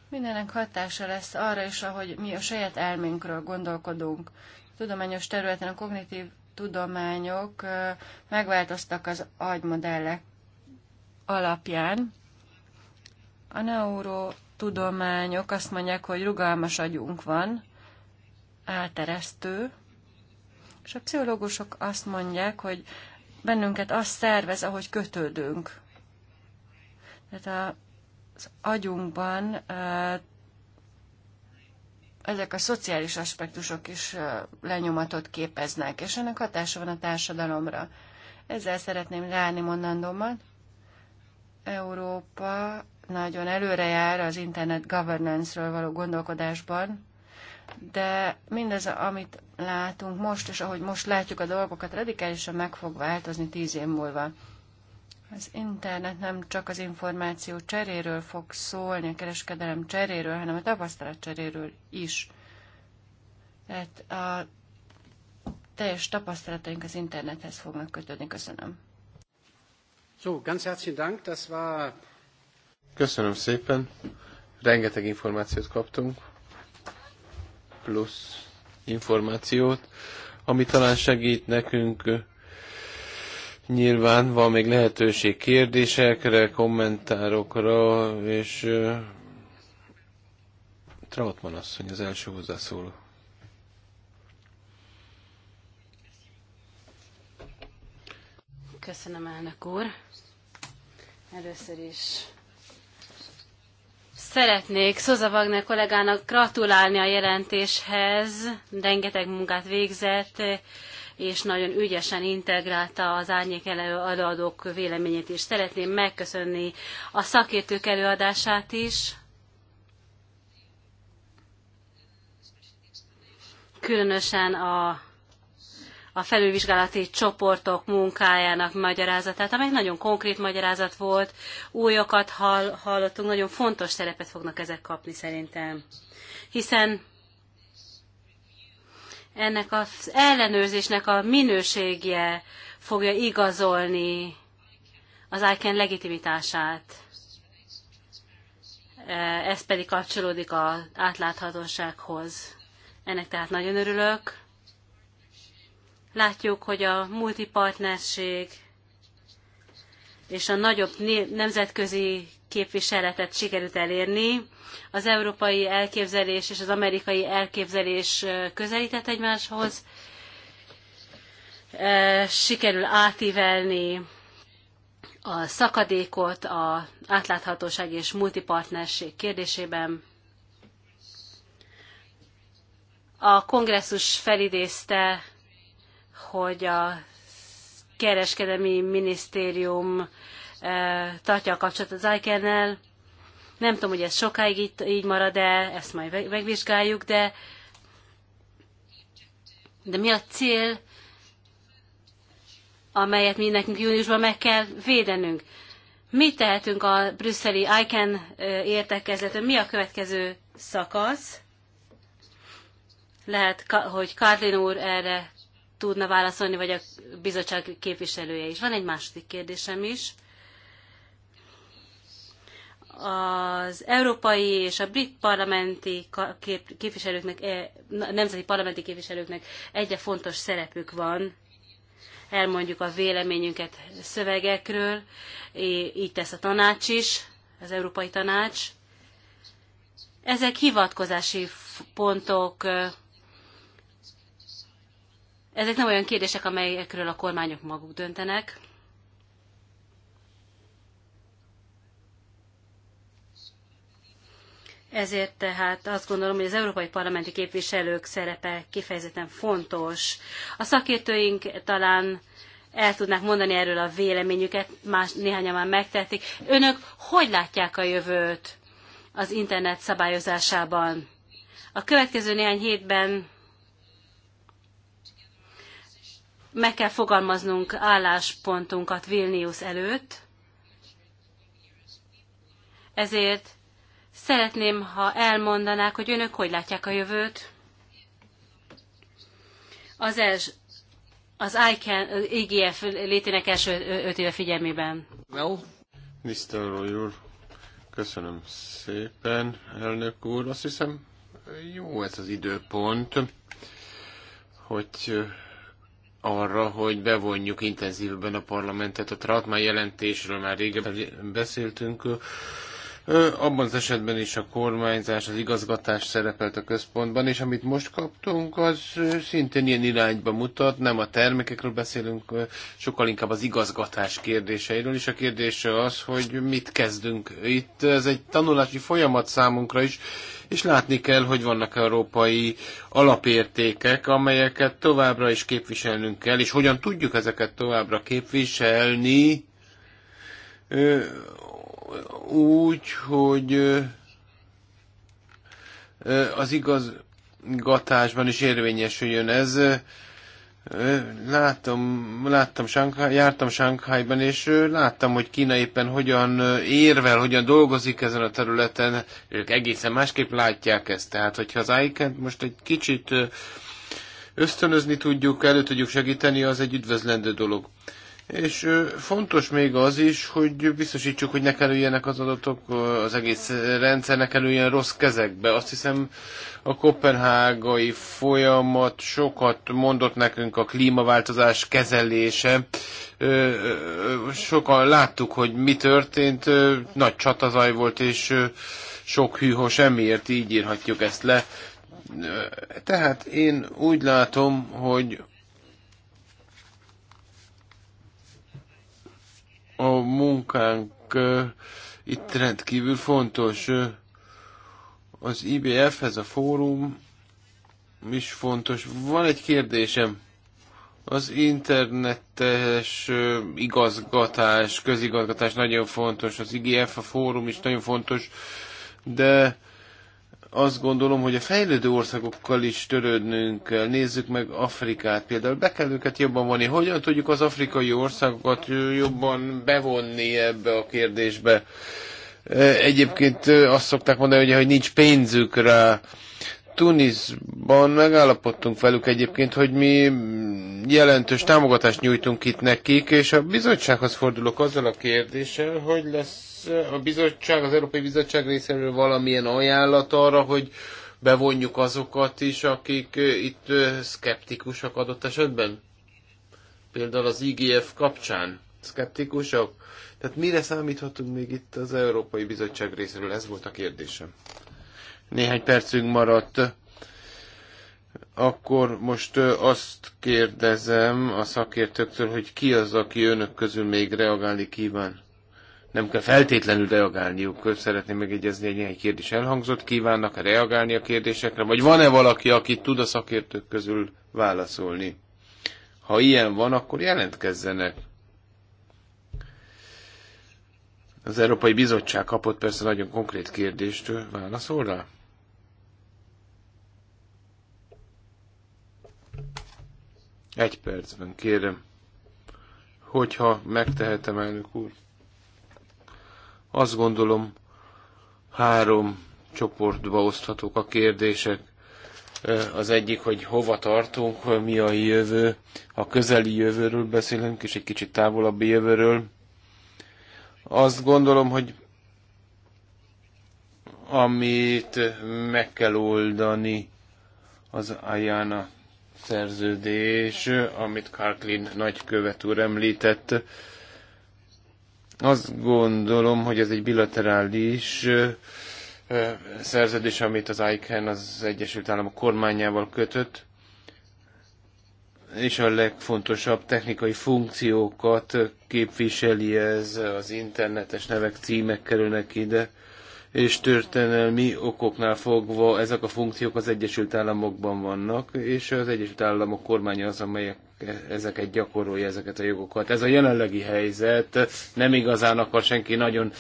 Mindenek hatása lesz arra is, ahogy mi a saját elménkről gondolkodunk. A tudományos területen a kognitív tudományok megváltoztak az agymodellek alapján. A neurotudományok azt mondják, hogy rugalmas agyunk van, áteresztő, és a pszichológusok azt mondják, hogy bennünket az szervez, ahogy kötődünk. Tehát az agyunkban ezek a szociális aspektusok is lenyomatot képeznek, és ennek hatása van a társadalomra. Ezzel szeretném zárni mondandómat. Európa nagyon előre jár az internet governance-ről való gondolkodásban, de mindez, amit látunk most, és ahogy most látjuk a dolgokat, radikálisan meg fog változni tíz év múlva. Az internet nem csak az információ cseréről fog szólni, a kereskedelem cseréről, hanem a tapasztalat cseréről is. Tehát a teljes tapasztalataink az internethez fognak kötődni. Köszönöm. So, ganz herzlichen Dank, das war... Köszönöm szépen. Rengeteg információt kaptunk, plusz információt, ami talán segít nekünk Nyilván van még lehetőség kérdésekre, kommentárokra, és uh, Trautmann asszony az első hozzászóló. Köszönöm, elnök úr. Először is szeretnék Szoza Wagner kollégának gratulálni a jelentéshez. Rengeteg munkát végzett, és nagyon ügyesen integrálta az árnyék előadók véleményét is. Szeretném megköszönni a szakértők előadását is. Különösen a a felülvizsgálati csoportok munkájának magyarázatát, amely nagyon konkrét magyarázat volt, újokat hall, hallottunk, nagyon fontos szerepet fognak ezek kapni szerintem. Hiszen ennek az ellenőrzésnek a minőségje fogja igazolni az ICANN legitimitását. E, ez pedig kapcsolódik az átláthatósághoz. Ennek tehát nagyon örülök. Látjuk, hogy a multipartnerség és a nagyobb nemzetközi képviseletet sikerült elérni. Az európai elképzelés és az amerikai elképzelés közelített egymáshoz. Sikerül átívelni a szakadékot a átláthatóság és multipartnerség kérdésében. A kongresszus felidézte, hogy a kereskedelmi minisztérium tartja a kapcsolatot az icann nel Nem tudom, hogy ez sokáig itt, így marad-e, ezt majd megvizsgáljuk, de, de mi a cél, amelyet mi nekünk júniusban meg kell védenünk? Mit tehetünk a brüsszeli ICAN értekezetben? Mi a következő szakasz? Lehet, hogy Kárlin úr erre tudna válaszolni, vagy a bizottság képviselője is. Van egy második kérdésem is az európai és a brit parlamenti képviselőknek, e, nemzeti parlamenti képviselőknek egyre fontos szerepük van. Elmondjuk a véleményünket szövegekről, így tesz a tanács is, az Európai Tanács. Ezek hivatkozási pontok, ezek nem olyan kérdések, amelyekről a kormányok maguk döntenek. Ezért tehát azt gondolom, hogy az európai parlamenti képviselők szerepe kifejezetten fontos. A szakértőink talán el tudnak mondani erről a véleményüket, más néhányan már megtették. Önök hogy látják a jövőt az internet szabályozásában? A következő néhány hétben meg kell fogalmaznunk álláspontunkat Vilnius előtt, ezért Szeretném, ha elmondanák, hogy önök hogy látják a jövőt. Az, els, az ICAN, az IGF létének első öt éve figyelmében. Well. Mr. Roy úr, köszönöm szépen, elnök úr. Azt hiszem, jó ez az időpont, hogy arra, hogy bevonjuk intenzívben a parlamentet. A Trautmann jelentésről már régebben beszéltünk abban az esetben is a kormányzás, az igazgatás szerepelt a központban, és amit most kaptunk, az szintén ilyen irányba mutat, nem a termékekről beszélünk, sokkal inkább az igazgatás kérdéseiről, és a kérdése az, hogy mit kezdünk itt. Ez egy tanulási folyamat számunkra is, és látni kell, hogy vannak európai alapértékek, amelyeket továbbra is képviselnünk kell, és hogyan tudjuk ezeket továbbra képviselni, úgy, hogy az igazgatásban is érvényesüljön ez. Láttam, láttam Shanghai, jártam Sánkhájban, és láttam, hogy Kína éppen hogyan érvel, hogyan dolgozik ezen a területen. Ők egészen másképp látják ezt. Tehát, hogyha az ICANN most egy kicsit ösztönözni tudjuk, elő tudjuk segíteni, az egy üdvözlendő dolog. És fontos még az is, hogy biztosítsuk, hogy ne kerüljenek az adatok, az egész rendszer ne kerüljen rossz kezekbe. Azt hiszem a kopenhágai folyamat sokat mondott nekünk a klímaváltozás kezelése. Sokan láttuk, hogy mi történt, nagy csatazaj volt, és sok hűhos emiért így írhatjuk ezt le. Tehát én úgy látom, hogy A munkánk itt rendkívül fontos. Az ibf ez a fórum is fontos. Van egy kérdésem. Az internetes igazgatás, közigazgatás nagyon fontos, az IGF, a fórum is nagyon fontos, de azt gondolom, hogy a fejlődő országokkal is törődnünk kell. Nézzük meg Afrikát például. Be kell őket jobban vonni. Hogyan tudjuk az afrikai országokat jobban bevonni ebbe a kérdésbe? E, egyébként e, azt szokták mondani, hogy hogy nincs pénzük rá. Tunisban megállapodtunk velük egyébként, hogy mi jelentős támogatást nyújtunk itt nekik, és a bizottsághoz fordulok azzal a kérdéssel, hogy lesz a bizottság, az Európai Bizottság részéről valamilyen ajánlat arra, hogy bevonjuk azokat is, akik itt szkeptikusak adott esetben? Például az IGF kapcsán szkeptikusak? Tehát mire számíthatunk még itt az Európai Bizottság részéről? Ez volt a kérdésem. Néhány percünk maradt. Akkor most azt kérdezem a szakértőktől, hogy ki az, aki önök közül még reagálni kíván nem kell feltétlenül reagálniuk. Szeretném megjegyezni, hogy néhány kérdés elhangzott. Kívánnak -e reagálni a kérdésekre, vagy van-e valaki, aki tud a szakértők közül válaszolni? Ha ilyen van, akkor jelentkezzenek. Az Európai Bizottság kapott persze nagyon konkrét kérdést. Válaszol rá? Egy percben, kérem. Hogyha megtehetem, elnök úr. Azt gondolom, három csoportba oszthatók a kérdések. Az egyik, hogy hova tartunk, mi a jövő. A közeli jövőről beszélünk, és egy kicsit távolabbi jövőről. Azt gondolom, hogy amit meg kell oldani, az Ayana szerződés, amit Karklin nagykövet úr említett, azt gondolom, hogy ez egy bilaterális szerződés, amit az ICANN az Egyesült Államok kormányával kötött, és a legfontosabb technikai funkciókat képviseli ez, az internetes nevek, címek kerülnek ide, és történelmi okoknál fogva ezek a funkciók az Egyesült Államokban vannak, és az Egyesült Államok kormánya az, amelyek ezeket gyakorolja, ezeket a jogokat. Ez a jelenlegi helyzet, nem igazán akar senki nagyon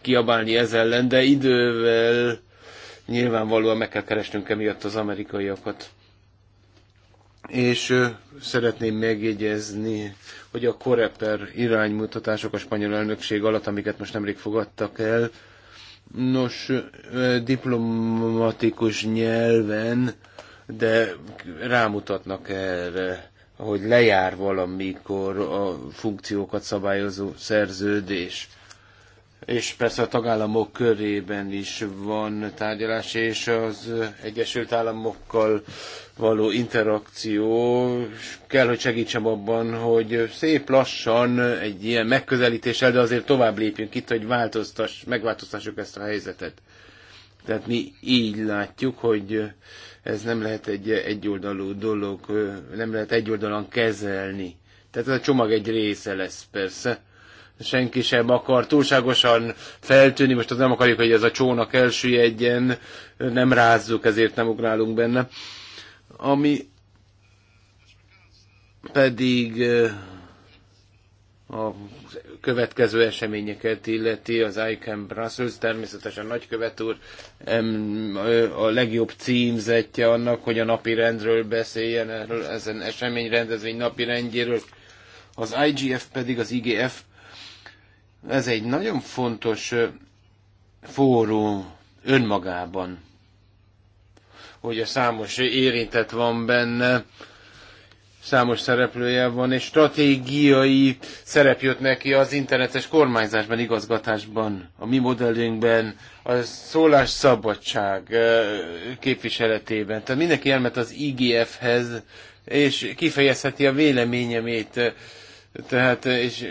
kiabálni ez ellen, de idővel nyilvánvalóan meg kell keresnünk emiatt az amerikaiakat. És szeretném megjegyezni, hogy a Koreper iránymutatások a spanyol elnökség alatt, amiket most nemrég fogadtak el, nos, diplomatikus nyelven, de rámutatnak erre hogy lejár valamikor a funkciókat szabályozó szerződés. És persze a tagállamok körében is van tárgyalás, és az Egyesült Államokkal való interakció kell, hogy segítsem abban, hogy szép lassan egy ilyen megközelítéssel, de azért tovább lépjünk itt, hogy változtass, megváltoztassuk ezt a helyzetet. Tehát mi így látjuk, hogy ez nem lehet egy egyoldalú dolog, nem lehet egyoldalan kezelni. Tehát ez a csomag egy része lesz persze. Senki sem akar túlságosan feltűnni, most az nem akarjuk, hogy ez a csónak elsüllyedjen, nem rázzuk, ezért nem ugrálunk benne. Ami pedig a következő eseményeket illeti, az ICAM Brussels természetesen nagykövet úr a legjobb címzetje annak, hogy a napi rendről beszéljen, erről, ezen eseményrendezvény napi rendjéről. Az IGF pedig az IGF, ez egy nagyon fontos fórum önmagában, hogy a számos érintett van benne, számos szereplője van, és stratégiai szerep jött neki az internetes kormányzásban, igazgatásban, a mi modellünkben, a szólásszabadság képviseletében. Tehát mindenki elment az IGF-hez, és kifejezheti a véleményemét. Tehát, és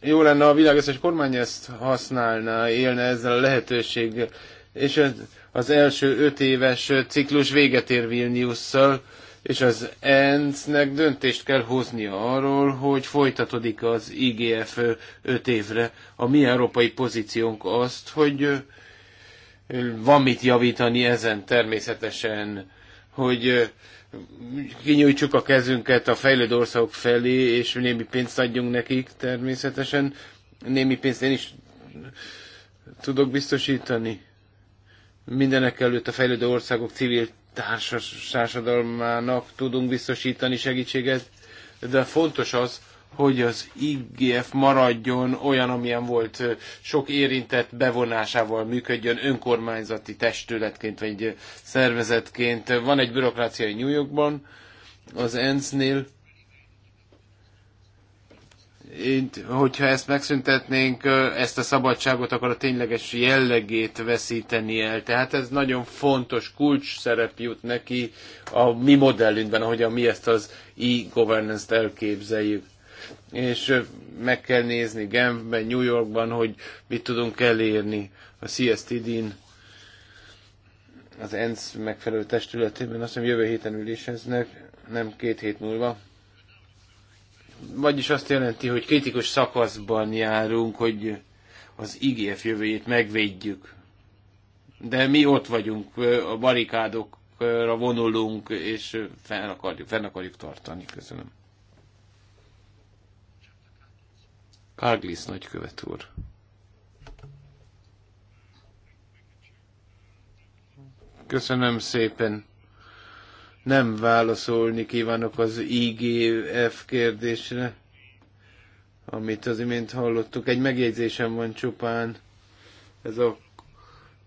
jó lenne, a világ összes kormány ezt használna, élne ezzel a lehetőséggel. És az első öt éves ciklus véget ér Vilniusszal, és az ENSZ-nek döntést kell hoznia arról, hogy folytatódik az IGF 5 évre. A mi európai pozíciónk azt, hogy van mit javítani ezen természetesen, hogy kinyújtsuk a kezünket a fejlődő országok felé, és némi pénzt adjunk nekik természetesen. Némi pénzt én is tudok biztosítani. Mindenek előtt a fejlődő országok civil társadalmának tudunk biztosítani segítséget, de fontos az, hogy az IGF maradjon olyan, amilyen volt, sok érintett bevonásával működjön önkormányzati testületként vagy szervezetként. Van egy bürokrácia New Yorkban, az ENSZ-nél, hogyha ezt megszüntetnénk, ezt a szabadságot, akkor a tényleges jellegét veszíteni el. Tehát ez nagyon fontos kulcs szerep jut neki a mi modellünkben, ahogyan mi ezt az e-governance-t elképzeljük. És meg kell nézni Genfben, New Yorkban, hogy mit tudunk elérni a CSTD-n az ENSZ megfelelő testületében, azt hiszem jövő héten üléseznek, nem két hét múlva vagyis azt jelenti, hogy kritikus szakaszban járunk, hogy az IGF jövőjét megvédjük. De mi ott vagyunk, a barikádokra vonulunk, és fenn akarjuk, fenn akarjuk tartani. Köszönöm. Karglis nagykövet úr. Köszönöm szépen. Nem válaszolni kívánok az IGF kérdésre, amit az imént hallottuk. Egy megjegyzésem van csupán. Ez a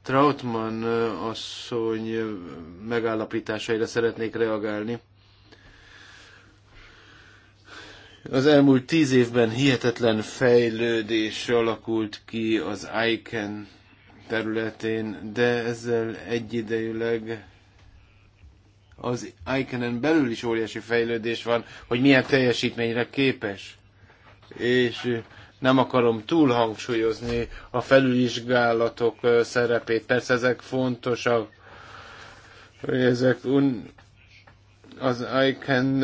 Trautmann asszony megállapításaira szeretnék reagálni. Az elmúlt tíz évben hihetetlen fejlődés alakult ki az ICANN területén, de ezzel egyidejűleg az Aikenen belül is óriási fejlődés van, hogy milyen teljesítményre képes. És nem akarom túl hangsúlyozni a felülvizsgálatok szerepét. Persze ezek fontosak, ezek un, az ICANN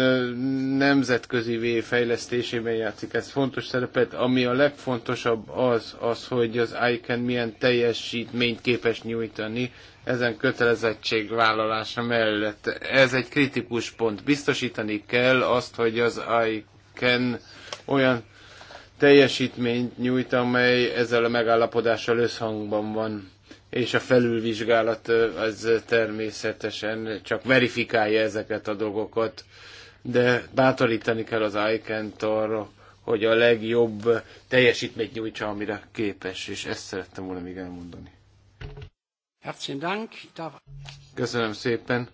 nemzetközi fejlesztésében játszik. Ez fontos szerepet. Ami a legfontosabb az, az, hogy az ICANN milyen teljesítményt képes nyújtani, ezen kötelezettségvállalása mellett. Ez egy kritikus pont. Biztosítani kell azt, hogy az ICAN olyan teljesítményt nyújt, amely ezzel a megállapodással összhangban van és a felülvizsgálat az természetesen csak verifikálja ezeket a dolgokat, de bátorítani kell az ICANN-t arra, hogy a legjobb teljesítményt nyújtsa, amire képes, és ezt szerettem volna még elmondani. Köszönöm szépen.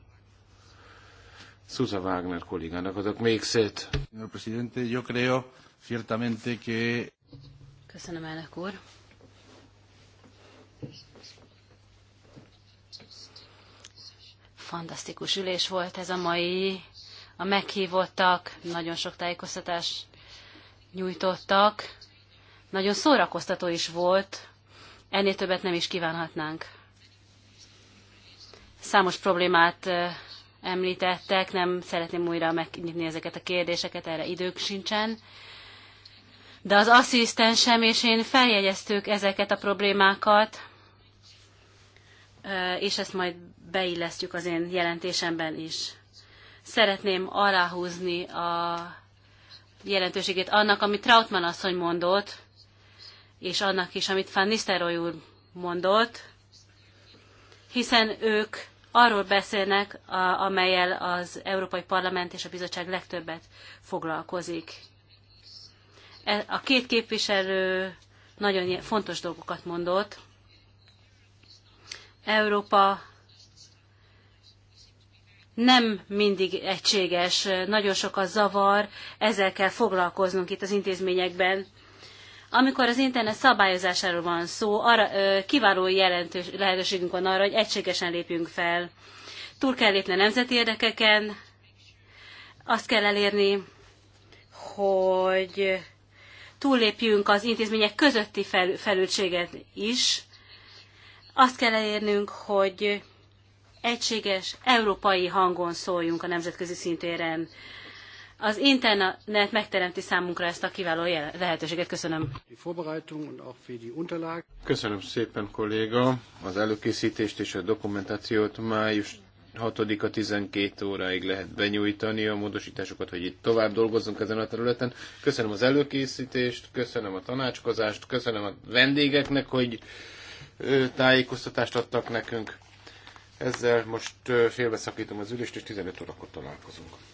Susa Wagner kollégának adok még szét. Köszönöm, elnök úr. Fantasztikus ülés volt ez a mai. A meghívottak nagyon sok tájékoztatást nyújtottak. Nagyon szórakoztató is volt. Ennél többet nem is kívánhatnánk. Számos problémát említettek, nem szeretném újra megnyitni ezeket a kérdéseket, erre idők sincsen. De az asszisztensem és én feljegyeztük ezeket a problémákat, és ezt majd beillesztjük az én jelentésemben is. Szeretném aláhúzni a jelentőségét annak, amit Trautmann asszony mondott, és annak is, amit Van Nistelrooy úr mondott, hiszen ők arról beszélnek, amelyel az Európai Parlament és a Bizottság legtöbbet foglalkozik. E, a két képviselő nagyon fontos dolgokat mondott. Európa nem mindig egységes, nagyon sok a zavar, ezzel kell foglalkoznunk itt az intézményekben amikor az internet szabályozásáról van szó, arra, kiváló jelentős, lehetőségünk van arra, hogy egységesen lépjünk fel. Túl kell lépni a nemzeti érdekeken, azt kell elérni, hogy túllépjünk az intézmények közötti fel, felültséget is. Azt kell elérnünk, hogy egységes európai hangon szóljunk a nemzetközi szintéren. Az internet megteremti számunkra ezt a kiváló lehetőséget. Köszönöm. Köszönöm szépen, kolléga, az előkészítést és a dokumentációt május 6-a 12 óráig lehet benyújtani a módosításokat, hogy itt tovább dolgozzunk ezen a területen. Köszönöm az előkészítést, köszönöm a tanácskozást, köszönöm a vendégeknek, hogy tájékoztatást adtak nekünk. Ezzel most félbeszakítom az ülést, és 15 órakor találkozunk.